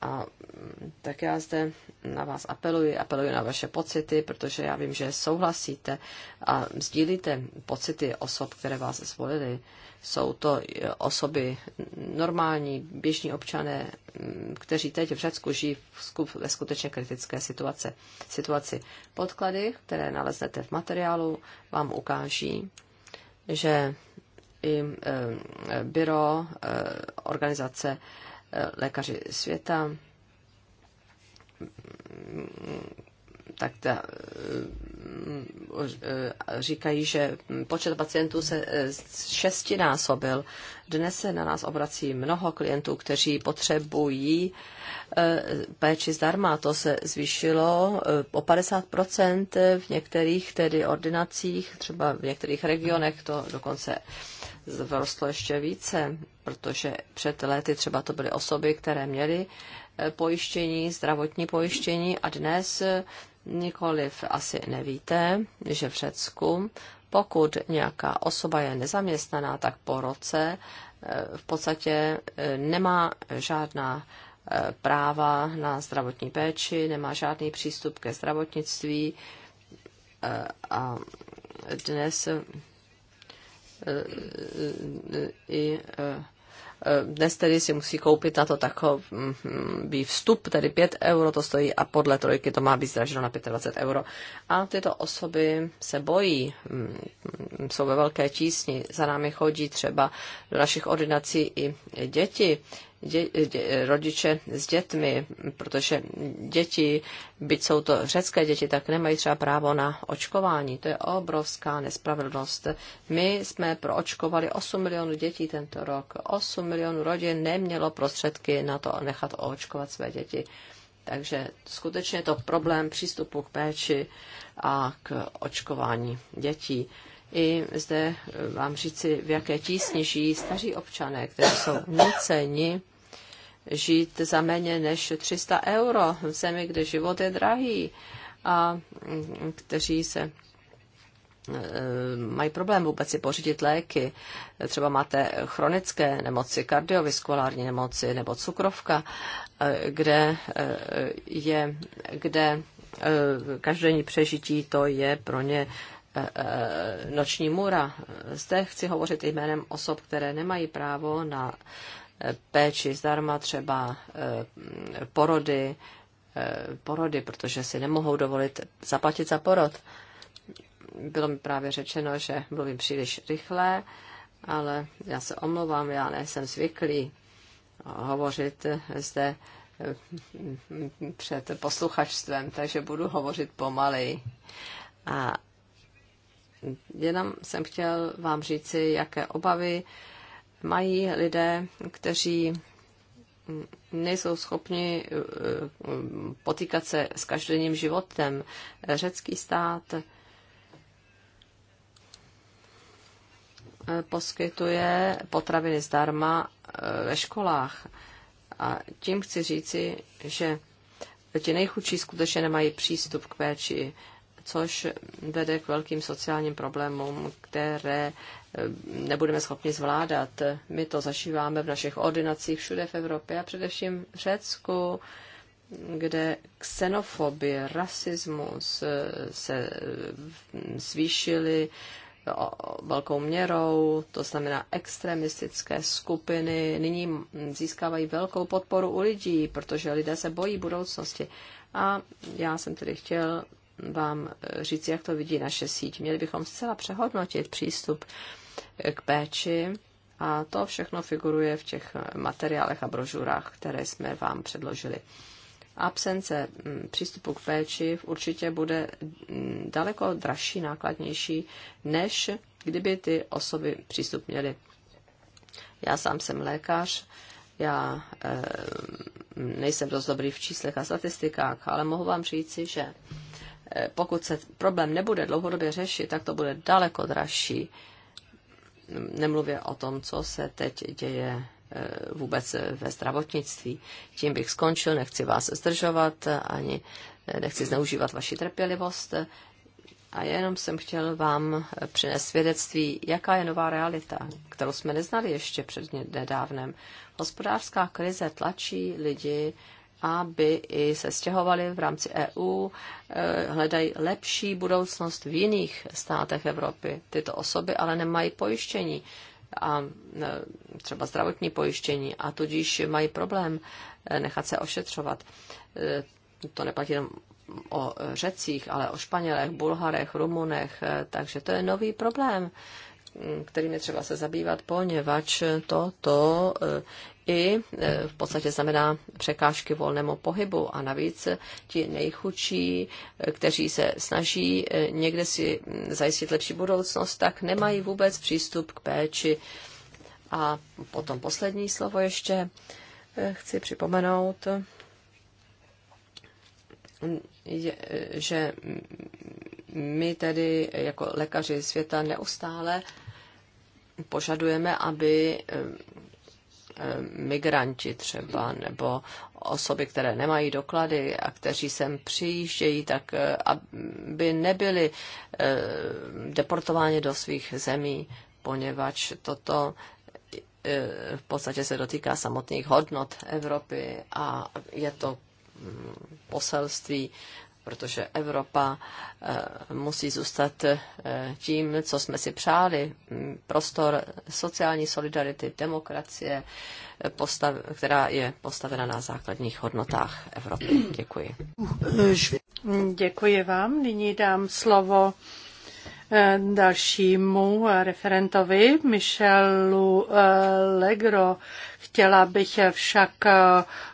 A mm, tak já zde na vás apeluji, apeluji na vaše pocity, protože já vím, že souhlasíte a sdílíte pocity osob, které vás zvolili jsou to osoby normální, běžní občané, mm, kteří teď v Řecku žijí ve skutečně kritické situace, situaci. Podklady, které naleznete v materiálu, vám ukáží, že i eh, byro eh, organizace eh, Lékaři světa tak ta, eh, eh, říkají, že počet pacientů se eh, šestinásobil. Dnes se na nás obrací mnoho klientů, kteří potřebují péči zdarma. To se zvýšilo o 50% v některých tedy ordinacích, třeba v některých regionech to dokonce vzrostlo ještě více, protože před lety třeba to byly osoby, které měly pojištění, zdravotní pojištění a dnes Nikoliv asi nevíte, že v Řecku, pokud nějaká osoba je nezaměstnaná, tak po roce eh, v podstatě eh, nemá žádná eh, práva na zdravotní péči, nemá žádný přístup ke zdravotnictví a dnes i Eh, dnes tedy si musí koupit na to takový hm, hm, vstup, tedy 5 euro to stojí a podle trojky to má být zdraženo na 25 euro. A tyto osoby se bojí, hm, jsou ve velké tísni. Za námi chodí třeba do našich ordinací i děti dě, dě, rodiče s dětmi, protože děti, byť jsou to řecké děti, tak nemají třeba právo na očkování. To je obrovská nespravedlnost. My jsme proočkovali 8 milionů dětí tento rok. 8 milionů rodin nemělo prostředky na to nechat očkovat své děti. Takže skutečně je to problém přístupu k péči a k očkování dětí. I zde vám říci, v jaké tísni žijí staří občané, kteří jsou nuceni žít za méně než 300 euro v zemi, kde život je drahý a mm, kteří se eh, mají problém vůbec si pořídit léky. Třeba máte chronické nemoci, kardiovaskulární nemoci nebo cukrovka, eh, kde eh, je, kde každodenní přežití to je pro ně noční mura. Zde chci hovořit jménem osob, které nemají právo na péči zdarma, třeba eh, porody, eh, porody, protože si nemohou dovolit zaplatit za porod. Bylo mi právě řečeno, že mluvím příliš rychle, ale já se omlouvám, já nejsem zvyklý hovořit zde eh, před posluchačstvem, takže budu hovořit pomalej A jenom jsem chtěl vám říci, jaké obavy mají lidé, kteří nejsou schopni eh, potýkat se s každodenním životem. Řecký stát eh, poskytuje potraviny zdarma eh, ve školách. A tím chci říci, že ti nejchudší skutečně nemají přístup k péči, což vede k velkým sociálním problémům, které Eh, nebudeme schopni zvládat. My to zažíváme v našich ordinacích všude v Evropě a především v Řecku, kde xenofobie, rasismus eh, se eh, zvýšily velkou měrou, to znamená extremistické skupiny, nyní získávají velkou podporu u lidí, protože lidé se bojí budoucnosti. A já jsem tedy chtěl vám říct, jak to vidí naše síť. Měli bychom zcela přehodnotit přístup k péči. A to všechno figuruje v těch materiálech a brožurách, které jsme vám předložili. Absence mm, přístupu k péči určitě bude mm, daleko dražší, nákladnější, než kdyby ty osoby přístup měly. Já sám jsem lékař, já e, nejsem dost dobrý v číslech a statistikách, ale mohu vám říci, že eh, pokud se problém nebude dlouhodobě řešit, tak to bude daleko dražší, nemluvě o tom, co se teď děje e, vůbec ve zdravotnictví. Tím bych skončil, nechci vás zdržovat, ani e, nechci zneužívat vaši trpělivost. A jenom jsem chtěl vám přinést svědectví, jaká je nová realita, kterou jsme neznali ještě před nedávnem. Hospodářská krize tlačí lidi aby i se stěhovali v rámci EU, eh, hledají lepší budoucnost v jiných státech Evropy. Tyto osoby ale nemají pojištění a eh, třeba zdravotní pojištění a tudíž mají problém eh, nechat se ošetřovat. To neplatí jenom o Řecích, ale o Španělech, Bulharech, Rumunech, takže to je nový problém mm, kterým je třeba se zabývat, poněvadž toto i e, v podstatě znamená překážky volnému pohybu a navíc ti nejchudší, e, kteří se snaží e, někde si zajistit lepší budoucnost, tak nemají vůbec přístup k péči. A potom poslední slovo ještě chci připomenout, že my tedy jako lékaři světa neustále požadujeme, aby Eh, migranti třeba, nebo osoby, které nemají doklady a kteří sem přijíždějí, tak eh, aby nebyli eh, deportováni do svých zemí, poněvadž toto v podstatě se dotýká samotných hodnot Evropy a je to mm, poselství protože Evropa eh, musí zůstat eh, tím, co jsme si přáli. Mm, prostor sociální solidarity, demokracie, eh, postav, která je postavena na základních hodnotách Evropy. Děkuji. Děkuji vám. Nyní dám slovo Eh, dalšímu eh, referentovi Michelu eh, Legro. Chtěla bych však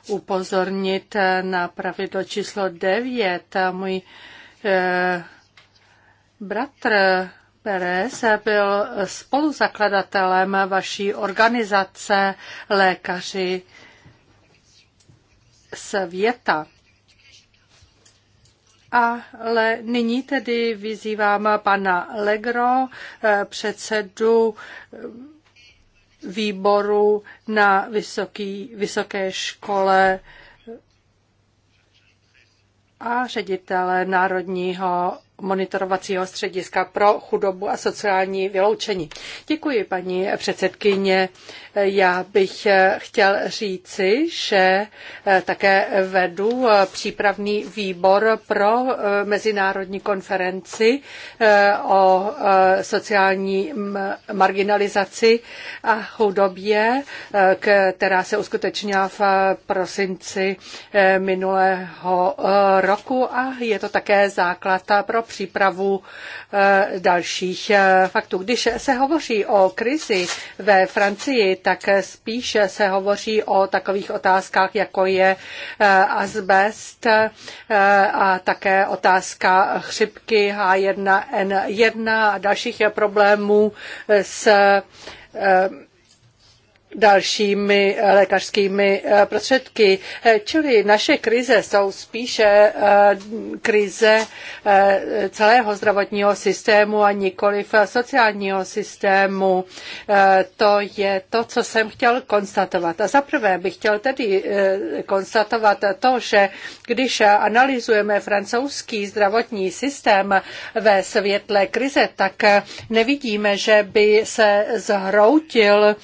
upozornit na pravidlo číslo 9. Můj bratr Perez byl spoluzakladatelem vaší organizace Lékaři světa. Ale nyní tedy vyzývám pana Legro, eh, předsedu eh, výboru na vysoký, vysoké škole a ředitele Národního monitorovacího střediska pro chudobu a sociální vyloučení. Děkuji, paní předsedkyně. Já bych chtěl říci, že eh, také vedu eh, přípravný výbor pro eh, mezinárodní konferenci o sociální marginalizaci a chudobě, která se uskutečnila v prosinci minulého roku a je to také základ pro přípravu eh, dalších eh, faktů. Když se hovoří o krizi ve Francii, tak spíše se hovoří o takových otázkách, jako je eh, asbest a také otázka chřipky H1N1 a dalších problémů s dalšími eh, lékařskými eh, prostředky. Eh, čili naše krize jsou spíše krize celého zdravotního systému a nikoli sociálního systému. To je to, co jsem chtěl konstatovat. A zaprvé bych chtěl tedy konstatovat to, že když analyzujeme francouzský zdravotní systém ve světle krize, tak nevidíme, že by se zhroutil,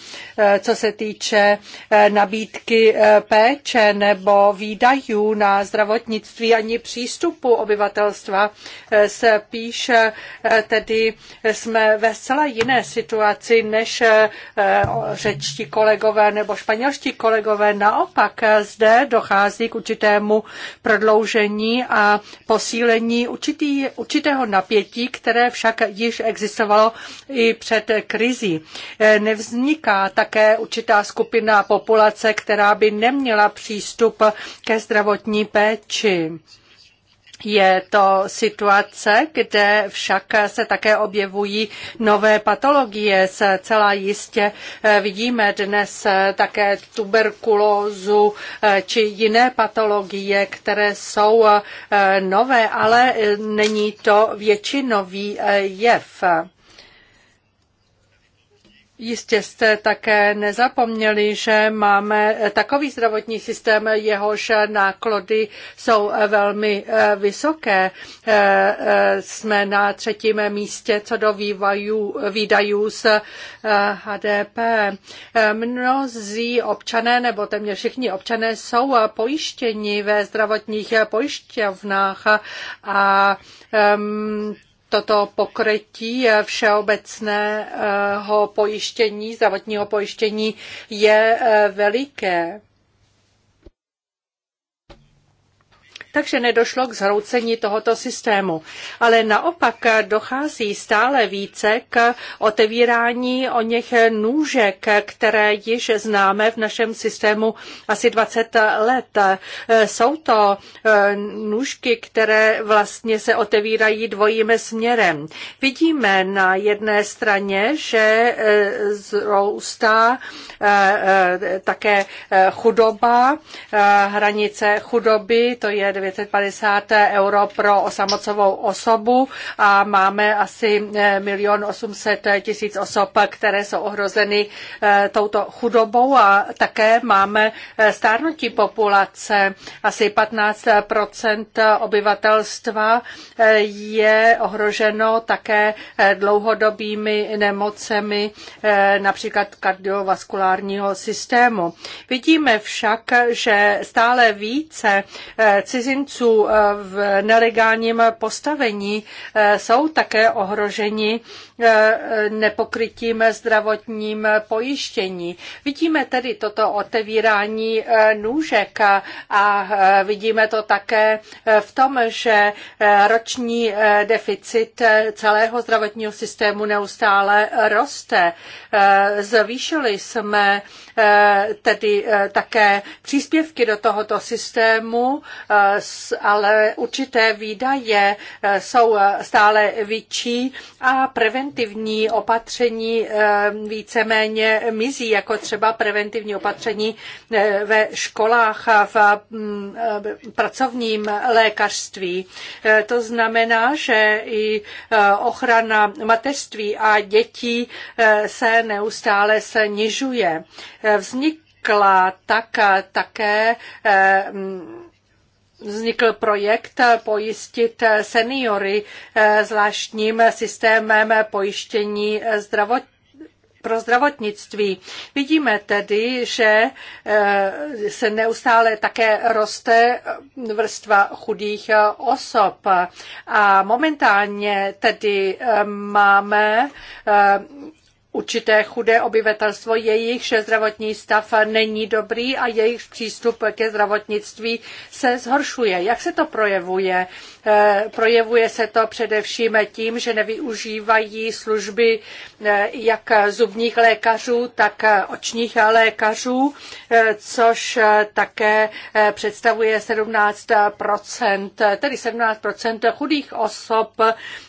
co co se týče eh, nabídky eh, péče nebo výdajů na zdravotnictví ani přístupu obyvatelstva. Eh, se píše, tedy jsme ve zcela jiné situaci než řečtí kolegové nebo španělští kolegové. Naopak zde dochází k určitému prodloužení a posílení určitý, určitého napětí, které však již existovalo i před krizí. Nevzniká také určitá skupina populace, která by neměla přístup ke zdravotní péči. Je to situace, kde však se také objevují nové patologie. Se celá jistě eh, vidíme dnes eh, také tuberkulózu eh, či jiné patologie, které jsou nové, ale není to většinový jev. Jistě jste také nezapomněli, že máme takový zdravotní systém, jehož náklady jsou velmi eh, vysoké. Eh, eh, jsme na třetím místě co do vývajů, výdajů z HDP. Mnozí občané nebo téměř všichni občané jsou pojištěni ve zdravotních pojišťovnách a toto pokrytí všeobecného pojištění, zdravotního pojištění je eh, veliké. takže nedošlo k zhroucení tohoto systému. Ale naopak dochází stále více k otevírání o něch nůžek, které již známe v našem systému asi 20 let. Jsou to eh, nůžky, které vlastně se otevírají dvojím směrem. Vidíme na jedné straně, že eh, zroustá eh, také chudoba, hranice chudoby, to je 950 euro pro osamocovou osobu a máme asi 1 eh, 800 tisíc osob, které jsou ohrozeny eh, touto chudobou a také máme eh, stárnutí populace. Asi 15 obyvatelstva je ohroženo také dlouhodobými nemocemi, například kardiovaskulárního systému. Vidíme však, že stále více cizí cizinců eh, v nelegálním postavení eh, jsou také ohroženi eh, nepokrytím zdravotním pojištění. Vidíme tedy toto otevírání nůžek a vidíme to také v tom, že roční deficit celého zdravotního systému neustále roste. Zvýšili jsme tedy také příspěvky do tohoto systému, ale určité výdaje eh, jsou eh, stále větší a preventivní opatření eh, víceméně mizí, jako třeba preventivní opatření ve školách a v mm, pracovním lékařství. To znamená, že i ochrana mateřství a dětí se neustále snižuje. vznikla tak také mm, vznikl projekt pojistit seniory eh, zvláštním systémem pojištění zdravot pro zdravotnictví. Vidíme tedy, že eh, se neustále také roste vrstva chudých osob a momentálně tedy eh, máme určité chudé obyvatelstvo, jejich zdravotní stav není dobrý a jejich přístup ke zdravotnictví se zhoršuje. Jak se to projevuje? Eh, projevuje se to především tím, že nevyužívají služby eh, jak zubních lékařů, tak očních lékařů, eh, což také představuje 17 tedy 17 chudých osob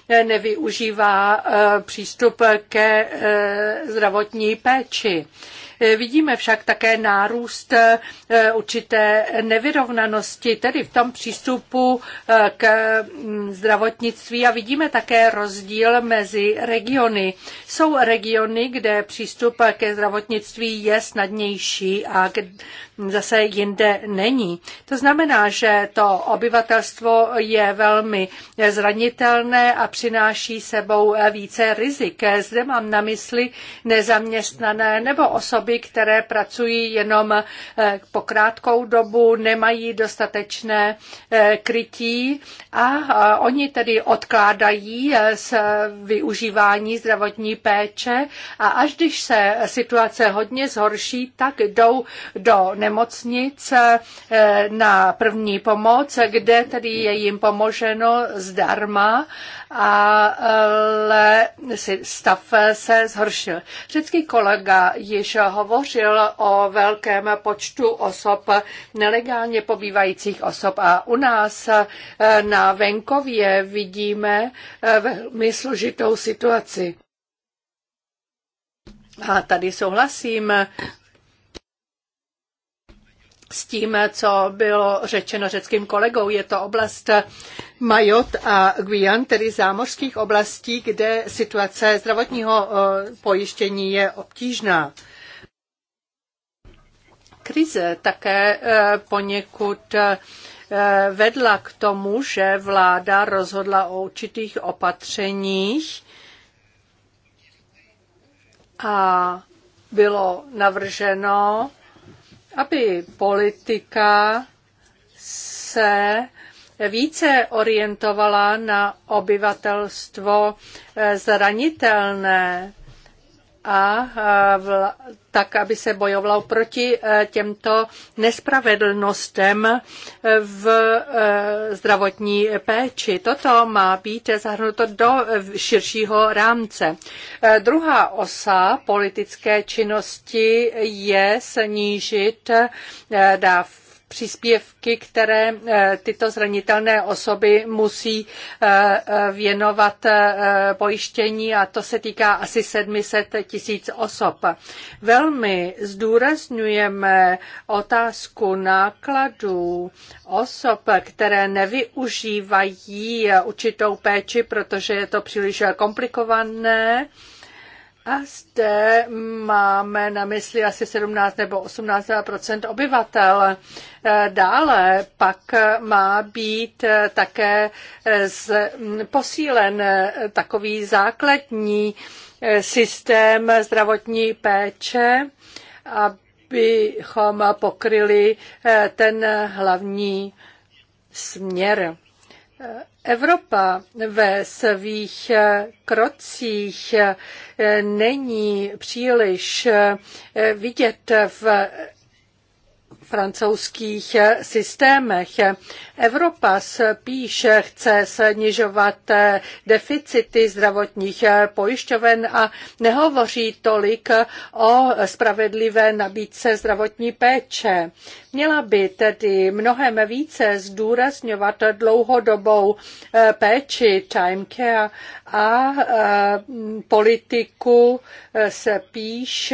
nevyužívá eh, přístup ke eh, zdravotní péči. Vidíme však také nárůst eh, určité nevyrovnanosti, tedy v tom přístupu eh, k mm, zdravotnictví a vidíme také rozdíl mezi regiony. Jsou regiony, kde přístup ke zdravotnictví je snadnější a mm, zase jinde není. To znamená, že to obyvatelstvo je velmi zranitelné a přináší sebou eh, více rizik. Zde mám na mysli nezaměstnané nebo osoby, osoby, které pracují jenom eh, po krátkou dobu, nemají dostatečné eh, krytí a oni tedy odkládají eh, s využívání zdravotní péče a až když se situace hodně zhorší, tak jdou do nemocnic na první pomoc, kde tedy je jim pomoženo zdarma, ale stav se zhoršil. Řecký kolega již hovořil o velkém počtu osob, nelegálně pobývajících osob a u nás eh, na venkově vidíme eh, velmi složitou situaci. A tady souhlasím s tím, co bylo řečeno řeckým kolegou. Je to oblast Majot a Guian, tedy zámořských oblastí, kde situace zdravotního eh, pojištění je obtížná krize také eh, poněkud eh, vedla k tomu, že vláda rozhodla o určitých opatřeních a bylo navrženo, aby politika se více orientovala na obyvatelstvo eh, zranitelné a vla, tak, aby se bojovalo proti e, těmto nespravedlnostem v e, zdravotní péči. Toto má být zahrnuto do širšího rámce. E, druhá osa politické činnosti je snížit dáv příspěvky, které eh, tyto zranitelné osoby musí eh, eh, věnovat pojištění a to se týká asi 700 tisíc osob. Velmi zdůrazňujeme otázku nákladů osob, které nevyužívají určitou péči, protože je to příliš komplikované a zde máme na mysli asi 17 nebo 18 obyvatel. E, dále pak má být e, také e, z, posílen takový základní systém zdravotní péče, abychom pokryli ten hlavní směr. Evropa ve svých eh, krocích eh, není příliš eh, vidět v francouzských systémech. Evropa spíš chce snižovat deficity zdravotních pojišťoven a nehovoří tolik o spravedlivé nabídce zdravotní péče. Měla by tedy mnohem více zdůrazňovat dlouhodobou péči, time care a politiku se spíš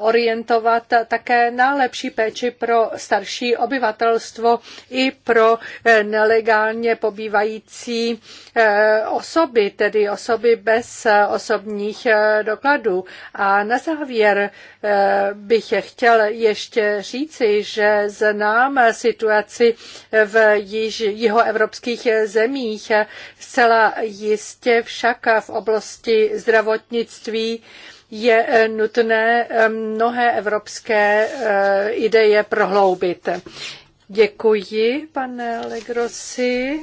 orientovat také na lepší péči pro pro starší obyvatelstvo i pro eh, nelegálně pobývající eh, osoby, tedy osoby bez eh, osobních dokladů. A na závěr bych chtěl ještě říci, že znám situaci v již, jihoevropských zemích, zcela jistě však v oblasti zdravotnictví je eh, nutné eh, mnohé evropské eh, ideje prohloubit. Děkuji, pane Legrosi.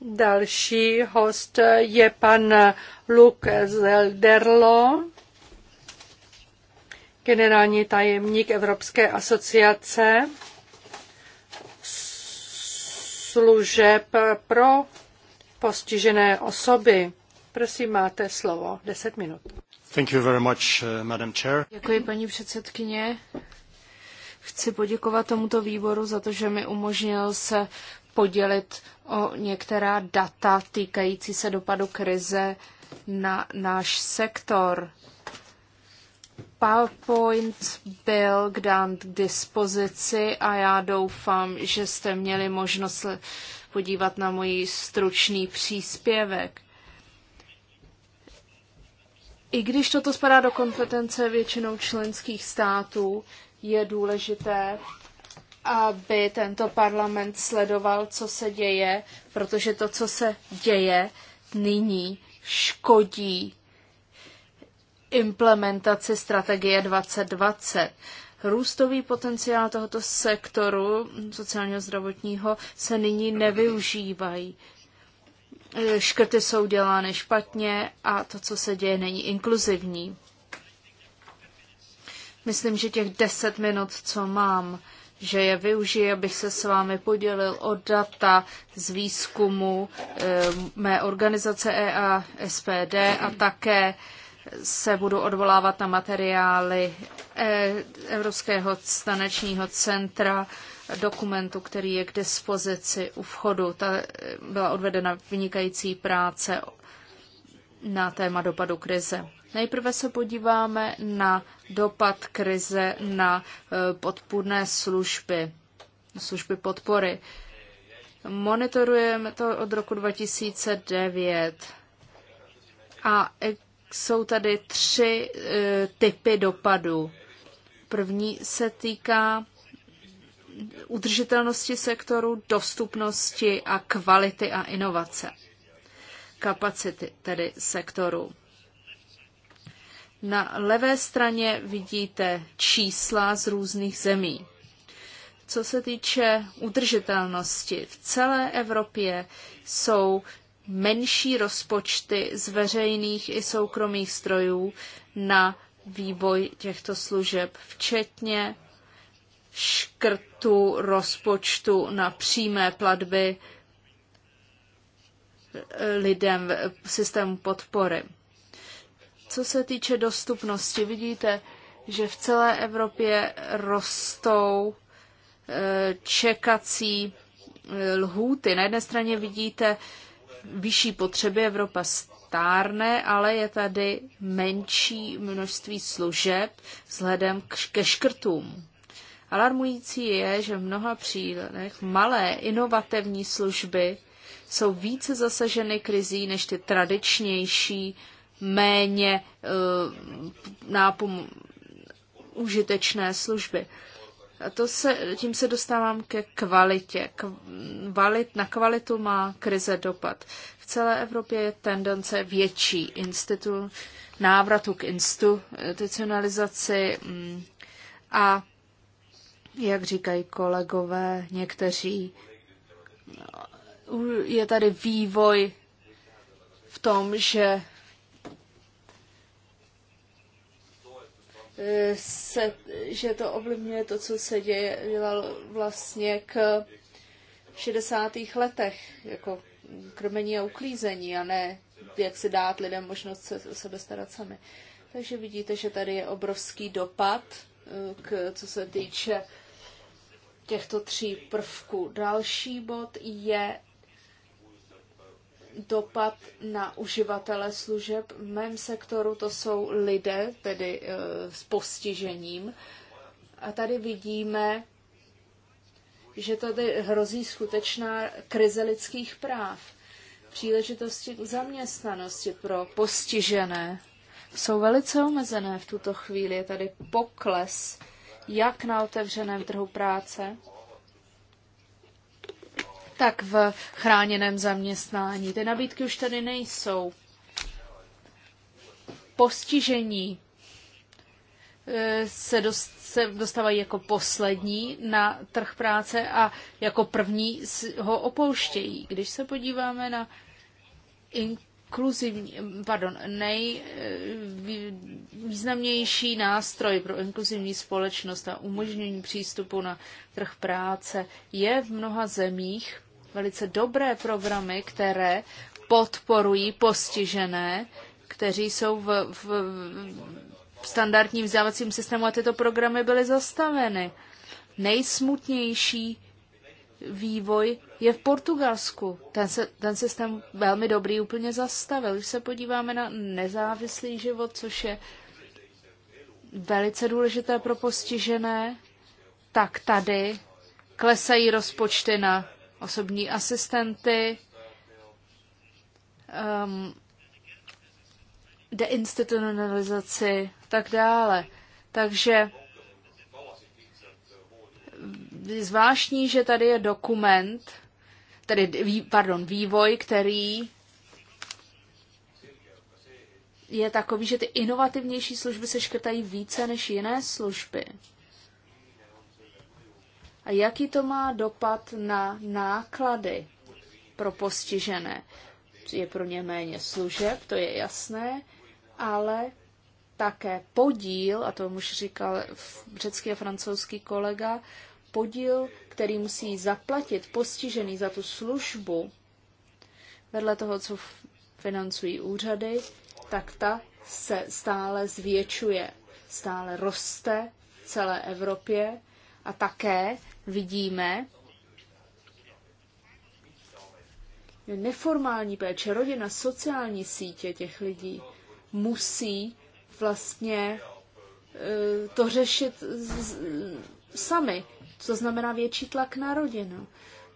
Další host je pan Luke Zelderlo, generální tajemník Evropské asociace služeb pro postižené osoby. Prosím, máte slovo. Deset minut. Thank you very much, uh, Madam Chair. Děkuji, paní předsedkyně. Chci poděkovat tomuto výboru za to, že mi umožnil se podělit o některá data týkající se dopadu krize na náš sektor. PowerPoint byl k dán k dispozici a já doufám, že jste měli možnost podívat na můj stručný příspěvek. I když toto spadá do kompetence většinou členských států, je důležité, aby tento parlament sledoval, co se děje, protože to, co se děje nyní, škodí implementaci strategie 2020. Růstový potenciál tohoto sektoru sociálního zdravotního se nyní nevyužívají. Eh, škrty jsou dělány špatně a to, co se děje, není inkluzivní. Myslím, že těch deset minut, co mám, že je využiji, abych se s vámi podělil o data z výzkumu e, mé organizace EA SPD a také se budu odvolávat na materiály eh, Evropského stanečního centra dokumentu, který je k dispozici u vchodu. Ta eh, byla odvedena vynikající práce na téma dopadu krize. Nejprve se podíváme na dopad krize na eh, podpůrné služby, služby podpory. Monitorujeme to od roku 2009 a jsou tady tři eh, typy dopadů. První se týká udržitelnosti sektoru, dostupnosti a kvality a inovace. Kapacity tedy sektoru. Na levé straně vidíte čísla z různých zemí. Co se týče udržitelnosti, v celé Evropě jsou menší rozpočty z veřejných i soukromých strojů na vývoj těchto služeb, včetně škrtu rozpočtu na přímé platby lidem v systému podpory. Co se týče dostupnosti, vidíte, že v celé Evropě rostou e, čekací e, lhůty. Na jedné straně vidíte vyšší potřeby, Evropa stárne, ale je tady menší množství služeb vzhledem ke škrtům. Alarmující je, že v mnoha případech malé inovativní služby jsou více zasaženy krizí než ty tradičnější, méně uh, nápom- užitečné služby. A to se, tím se dostávám ke kvalitě. Kvalit, na kvalitu má krize dopad. V celé Evropě je tendence větší institu, návratu k institucionalizaci mm, a jak říkají kolegové někteří, je tady vývoj v tom, že se, že to ovlivňuje to, co se děje, dělalo vlastně k 60. letech, jako krmení a uklízení, a ne jak si dát lidem možnost se o sebe starat sami. Takže vidíte, že tady je obrovský dopad, eh, k, co se týče těchto tří prvků. Další bod je dopad na uživatele služeb. V mém sektoru to jsou lidé, tedy e, s postižením. A tady vidíme, že tady hrozí skutečná krize lidských práv. Příležitosti k zaměstnanosti pro postižené jsou velice omezené v tuto chvíli. Je tady pokles jak na otevřeném trhu práce, tak v chráněném zaměstnání. Ty nabídky už tady nejsou. Postižení e, se, dostávají jako poslední na trh práce a jako první ho opouštějí. Když se podíváme na inkluzivní, pardon, nejvýznamnější nástroj pro inkluzivní společnost a umožnění přístupu na trh práce je v mnoha zemích velice dobré programy, které podporují postižené, kteří jsou v, v, v standardním vzdělávacím systému a tyto programy byly zastaveny. Nejsmutnější vývoj je v Portugalsku. Ten, se, ten systém velmi dobrý úplně zastavil. Když se podíváme na nezávislý život, což je velice důležité pro postižené, tak tady klesají rozpočty na osobní asistenty, um, deinstitucionalizaci a tak dále. Takže zvláštní, že tady je dokument, tedy, pardon, vývoj, který je takový, že ty inovativnější služby se škrtají více než jiné služby. A jaký to má dopad na náklady pro postižené? Je pro ně méně služeb, to je jasné, ale také podíl, a to už říkal řecký a francouzský kolega, podíl, který musí zaplatit postižený za tu službu, vedle toho, co financují úřady, tak ta se stále zvětšuje, stále roste v celé Evropě a také vidíme, neformální péče, rodina, sociální sítě těch lidí musí vlastně e, to řešit sami co znamená větší tlak na rodinu.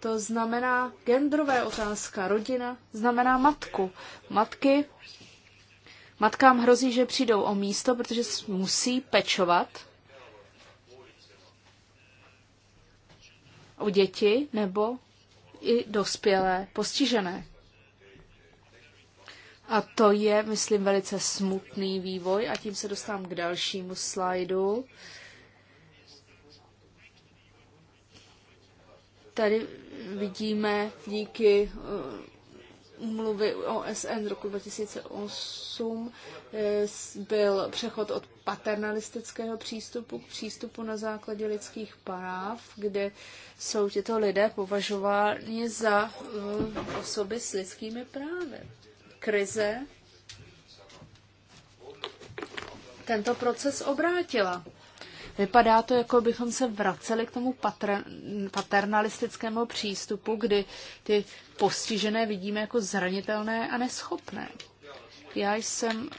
To znamená genderové otázka. Rodina znamená matku. Matky, matkám hrozí, že přijdou o místo, protože musí pečovat o děti nebo i dospělé postižené. A to je, myslím, velice smutný vývoj a tím se dostávám k dalšímu slajdu. Tady vidíme díky umluvy eh, OSN roku 2008 eh, byl přechod od paternalistického přístupu k přístupu na základě lidských práv, kde jsou tyto lidé považováni za eh, osoby s lidskými právy. Krize tento proces obrátila. Vypadá to, jako bychom se vraceli k tomu paternalistickému přístupu, kdy ty postižené vidíme jako zranitelné a neschopné. Já jsem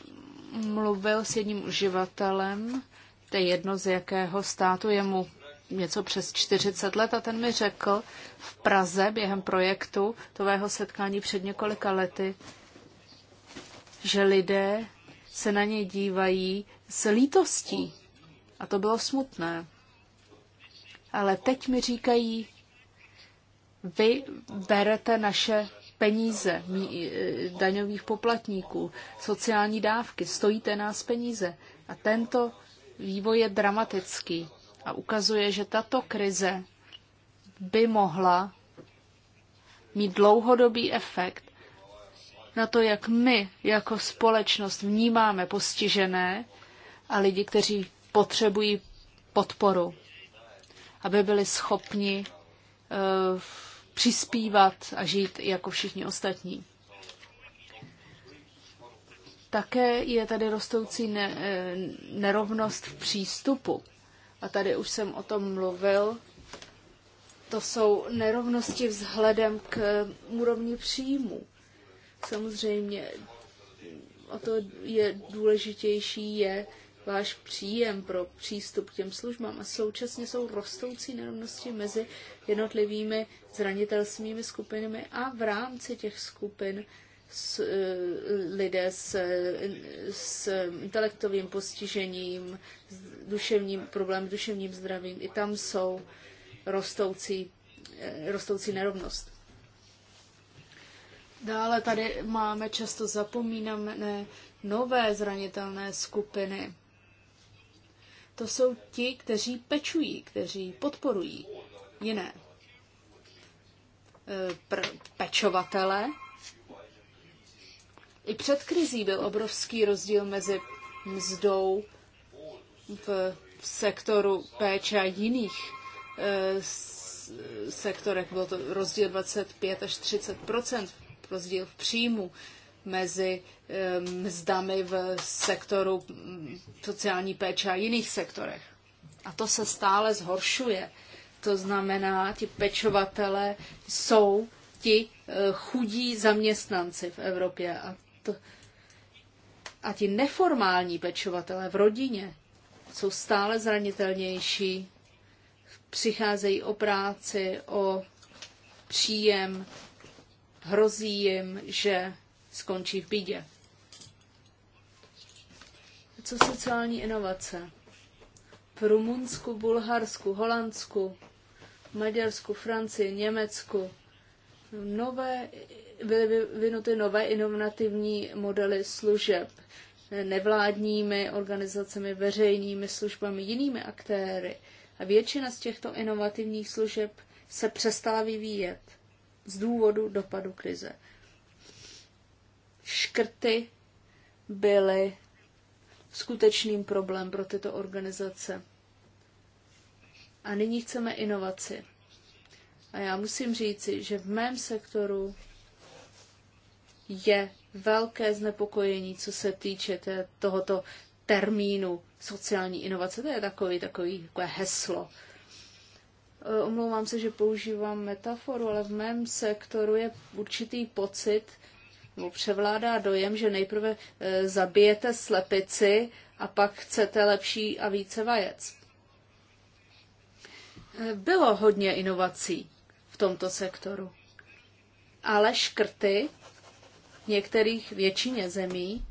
mluvil s jedním uživatelem, to je jedno z jakého státu, je mu něco přes 40 let a ten mi řekl v Praze během projektu tového setkání před několika lety, že lidé se na ně dívají s lítostí. A to bylo smutné. Ale teď mi říkají, vy berete naše peníze daňových poplatníků, sociální dávky, stojíte nás peníze. A tento vývoj je dramatický a ukazuje, že tato krize by mohla mít dlouhodobý efekt na to, jak my jako společnost vnímáme postižené a lidi, kteří potřebují podporu, aby byli schopni uh, přispívat a žít jako všichni ostatní. Také je tady rostoucí ne, eh, nerovnost v přístupu. A tady už jsem o tom mluvil. To jsou nerovnosti vzhledem k eh, úrovni příjmu. Samozřejmě o to je důležitější je váš příjem pro přístup k těm službám a současně jsou rostoucí nerovnosti mezi jednotlivými zranitelskými skupinami a v rámci těch skupin s, eh, lidé s, s intelektovým postižením, s duševním, problém duševním zdravím. I tam jsou rostoucí, eh, rostoucí nerovnost. Dále tady máme často zapomínané nové zranitelné skupiny to jsou ti, kteří pečují, kteří podporují jiné eh, pr- pečovatele. I před krizí byl obrovský rozdíl mezi mzdou v sektoru péče a jiných e, sektorech. Byl to rozdíl 25 až 30 rozdíl v příjmu mezi eh, mzdami v sektoru sociální péče a jiných sektorech. A to se stále zhoršuje. To znamená, ti pečovatele jsou ti eh, chudí zaměstnanci v Evropě. A, to, a ti neformální pečovatele v rodině jsou stále zranitelnější, přicházejí o práci, o příjem, hrozí jim, že skončí v bídě. Co sociální inovace? V Rumunsku, Bulharsku, Holandsku, Maďarsku, Francii, Německu nové, byly vyvinuty nové inovativní modely služeb nevládními organizacemi, veřejnými službami, jinými aktéry. A většina z těchto inovativních služeb se přestala vyvíjet z důvodu dopadu krize škrty byly skutečným problém pro tyto organizace. A nyní chceme inovaci. A já musím říci, že v mém sektoru je velké znepokojení, co se týče tohoto termínu sociální inovace. To je takový, takový takové heslo. E, omlouvám se, že používám metaforu, ale v mém sektoru je určitý pocit, převládá dojem, že nejprve eh, zabijete slepici a pak chcete lepší a více vajec. Eh, bylo hodně inovací v tomto sektoru, ale škrty v některých většině zemí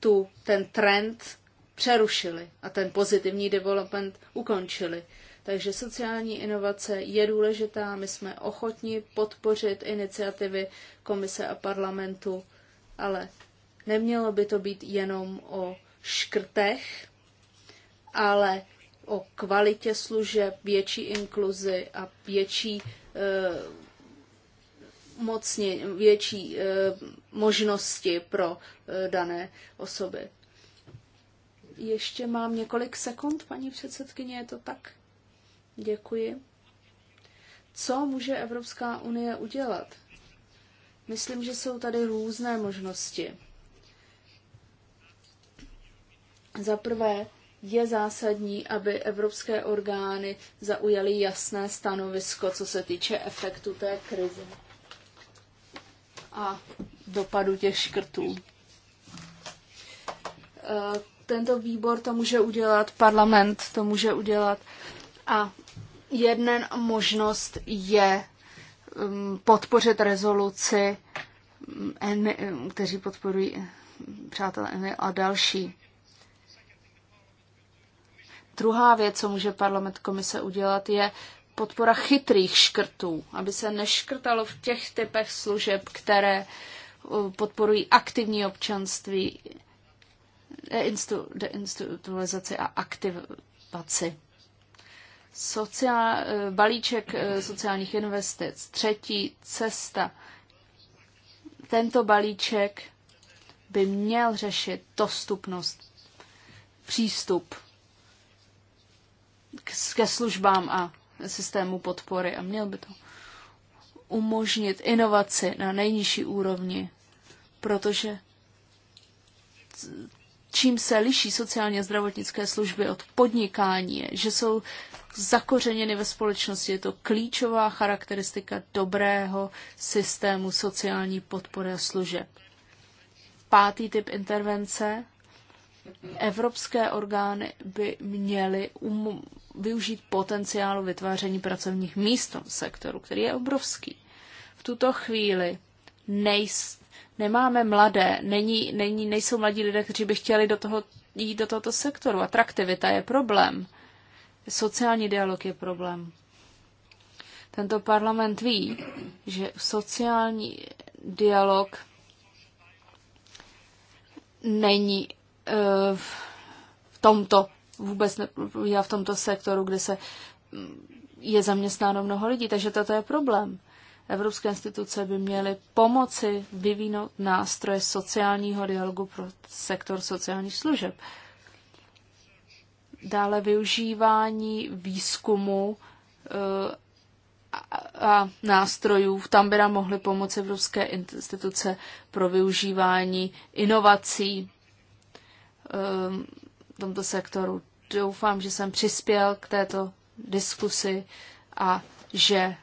tu ten trend přerušili a ten pozitivní development ukončili. Takže sociální inovace je důležitá, my jsme ochotni podpořit iniciativy komise a parlamentu, ale nemělo by to být jenom o škrtech, ale o kvalitě služeb, větší inkluzi a větší eh, mocně, větší eh, možnosti pro eh, dané osoby. Ještě mám několik sekund, paní předsedkyně, je to tak? Děkuji. Co může Evropská unie udělat? Myslím, že jsou tady různé možnosti. Za prvé, je zásadní, aby evropské orgány zaujaly jasné stanovisko, co se týče efektu té krize a dopadu těch škrtů. E, tento výbor to může udělat, parlament to může udělat a Jedna možnost je um, podpořit rezoluci, um, um, kteří podporují přátelé a další. Druhá věc, co může parlament komise udělat, je podpora chytrých škrtů, aby se neškrtalo v těch typech služeb, které uh, podporují aktivní občanství, deinstitucionalizaci a aktivaci. Sociál, eh, balíček eh, sociálních investic, třetí cesta. Tento balíček by měl řešit dostupnost, přístup ke službám a systému podpory a měl by to umožnit inovaci na nejnižší úrovni, protože čím se liší sociálně zdravotnické služby od podnikání, je, že jsou zakořeněny ve společnosti. Je to klíčová charakteristika dobrého systému sociální podpory a služeb. Pátý typ intervence. Evropské orgány by měly um, využít potenciálu vytváření pracovních míst v sektoru, který je obrovský. V tuto chvíli nejs, nemáme mladé, není, není, nejsou mladí lidé, kteří by chtěli do toho, jít do tohoto sektoru. Atraktivita je problém. Sociální dialog je problém. Tento parlament ví, že sociální dialog není eh, v tomto, vůbec neprobíhá v tomto sektoru, kde se mm, je zaměstnáno mnoho lidí, takže toto je problém. Evropské instituce by měly pomoci vyvinout nástroje sociálního dialogu pro sektor sociálních služeb. Dále využívání výzkumu eh, a nástrojů. Tam by nám mohly pomoci evropské instituce pro využívání inovací eh, v tomto sektoru. Doufám, že jsem přispěl k této diskusi a že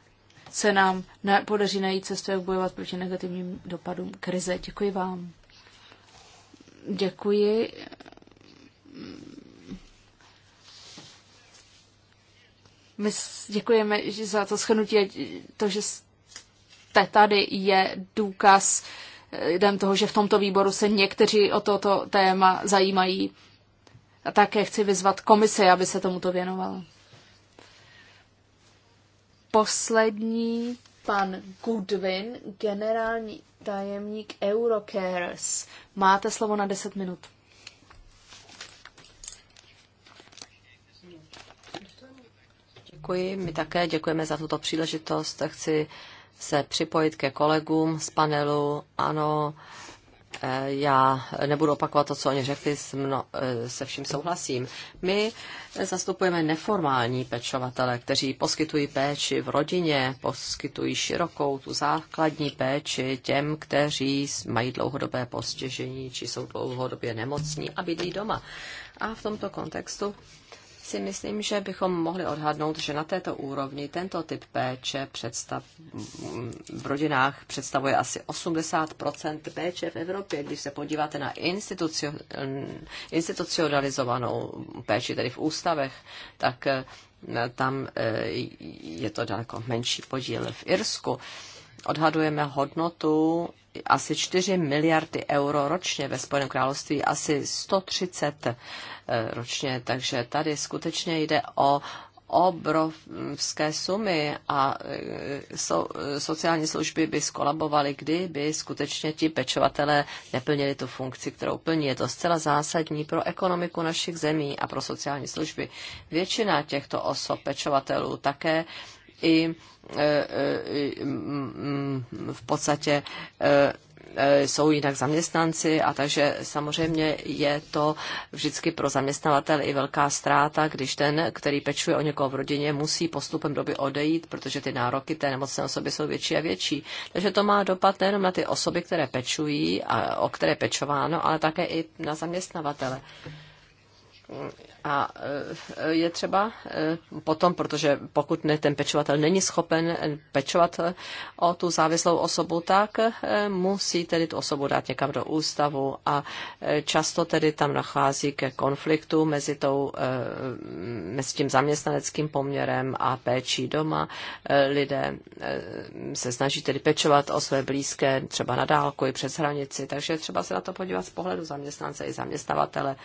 se nám podaří najít cestu, jak bojovat proti negativním dopadům krize. Děkuji vám. Děkuji. My děkujeme za to schrnutí, to, že jste tady, je důkaz eh, jdem toho, že v tomto výboru se někteří o toto téma zajímají. A také chci vyzvat komisi, aby se tomuto věnovala. Poslední pan Goodwin, generální tajemník Eurocares. Máte slovo na 10 minut. Děkuji, my také děkujeme za tuto příležitost. Chci se připojit ke kolegům z panelu. Ano, eh, já nebudu opakovat to, co oni řekli, eh, se vším souhlasím. My zastupujeme neformální pečovatele, kteří poskytují péči v rodině, poskytují širokou tu základní péči těm, kteří mají dlouhodobé postižení či jsou dlouhodobě nemocní a bydlí doma. A v tomto kontextu si myslím, že bychom mohli odhadnout, že na této úrovni tento typ péče představ, v rodinách představuje asi 80 péče v Evropě. Když se podíváte na institucio, institucionalizovanou péči, tedy v ústavech, tak eh, tam eh, je to daleko menší podíl v Irsku odhadujeme hodnotu asi 4 miliardy euro ročně ve Spojeném království, asi 130 eh, ročně. Takže tady skutečně jde o obrovské sumy a eh, so, sociální služby by skolabovaly, kdyby skutečně ti pečovatelé neplnili tu funkci, kterou plní. Je to zcela zásadní pro ekonomiku našich zemí a pro sociální služby. Většina těchto osob, pečovatelů, také uh, i e, e, v podstatě e, jsou jinak zaměstnanci a takže samozřejmě je to vždycky pro zaměstnavatel i velká ztráta, když ten, který pečuje o někoho v rodině, musí postupem doby odejít, protože ty nároky té nemocné osoby jsou větší a větší. Takže to má dopad nejenom na ty osoby, které pečují a o které pečováno, ale také i na zaměstnavatele. A eh, je třeba eh, potom, protože pokud ne, ten pečovatel není schopen eh, pečovat o tu závislou osobu, tak musí tedy tu osobu dát někam do ústavu a často tedy tam nachází ke konfliktu mezi, tou, mezi tím zaměstnaneckým poměrem a péčí doma. Lidé se snaží tedy pečovat o své blízké třeba na dálku i přes hranici, takže třeba se na to podívat z pohledu zaměstnance i zaměstnavatele,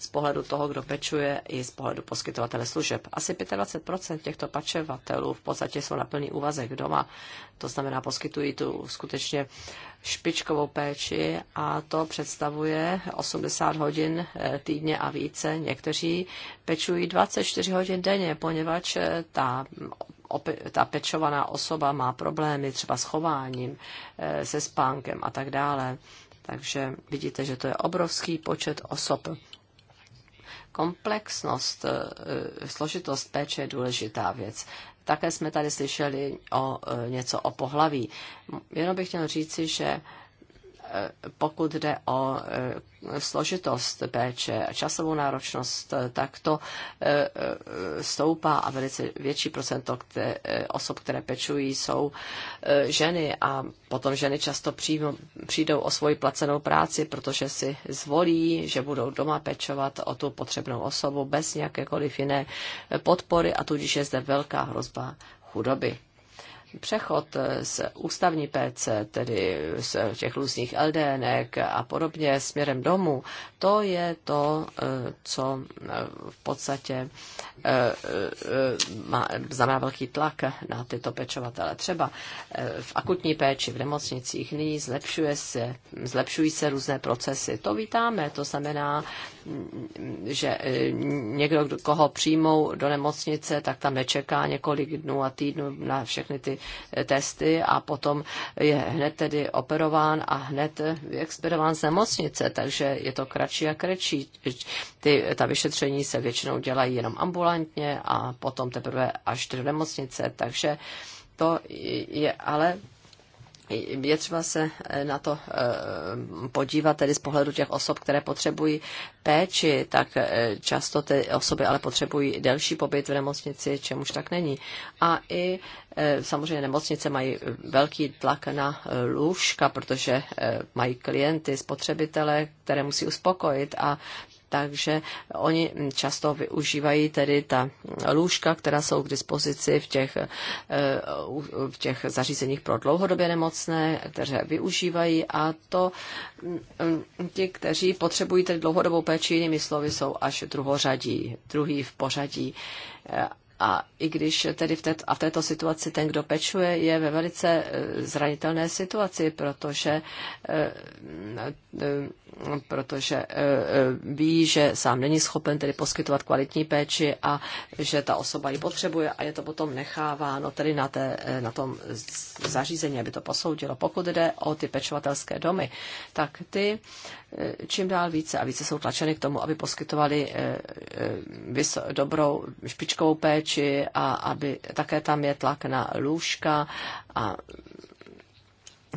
z pohledu toho, kdo pečuje funguje i z pohledu poskytovatele služeb. Asi 25% těchto pačevatelů v podstatě jsou na plný úvazek doma, to znamená poskytují tu skutečně špičkovou péči a to představuje 80 hodin eh, týdně a více. Někteří pečují 24 hodin denně, poněvadž eh, ta ta pečovaná osoba má problémy třeba s chováním, eh, se spánkem a tak dále. Takže vidíte, že to je obrovský počet osob Komplexnost, e, e, složitost péče je důležitá věc. Také jsme tady slyšeli o e, něco o pohlaví. Jenom bych chtěl říci, že pokud jde o e, složitost péče a časovou náročnost, tak to e, e, stoupá a velice větší procento osob, které pečují, jsou ženy a potom ženy často přijdou o svoji placenou práci, protože si zvolí, že budou doma pečovat o tu potřebnou osobu bez nějakékoliv jiné podpory a tudíž je zde velká hrozba chudoby přechod eh, z ústavní péce, tedy z těch různých LDNek a podobně směrem domů, to je to, eh, co eh, v podstatě znamená velký tlak na tyto pečovatele. Třeba v akutní péči v nemocnicích nyní zlepšuje se, zlepšují se různé procesy. To vítáme, to znamená, mm, že někdo, koho přijmou do nemocnice, tak tam nečeká několik dnů a týdnů na všechny ty testy a potom je hned tedy operován a hned vyexpedován z nemocnice, takže je to kratší a kratší. Ty, ta vyšetření se většinou dělají jenom ambulantně a potom teprve až do nemocnice, takže to je ale je třeba se eh, na to eh, podívat tedy z pohledu těch osob, které potřebují péči, tak eh, často ty osoby ale potřebují delší pobyt v nemocnici, čemuž tak není. A i samozřejmě nemocnice mají velký tlak na lůžka, protože mají klienty, spotřebitele, které musí uspokojit a takže oni často využívají tedy ta lůžka, která jsou k dispozici v těch, eh, v těch zařízeních pro dlouhodobě nemocné, které využívají a to mm, ti, kteří potřebují tedy dlouhodobou péči, jinými slovy, jsou až druhořadí, druhý v pořadí. Eh, a i když tedy v, té, a v této situaci ten, kdo pečuje, je ve velice eh, zranitelné situaci, protože protože eh, eh, ví, že sám není schopen tedy poskytovat kvalitní péči a že ta osoba ji potřebuje a je to potom necháváno tedy na, té, eh, na tom zařízení, aby to posoudilo. Pokud jde o ty pečovatelské domy, tak ty čím dál více a více jsou tlačeny k tomu, aby poskytovali dobrou špičkovou péči a aby také tam je tlak na lůžka a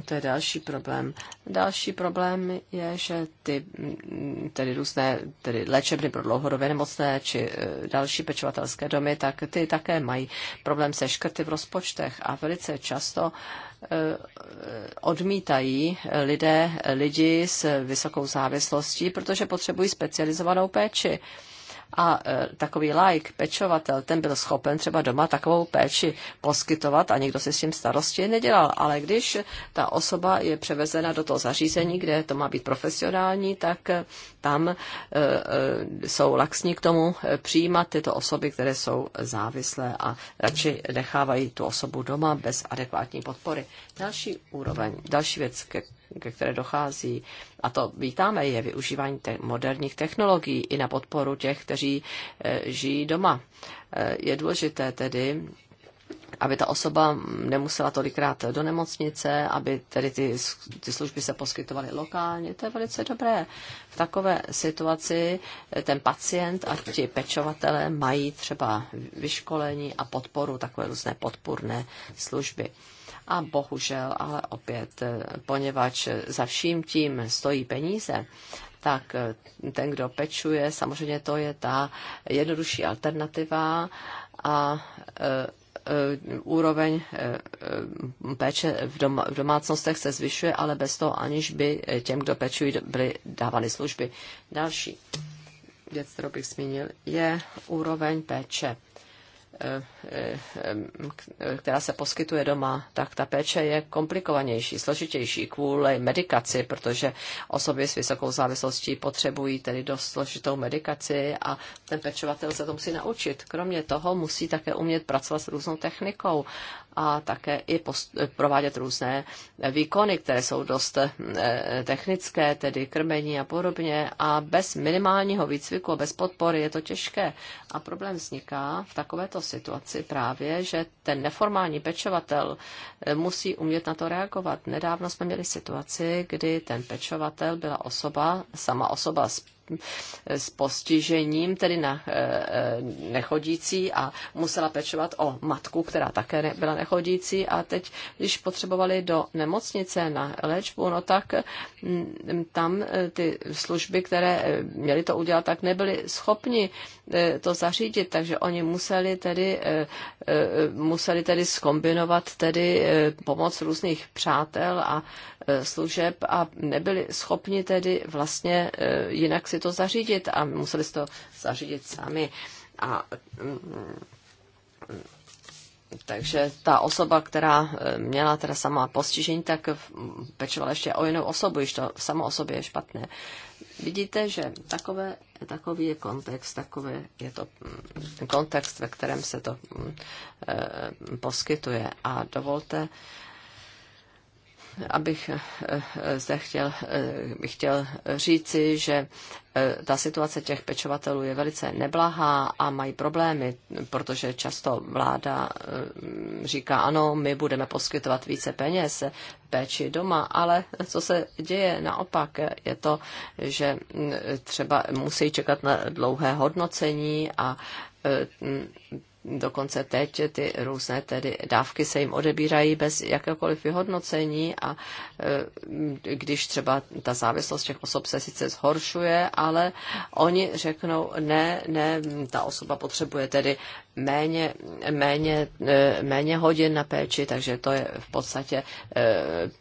to je další problém. Další problém je, že ty mm, tedy různé tedy léčebny pro dlouhodobě nemocné či e, další pečovatelské domy, tak ty také mají problém se škrty v rozpočtech a velice často e, odmítají lidé, lidi s vysokou závislostí, protože potřebují specializovanou péči. A e, takový like, pečovatel, ten byl schopen třeba doma takovou péči poskytovat a nikdo si s tím starosti nedělal. Ale když ta osoba je převezena do toho zařízení, kde to má být profesionální, tak e, tam e, jsou laxní k tomu přijímat tyto osoby, které jsou závislé a radši nechávají tu osobu doma bez adekvátní podpory. Další úroveň, další věc, ke ke které dochází, a to vítáme, je využívání te- moderních technologií i na podporu těch, kteří e, žijí doma. E, je důležité tedy aby ta osoba nemusela tolikrát do nemocnice, aby tedy ty, ty služby se poskytovaly lokálně. To je velice dobré. V takové situaci eh, ten pacient a ti pečovatele mají třeba vyškolení a podporu, takové různé podpůrné služby. A bohužel, ale opět, eh, poněvadž za vším tím stojí peníze, tak eh, ten, kdo pečuje, samozřejmě to je ta jednodušší alternativa a eh, úroveň péče v, domácnostech se zvyšuje, ale bez toho aniž by těm, kdo pečují, byly dávány služby. Další věc, kterou bych zmínil, je úroveň péče Eh, eh, která se poskytuje doma, tak ta péče je komplikovanější, složitější kvůli medikaci, protože osoby s vysokou závislostí potřebují tedy dost složitou medikaci a ten pečovatel se to musí naučit. Kromě toho musí také umět pracovat s různou technikou a také i provádět různé výkony, které jsou dost eh, technické, tedy krmení a podobně. A bez minimálního výcviku a bez podpory je to těžké. A problém vzniká v takovéto situaci, situaci právě, že ten neformální pečovatel eh, musí umět na to reagovat. Nedávno jsme měli situaci, kdy ten pečovatel byla osoba, sama osoba s s postižením, tedy na eh, eh, nechodící a musela pečovat o matku, která také byla nechodící a teď, když potřebovali do nemocnice na léčbu, no tak mm, tam eh, ty služby, které měly to udělat, tak nebyly schopni to zařídit, takže oni museli tedy, museli tedy skombinovat tedy pomoc různých přátel a Eh, služeb a nebyli schopni tedy vlastně eh, jinak si to zařídit a museli si to zařídit sami. A mm, takže ta osoba, která eh, měla teda sama postižení, tak pečovala ještě o jinou osobu, již to samo o sobě je špatné. Vidíte, že takové, takový je kontext, takový je to mm, kontext, ve kterém se to mm, poskytuje. A dovolte, abych eh, eh, zde chtěl, eh, bych chtěl říci, že ta situace těch pečovatelů je velice neblahá a mají problémy, protože často vláda říká, ano, my budeme poskytovat více peněz péči doma, ale co se děje naopak, je to, že třeba musí čekat na dlouhé hodnocení a Dokonce teď ty různé tedy dávky se jim odebírají bez jakéhokoliv vyhodnocení a e, když třeba ta závislost těch osob se sice zhoršuje, ale oni řeknou, ne, ne, ta osoba potřebuje tedy méně, méně, eh, méně hodin na péči, takže to je v podstatě eh,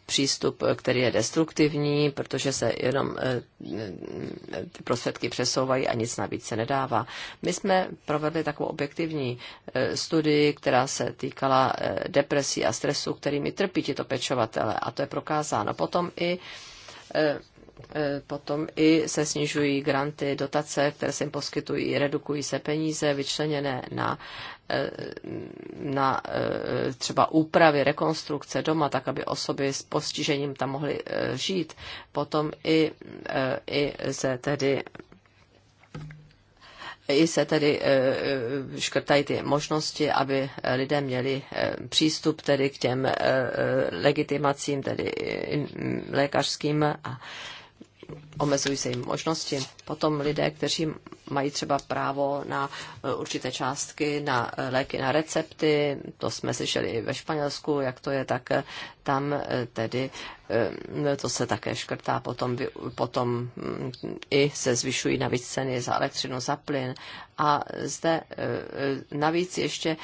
přístup, který je destruktivní, protože se jenom eh, ty prostředky přesouvají a nic navíc se nedává. My jsme provedli takovou objektivní studii, která se týkala depresí a stresu, kterými trpí tito pečovatele a to je prokázáno. Potom i Eh, potom i se snižují granty, dotace, které se jim poskytují, redukují se peníze vyčleněné na, eh, na eh, třeba úpravy, rekonstrukce doma, tak aby osoby s postižením tam mohly žít. Potom i, i se tedy i se tedy škrtají ty možnosti, aby lidé měli přístup tedy k těm legitimacím, tedy lékařským a omezují se jim možnosti. Potom lidé, kteří mají třeba právo na eh, určité částky, na eh, léky, na recepty, to jsme slyšeli i ve Španělsku, jak to je, tak eh, tam eh, tedy eh, to se také škrtá, potom, potom mm, i se zvyšují navíc ceny za elektřinu, za plyn. A zde eh, navíc ještě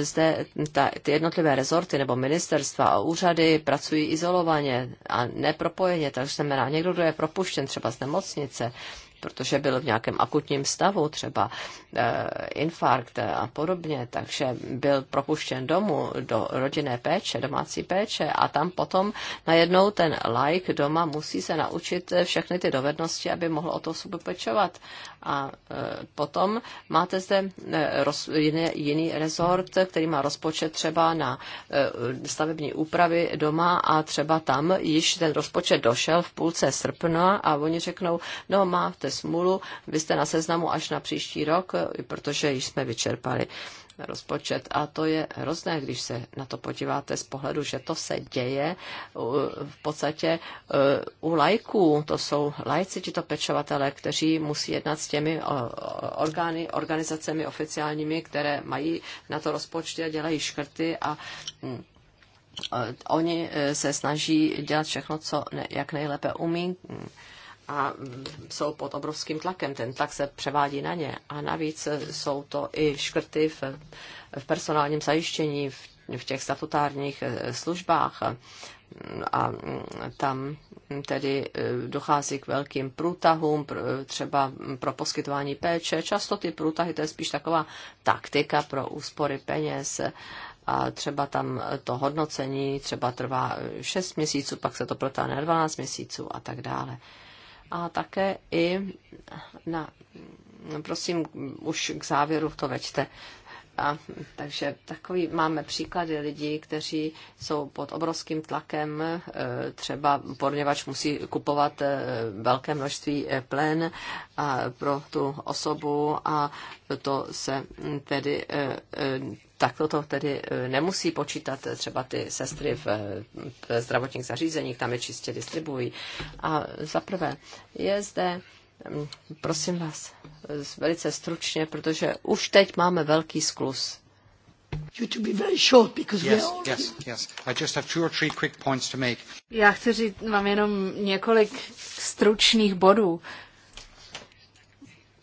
zde ta, ty jednotlivé rezorty nebo ministerstva a úřady pracují izolovaně a nepropojeně, takže znamená někdo, kdo je propuštěn třeba z nemocnice, protože byl v nějakém akutním stavu, třeba eh, infarkt a podobně, takže byl propuštěn domů do rodinné péče, domácí péče a tam potom najednou ten like doma musí se naučit všechny ty dovednosti, aby mohl o to osobu pečovat. A e, potom máte zde e, jiný rezort, který má rozpočet třeba na e, stavební úpravy doma a třeba tam již ten rozpočet došel v půlce srpna a oni řeknou, no máte smůlu, vy jste na seznamu až na příští rok, protože již jsme vyčerpali rozpočet. A to je hrozné, když se na to podíváte z pohledu, že to se děje v podstatě e, u lajků. To jsou lajci, tito pečovatele, kteří musí jednat s těmi orgány, organizacemi oficiálními, které mají na to rozpočty a dělají škrty a hm, e, oni e, se snaží dělat všechno, co ne, jak nejlépe umí hm a jsou pod obrovským tlakem. Ten tlak se převádí na ně. A navíc jsou to i škrty v, v personálním zajištění, v, v těch statutárních eh, službách. A tam tedy eh, dochází k velkým průtahům, třeba pro poskytování péče. Často ty průtahy, to je spíš taková taktika pro úspory peněz a třeba tam to hodnocení třeba trvá 6 eh, měsíců, pak se to protáhne na 12 měsíců a tak dále a také i na, prosím, už k závěru to veďte. A, takže takový máme příklady lidí, kteří jsou pod obrovským tlakem, e, třeba porněvač musí kupovat e, velké množství e, plen pro tu osobu a to se tedy tak toto tedy e, nemusí počítat e, třeba ty sestry v, v zdravotních zařízeních, tam je čistě distribuují. A zaprvé, je zde prosím vás, velice stručně, protože už teď máme velký sklus. Já chci říct vám jenom několik stručných bodů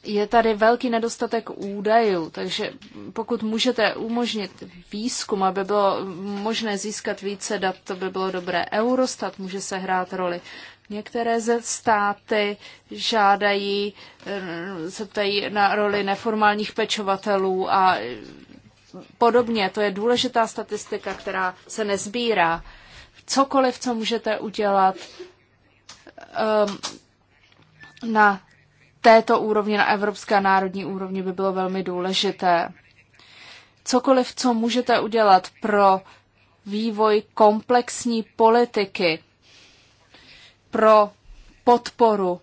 je tady velký nedostatek údajů, takže pokud můžete umožnit výzkum, aby bylo možné získat více dat, to by bylo dobré. Eurostat může se hrát roli. Některé ze státy žádají, eh, se ptají na roli neformálních pečovatelů a podobně. To je důležitá statistika, která se nezbírá. Cokoliv, co můžete udělat um, na této úrovni, na evropské národní úrovni, by bylo velmi důležité. Cokoliv, co můžete udělat pro vývoj komplexní politiky, pro podporu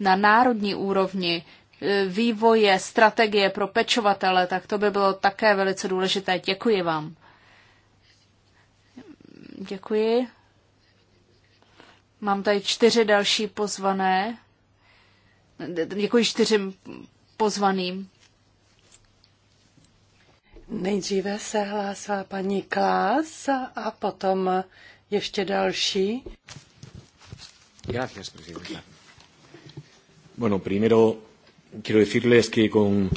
na národní úrovni e, vývoje, strategie pro pečovatele, tak to by bylo také velice důležité. Děkuji vám. Děkuji. Mám tady čtyři další pozvané děkuji čtyřem pozvaným. Nejdříve se hlásila paní Klás a potom ještě další. Gracias, presidenta. Bueno, primero quiero decirles que con...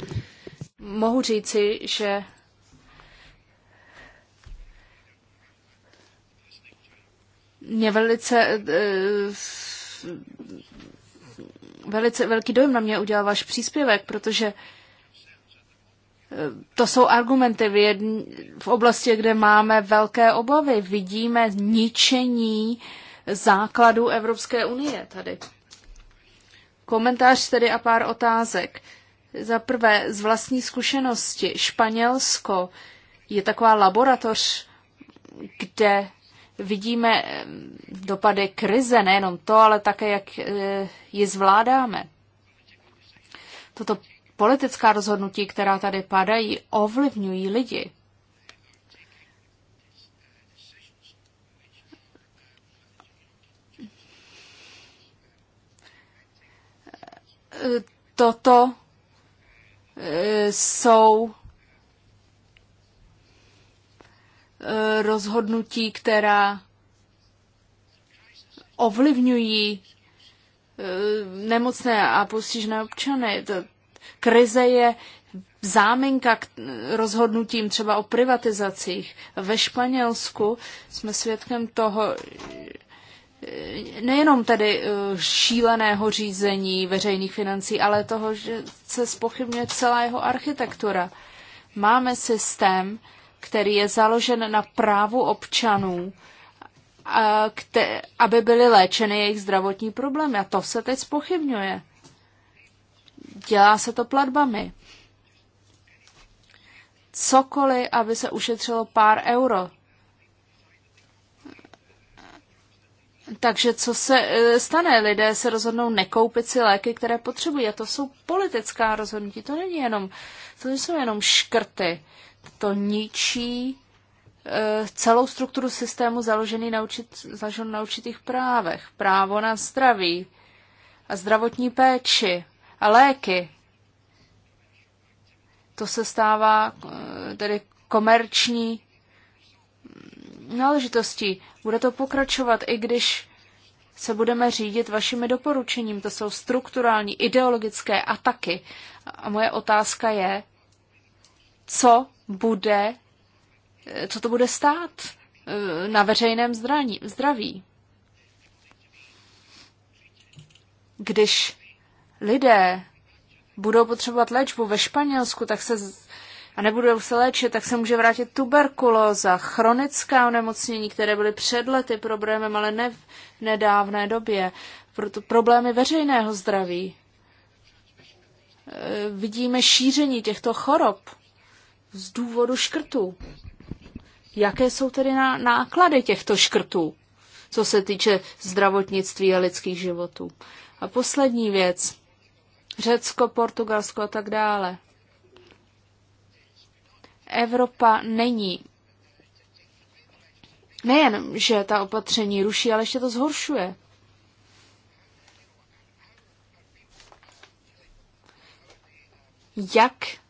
Mohu říci, že mě velice eh, velice velký dojem na mě udělal váš příspěvek, protože eh, to jsou argumenty v, jedn, v oblasti, kde máme velké obavy. Vidíme ničení základu Evropské unie tady. Komentář tedy a pár otázek. Za prvé, z vlastní zkušenosti, Španělsko je taková laboratoř, kde vidíme eh, dopady krize, nejenom to, ale také, jak eh, ji zvládáme. Toto politická rozhodnutí, která tady padají, ovlivňují lidi. Eh, toto jsou Eh, rozhodnutí, která ovlivňují eh, nemocné a postižné občany. To krize je záminka k rozhodnutím třeba o privatizacích. Ve Španělsku jsme svědkem toho, eh, nejenom tedy šíleného řízení veřejných financí, ale toho, že se spochybňuje celá jeho architektura. Máme systém, který je založen na právu občanů, aby byly léčeny jejich zdravotní problémy. A to se teď spochybňuje. Dělá se to platbami. Cokoliv, aby se ušetřilo pár euro. Takže co se e, stane? Lidé se rozhodnou nekoupit si léky, které potřebují. A to jsou politická rozhodnutí. To není jenom, to jsou jenom škrty to ničí eh, celou strukturu systému založený na, určit, založenou na určitých právech. Právo na zdraví a zdravotní péči a léky. To se stává eh, tedy komerční mm, náležitostí. Bude to pokračovat, i když se budeme řídit vašimi doporučením. To jsou strukturální, ideologické ataky. A moje otázka je, co bude, co to bude stát eh, na veřejném zdraní, zdraví. Když lidé budou potřebovat léčbu ve Španělsku, tak se a nebudou se léčit, tak se může vrátit tuberkulóza, chronická onemocnění, které byly před lety problémem, ale ne v nedávné době, proto problémy veřejného zdraví. E, vidíme šíření těchto chorob z důvodu škrtů. Jaké jsou tedy náklady těchto škrtů, co se týče zdravotnictví a lidských životů? A poslední věc. Řecko, Portugalsko a tak dále. Evropa není. Nejen, že ta opatření ruší, ale ještě to zhoršuje. Jak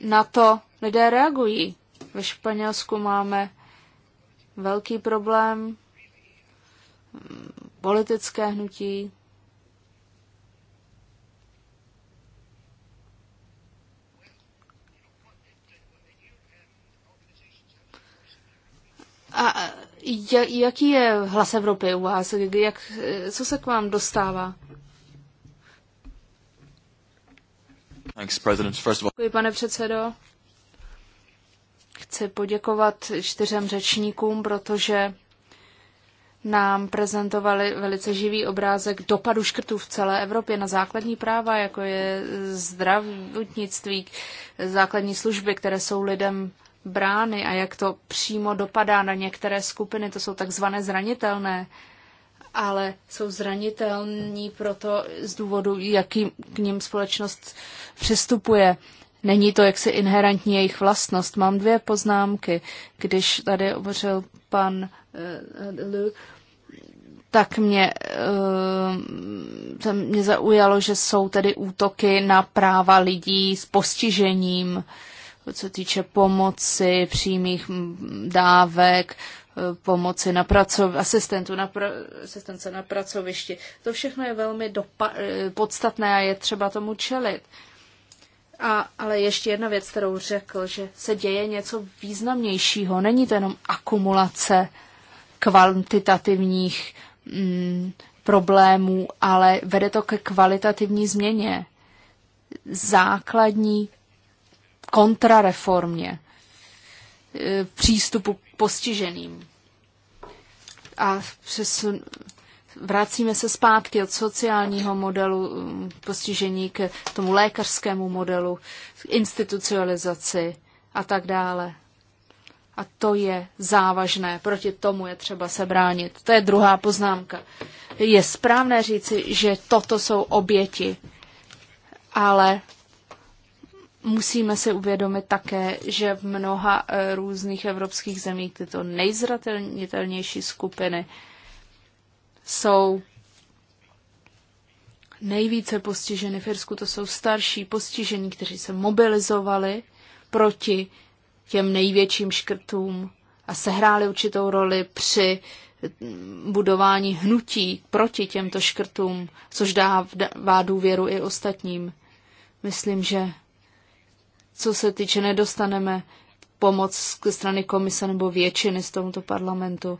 na to lidé reagují. Ve Španělsku máme velký problém, mm, politické hnutí. A jaký je hlas Evropy u vás? Jak, co se k vám dostává? Děkuji, pane předsedo. Chci poděkovat čtyřem řečníkům, protože nám prezentovali velice živý obrázek dopadu škrtů v celé Evropě na základní práva, jako je zdravotnictví, základní služby, které jsou lidem brány a jak to přímo dopadá na některé skupiny, to jsou takzvané zranitelné ale jsou zranitelní proto z důvodu, jaký k ním společnost přistupuje. Není to jaksi inherentní jejich vlastnost. Mám dvě poznámky. Když tady hovořil pan uh, eh, eh, Lu, tak mě, uh, mě zaujalo, že jsou tedy útoky na práva lidí s postižením, co týče pomoci, přímých dávek, pomoci na pracov, asistentu na, pra, asistence na pracovišti. To všechno je velmi dopa, eh, podstatné a je třeba tomu čelit. A, ale ještě jedna věc, kterou řekl, že se děje něco významnějšího. Není to jenom akumulace kvantitativních mm, problémů, ale vede to ke kvalitativní změně. Základní kontrareformě přístupu postiženým. A přes, vracíme se zpátky od sociálního modelu um, postižení k tomu lékařskému modelu, institucionalizaci a tak dále. A to je závažné, proti tomu je třeba se bránit. To je druhá poznámka. Je správné říci, že toto jsou oběti, ale musíme si uvědomit také, že v mnoha eh, různých evropských zemích tyto nejzratelnější skupiny jsou nejvíce postiženy. V Irsku to jsou starší postižení, kteří se mobilizovali proti těm největším škrtům a sehráli určitou roli při mm, budování hnutí proti těmto škrtům, což dává důvěru i ostatním. Myslím, že co se týče nedostaneme pomoc ze strany komise nebo většiny z tomuto parlamentu.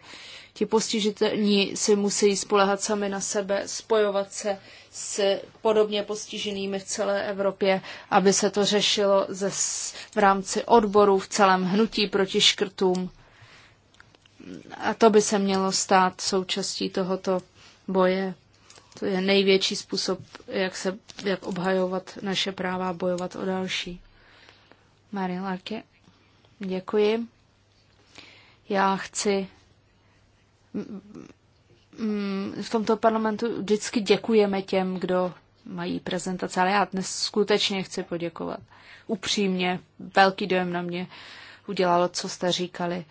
Ti postižení si musí spolehat sami na sebe, spojovat se s podobně postiženými v celé Evropě, aby se to řešilo ze, v rámci odborů v celém hnutí proti škrtům. A to by se mělo stát součástí tohoto boje. To je největší způsob, jak, se, jak obhajovat naše práva a bojovat o další. Marie Larky, děkuji. Já chci mm, mm, v tomto parlamentu vždycky děkujeme těm, kdo mají prezentace, ale já dnes skutečně chci poděkovat. Upřímně, velký dojem na mě udělalo, co jste říkali.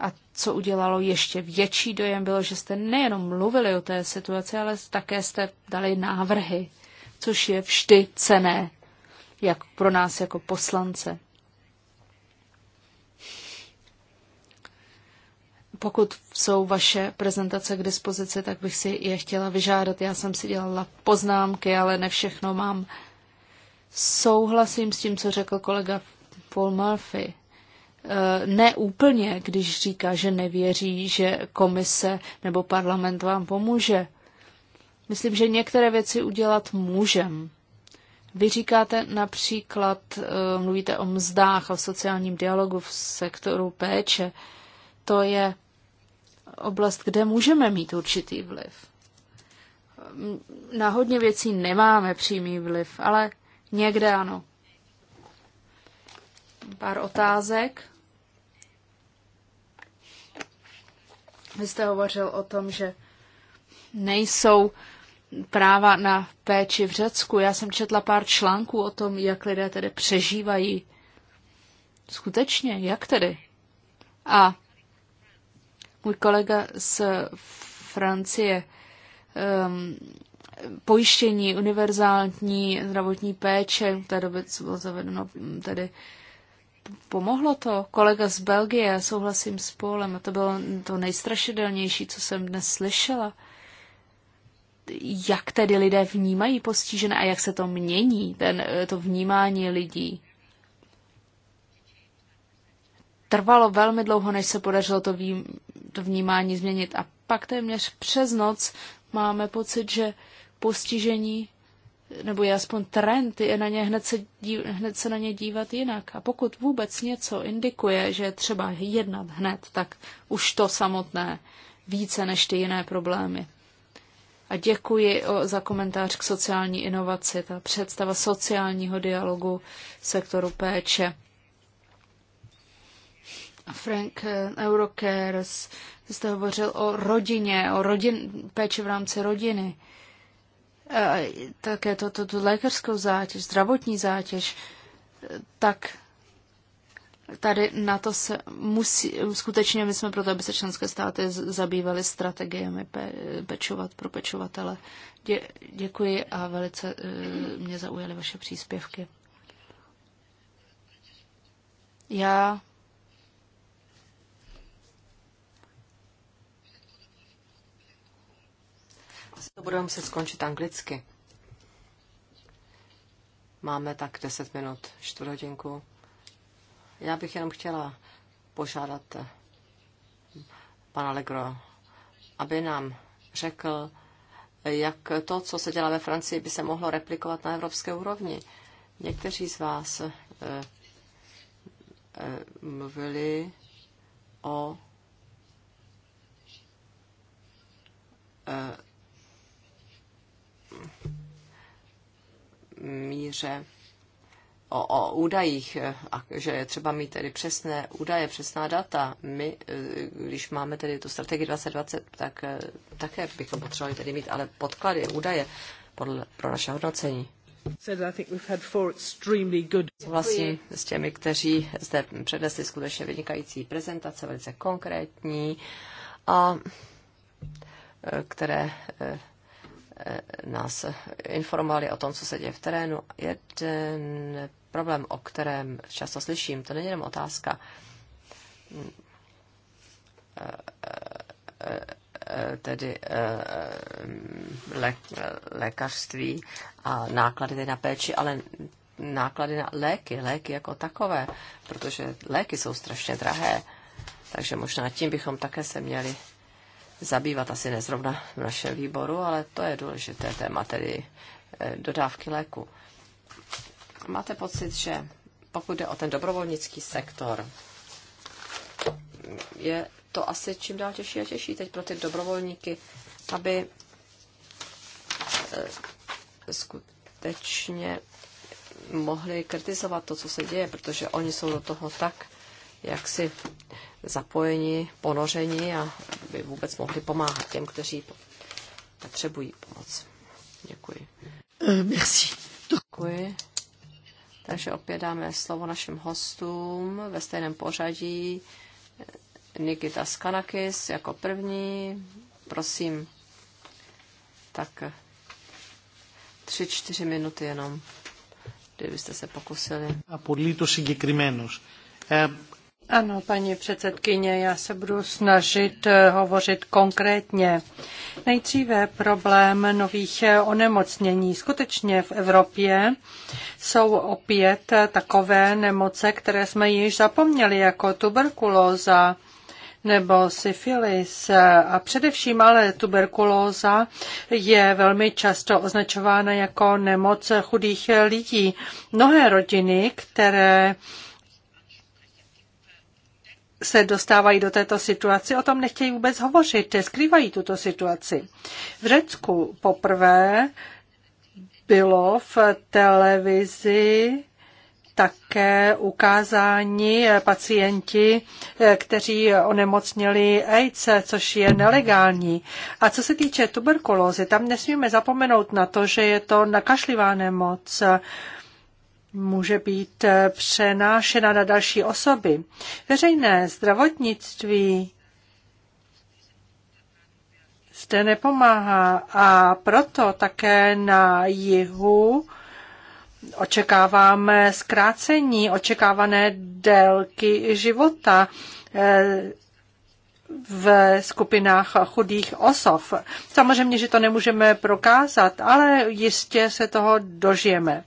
A co udělalo ještě větší dojem, bylo, že jste nejenom mluvili o té situaci, ale také jste dali návrhy, což je vždy cené jak pro nás jako poslance. Pokud jsou vaše prezentace k dispozici, tak bych si je chtěla vyžádat. Já jsem si dělala poznámky, ale ne všechno mám. Souhlasím s tím, co řekl kolega Paul Murphy e, ne úplně, když říká, že nevěří, že komise nebo parlament vám pomůže. Myslím, že některé věci udělat můžem. Vy říkáte například, eh, mluvíte o mzdách a o sociálním dialogu v sektoru péče. To je oblast, kde můžeme mít určitý vliv. Na hodně věcí nemáme přímý vliv, ale někde ano. Pár otázek. Vy jste hovořil o tom, že nejsou práva na péči v Řecku. Já jsem četla pár článků o tom, jak lidé tedy přežívají. Skutečně, jak tedy? A můj kolega z Francie, um, pojištění, univerzální zdravotní péče, v té době co bylo zavedeno tedy Pomohlo to? Kolega z Belgie, já souhlasím s Polem, a to bylo to nejstrašidelnější, co jsem dnes slyšela jak tedy lidé vnímají postižené a jak se to mění, ten, eh, to vnímání lidí. Trvalo velmi dlouho, než se podařilo to, vím, to vnímání změnit a pak téměř přes noc máme pocit, že postižení nebo je aspoň trend, je na ně hned se, dí, hned se na ně dívat jinak. A pokud vůbec něco indikuje, že je třeba jednat hned, tak už to samotné více než ty jiné problémy. A děkuji o, za komentář k sociální inovaci, ta představa sociálního dialogu sektoru péče. Frank eh, Eurocares, jste hovořil o rodině, o rodin, péči v rámci rodiny. také to, to, to lékařskou zátěž, zdravotní zátěž, eh, tak tady na to se musí, skutečně my jsme proto, aby se členské státy zabývaly strategiemi pe, pečovat pro pečovatele. Dě, děkuji a velice eh, mě zaujaly vaše příspěvky. Já to budeme muset skončit anglicky. Máme tak 10 minut, hodinku. Já bych jenom chtěla požádat eh, pana Legro, aby nám řekl, jak to, co se dělá ve Francii, by se mohlo replikovat na evropské úrovni. Někteří z vás eh, eh, mluvili o míře o, o údajích, eh, a že je třeba mít tedy přesné údaje, přesná data. My, eh, když máme tedy tu strategii 2020, tak eh, také bychom potřebovali tedy mít ale podklady, údaje podle, pro naše hodnocení. Souhlasím s těmi, kteří zde přednesli skutečně vynikající prezentace, velice konkrétní a které nás informovali o tom, co se děje v terénu. Jeden problém, o kterém často slyším. To není jenom otázka eh, tedy eh, lékařství a náklady na péči, ale náklady na léky, léky jako takové, protože léky jsou strašně drahé. Takže možná tím bychom také se měli zabývat, asi nezrovna v našem výboru, ale to je důležité téma, tedy eh, dodávky léku máte pocit, že pokud jde o ten dobrovolnický sektor, je to asi čím dál těžší a těžší teď pro ty dobrovolníky, aby e, skutečně mohli kritizovat to, co se děje, protože oni jsou do toho tak jak si zapojeni, ponoření a by vůbec mohli pomáhat těm, kteří potřebují pomoc. Děkuji. Eh, merci. Děkuji. Takže opět dáme slovo našim hostům ve stejném pořadí. Nikita Skanakis jako první. Prosím, tak tři, čtyři minuty jenom, kdybyste se pokusili. A podlíto συγκεκριμένος. Ano, paní předsedkyně, já se budu snažit eh, hovořit konkrétně. Nejdříve problém nových eh, onemocnění. Skutečně v Evropě jsou opět eh, takové nemoce, které jsme již zapomněli, jako tuberkulóza, nebo syfilis. A především ale tuberkulóza je velmi často označována jako nemoc chudých lidí. Mnohé rodiny, které se dostávají do této situace, o tom nechtějí vůbec hovořit, skrývají tuto situaci. V Řecku poprvé bylo v televizi také ukázání eh, pacienti, eh, kteří onemocnili AIDS, eh, což je nelegální. A co se týče tuberkulózy, tam nesmíme zapomenout na to, že je to nakašlivá nemoc může být eh, přenášena na další osoby. Veřejné zdravotnictví zde nepomáhá a proto také na jihu očekáváme zkrácení očekávané délky života eh, v skupinách chudých osob. Samozřejmě, že to nemůžeme prokázat, ale jistě se toho dožijeme.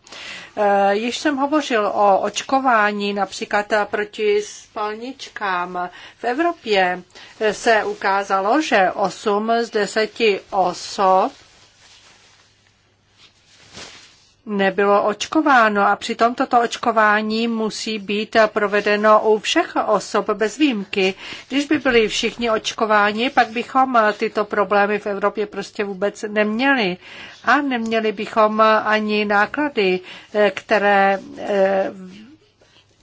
Eh, již jsem hovořil o očkování například proti spalničkám. V Evropě se ukázalo, že 8 z 10 osob nebylo očkováno a přitom toto očkování musí být provedeno u všech osob bez výjimky. Když by byli všichni očkováni, pak bychom tyto problémy v Evropě prostě vůbec neměli. A neměli bychom ani náklady, eh, které eh,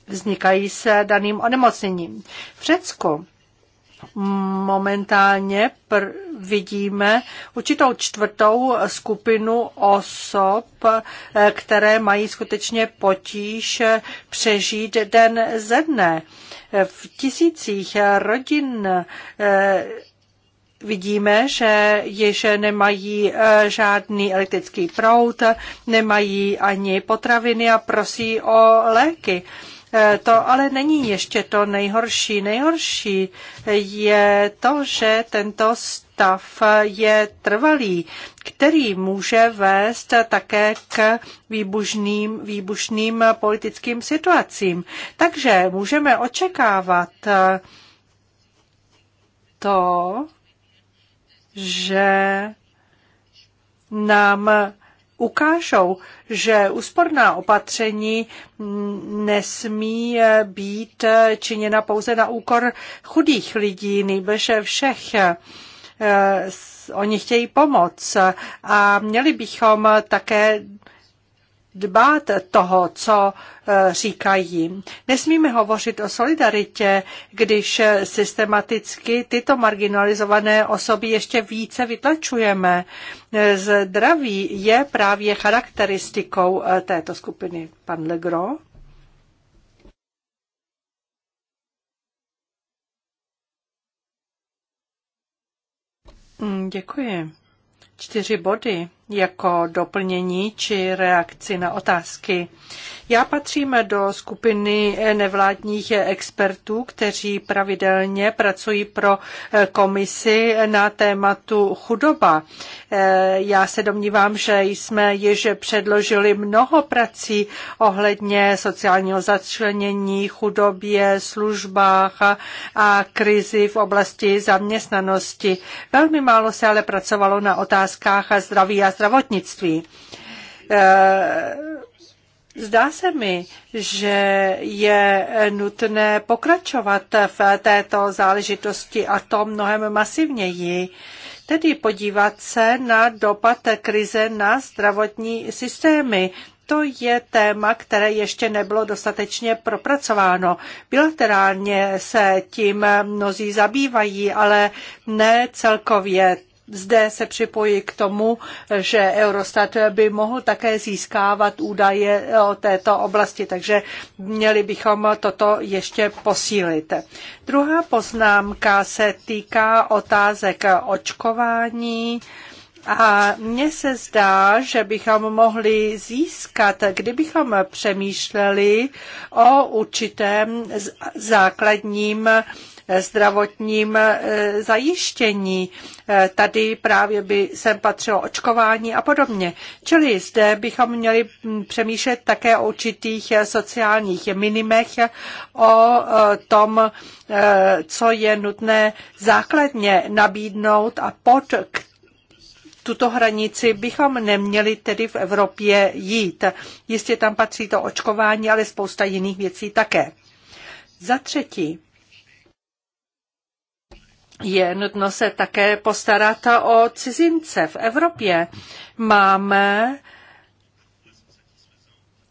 vznikají s daným onemocněním. V Řecku momentálně pr- vidíme určitou čtvrtou skupinu osob, eh, které mají skutečně potíž eh, přežít den ze dne. V tisících rodin eh, vidíme, že již nemají žádný elektrický proud, nemají ani potraviny a prosí o léky. Eh, to ale není ještě to nejhorší. Nejhorší je to, že tento stav je trvalý, který může vést také k výbušným, výbušným politickým situacím. Takže můžeme očekávat eh, to, že nám ukážou, že úsporná opatření nesmí být činěna pouze na úkor chudých lidí, nejbrž všech eh, oni chtějí pomoc a měli bychom také dbát toho, co e, říkají. Nesmíme hovořit o solidaritě, když systematicky tyto marginalizované osoby ještě více vytlačujeme. E, zdraví je právě charakteristikou e, této skupiny. Pan Legro? Mm, děkuji. Čtyři body jako doplnění či reakci na otázky. Já patřím do skupiny nevládních expertů, kteří pravidelně pracují pro komisi na tématu chudoba. Já se domnívám, že jsme již předložili mnoho prací ohledně sociálního začlenění, chudobě, službách a krizi v oblasti zaměstnanosti. Velmi málo se ale pracovalo na otázkách zdraví a zdravotnictví. Eh, zdá se mi, že je nutné pokračovat v této záležitosti a to mnohem masivněji, tedy podívat se na dopad krize na zdravotní systémy, to je téma, které ještě nebylo dostatečně propracováno. Bilaterálně se tím mnozí zabývají, ale ne celkově. Zde se připojí k tomu, že Eurostat by mohl také získávat údaje o této oblasti, takže měli bychom toto ještě posílit. Druhá poznámka se týká otázek očkování. A mně se zdá, že bychom mohli získat, kdybychom přemýšleli o určitém základním zdravotním eh, zajištění. Eh, tady právě by sem patřilo očkování a podobně. Čili zde bychom měli mm, přemýšlet také o určitých eh, sociálních minimech, o tom, co je nutné základně nabídnout a pod tuto hranici bychom neměli tedy v Evropě jít. Jistě tam patří to očkování, ale spousta jiných věcí také. Za třetí, je nutno se také postarat o cizince. V Evropě máme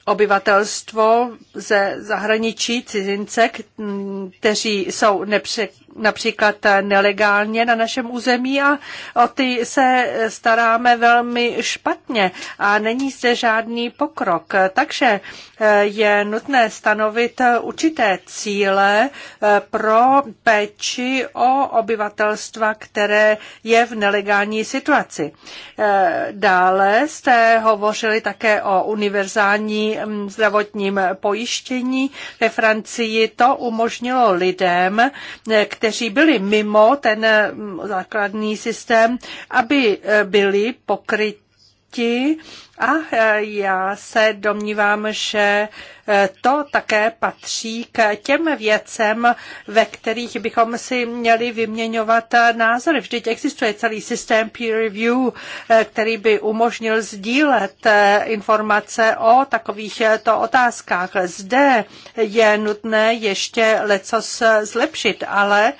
obyvatelstvo ze zahraničí, cizince, kteří jsou nepře- například nelegálně na našem území a o ty se staráme velmi špatně a není zde žádný pokrok. Takže eh, je nutné stanovit určité cíle eh, pro péči o obyvatelstva, které je v nelegální situaci. Eh, dále jste hovořili také o univerzální mm, zdravotním pojištění. Ve Francii to umožnilo lidem, kteří byli mimo ten eh, základní systém, aby eh, byli pokryti a e, já se domnívám, že e, to také patří k těm věcem, ve kterých bychom si měli vyměňovat e, názory. Vždyť existuje celý systém peer review, který by umožnil sdílet informace o takovýchto otázkách. Zde je nutné ještě lecos zlepšit, ale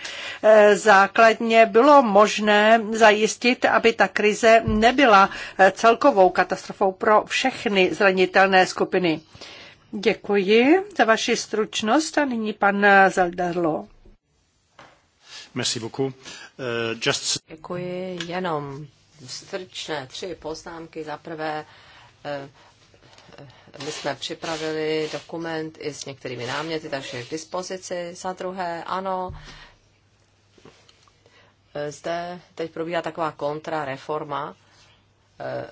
základně bylo možné zajistit, aby ta krize nebyla celkovou katastrofou Evropou pro všechny zranitelné skupiny. Děkuji za vaši stručnost a nyní pan Zaldarlo. Merci beaucoup. Uh, just... Děkuji, jenom stručné tři poznámky. Za prvé, eh, eh, my jsme připravili dokument i s některými náměty, takže je k dispozici. Za druhé, ano, zde teď probíhá taková kontrareforma Eh,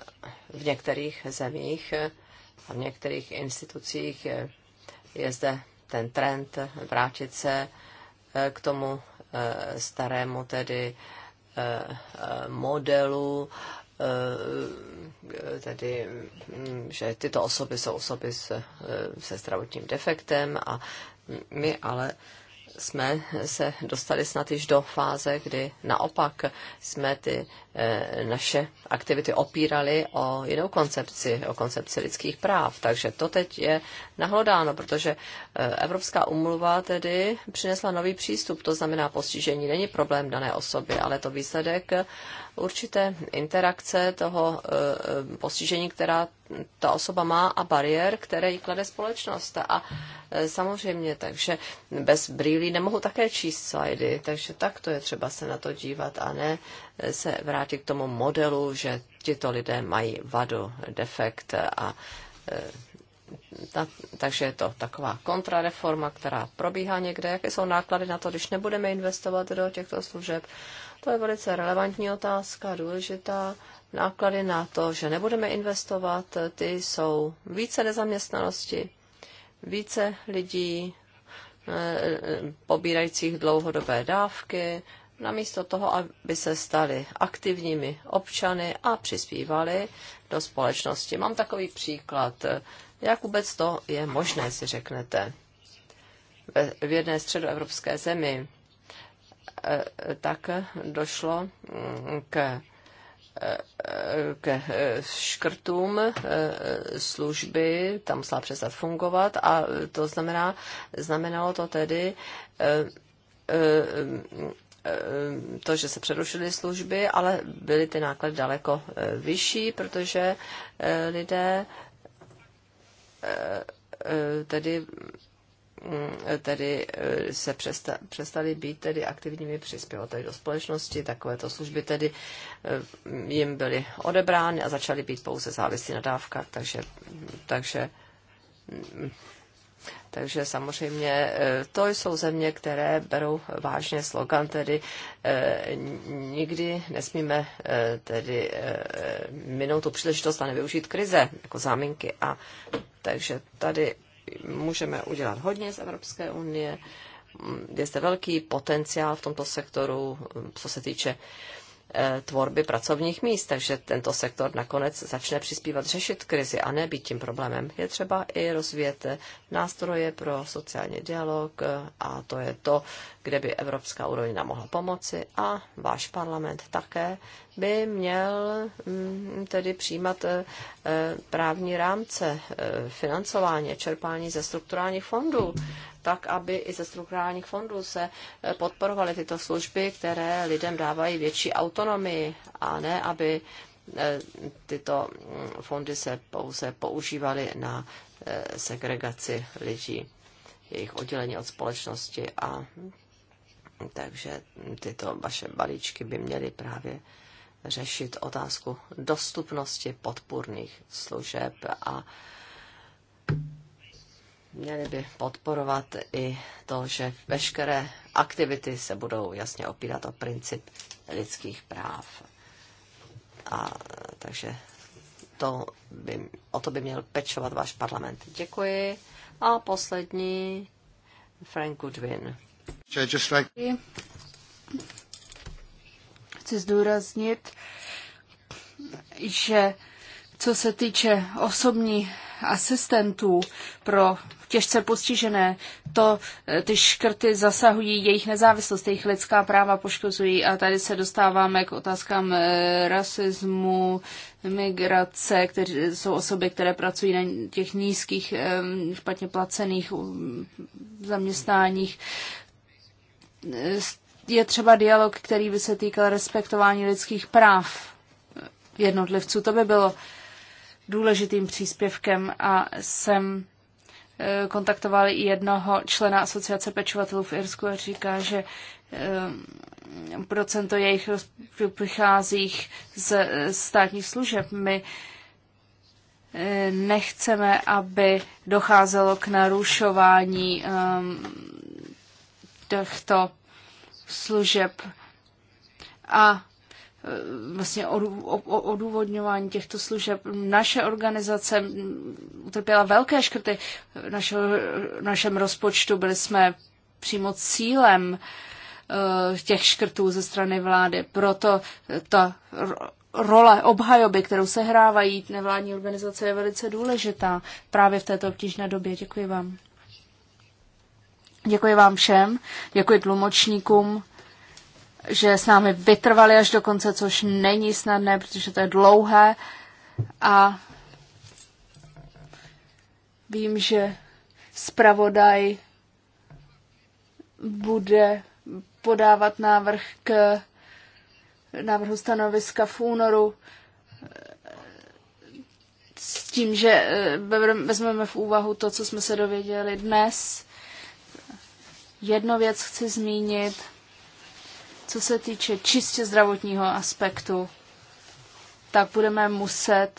v některých zemích a v některých institucích je zde ten trend vrátit se eh, k tomu eh, starému tedy modelu, tedy, hm, že tyto osoby jsou osoby se, se zdravotním defektem a my ale jsme se dostali snad již do fáze, kdy naopak jsme ty Eh, naše aktivity opíraly o jinou koncepci, o koncepci lidských práv. Takže to teď je nahlodáno, protože eh, Evropská umluva tedy přinesla nový přístup, to znamená postižení není problém dané osoby, ale to výsledek určité interakce toho eh, postižení, která ta osoba má a bariér, které jí klade společnost. A samozřejmě, takže bez brýlí nemohu také číst slajdy, takže tak to je třeba se na to dívat a ne se vrátit k tomu modelu, že tito lidé mají vadu, defekt a e, ta, takže je to taková kontrareforma, která probíhá někde. Jaké jsou náklady na to, když nebudeme investovat do těchto služeb? To je velice relevantní otázka, důležitá. Náklady na to, že nebudeme investovat, ty jsou více nezaměstnanosti, více lidí e, e, pobírajících dlouhodobé dávky, namísto toho, aby se stali aktivními občany a přispívali do společnosti. Mám takový příklad, jak vůbec to je možné, si řeknete. V jedné středoevropské zemi eh, tak došlo mm, k eh, ke eh, škrtům služby, tam musela přestat fungovat a to znamená, znamenalo to tedy Eh, to, že se přerušily služby, ale byly ty náklady daleko eh, vyšší, protože eh, lidé tedy mm, tedy se přesta, přestali být tedy aktivními přispěvateli do společnosti, takovéto služby tedy jim byly odebrány a začaly být pouze závislí na dávkách, takže, takže mm, takže samozřejmě eh, to jsou země, které berou vážně slogan, tedy eh, nikdy nesmíme eh, tedy minout tu příležitost a nevyužít krize jako záminky. A takže tady můžeme udělat hodně z Evropské unie. Je zde velký potenciál v tomto sektoru, co se týče Eh, tvorby pracovních míst, takže tento sektor nakonec začne přispívat řešit krizi a ne být tím problémem. Je třeba i rozvíjet nástroje pro sociální dialog eh, a to je to, kde by Evropská úroveň mohla pomoci a váš parlament také by měl mm, tedy přijímat eh, právní rámce eh, financování, čerpání ze strukturálních fondů, tak, aby i ze strukturálních fondů se eh, podporovaly tyto služby, které lidem dávají větší autonomii a ne, aby tyto mm, fondy se pouze používaly na segregaci lidí, jejich oddělení od společnosti a takže tyto vaše balíčky by měly právě řešit otázku dostupnosti podpůrných služeb a měli by podporovat i to, že veškeré aktivity se budou jasně opírat o princip lidských práv. A takže to by, o to by měl pečovat váš parlament. Děkuji. A poslední Frank Goodwin. Chci zdůraznit, že co se týče osobní asistentů pro těžce postižené, to eh, ty škrty zasahují jejich nezávislost, jejich lidská práva poškozují a tady se dostáváme k otázkám eh, rasismu, migrace, které jsou osoby, které pracují na těch nízkých, eh, špatně placených mm, zaměstnáních je třeba dialog, který by se týkal respektování lidských práv jednotlivců. To by bylo důležitým příspěvkem a jsem eh, kontaktovali i jednoho člena asociace pečovatelů v Irsku a říká, že eh, procento jejich vychází z eh, státních služeb. My nechceme, aby docházelo k narušování um, těchto služeb a e, vlastně odůvodňování těchto služeb. Naše organizace utrpěla velké škrty v našem, našem rozpočtu. Byli jsme přímo cílem e, těch škrtů ze strany vlády. Proto ta role obhajoby, kterou se hrávají nevládní organizace, je velice důležitá právě v této obtížné době. Děkuji vám. Děkuji vám všem, děkuji tlumočníkům, že s námi vytrvali až do konce, což není snadné, protože to je dlouhé a vím, že zpravodaj bude podávat návrh k návrhu stanoviska v únoru s tím, že eh, vezmeme v úvahu to, co jsme se dověděli dnes Jednu věc chci zmínit, co se týče čistě zdravotního aspektu, tak budeme muset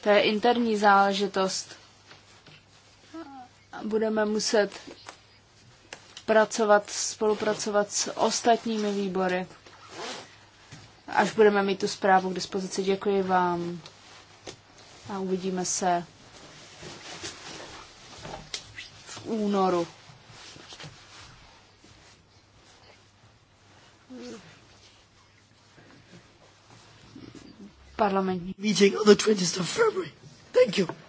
to je interní záležitost. Budeme muset pracovat, spolupracovat s ostatními výbory, až budeme mít tu zprávu k dispozici. Děkuji vám a uvidíme se únoru. Parlamentní. Meeting on the 20th of February. Thank you.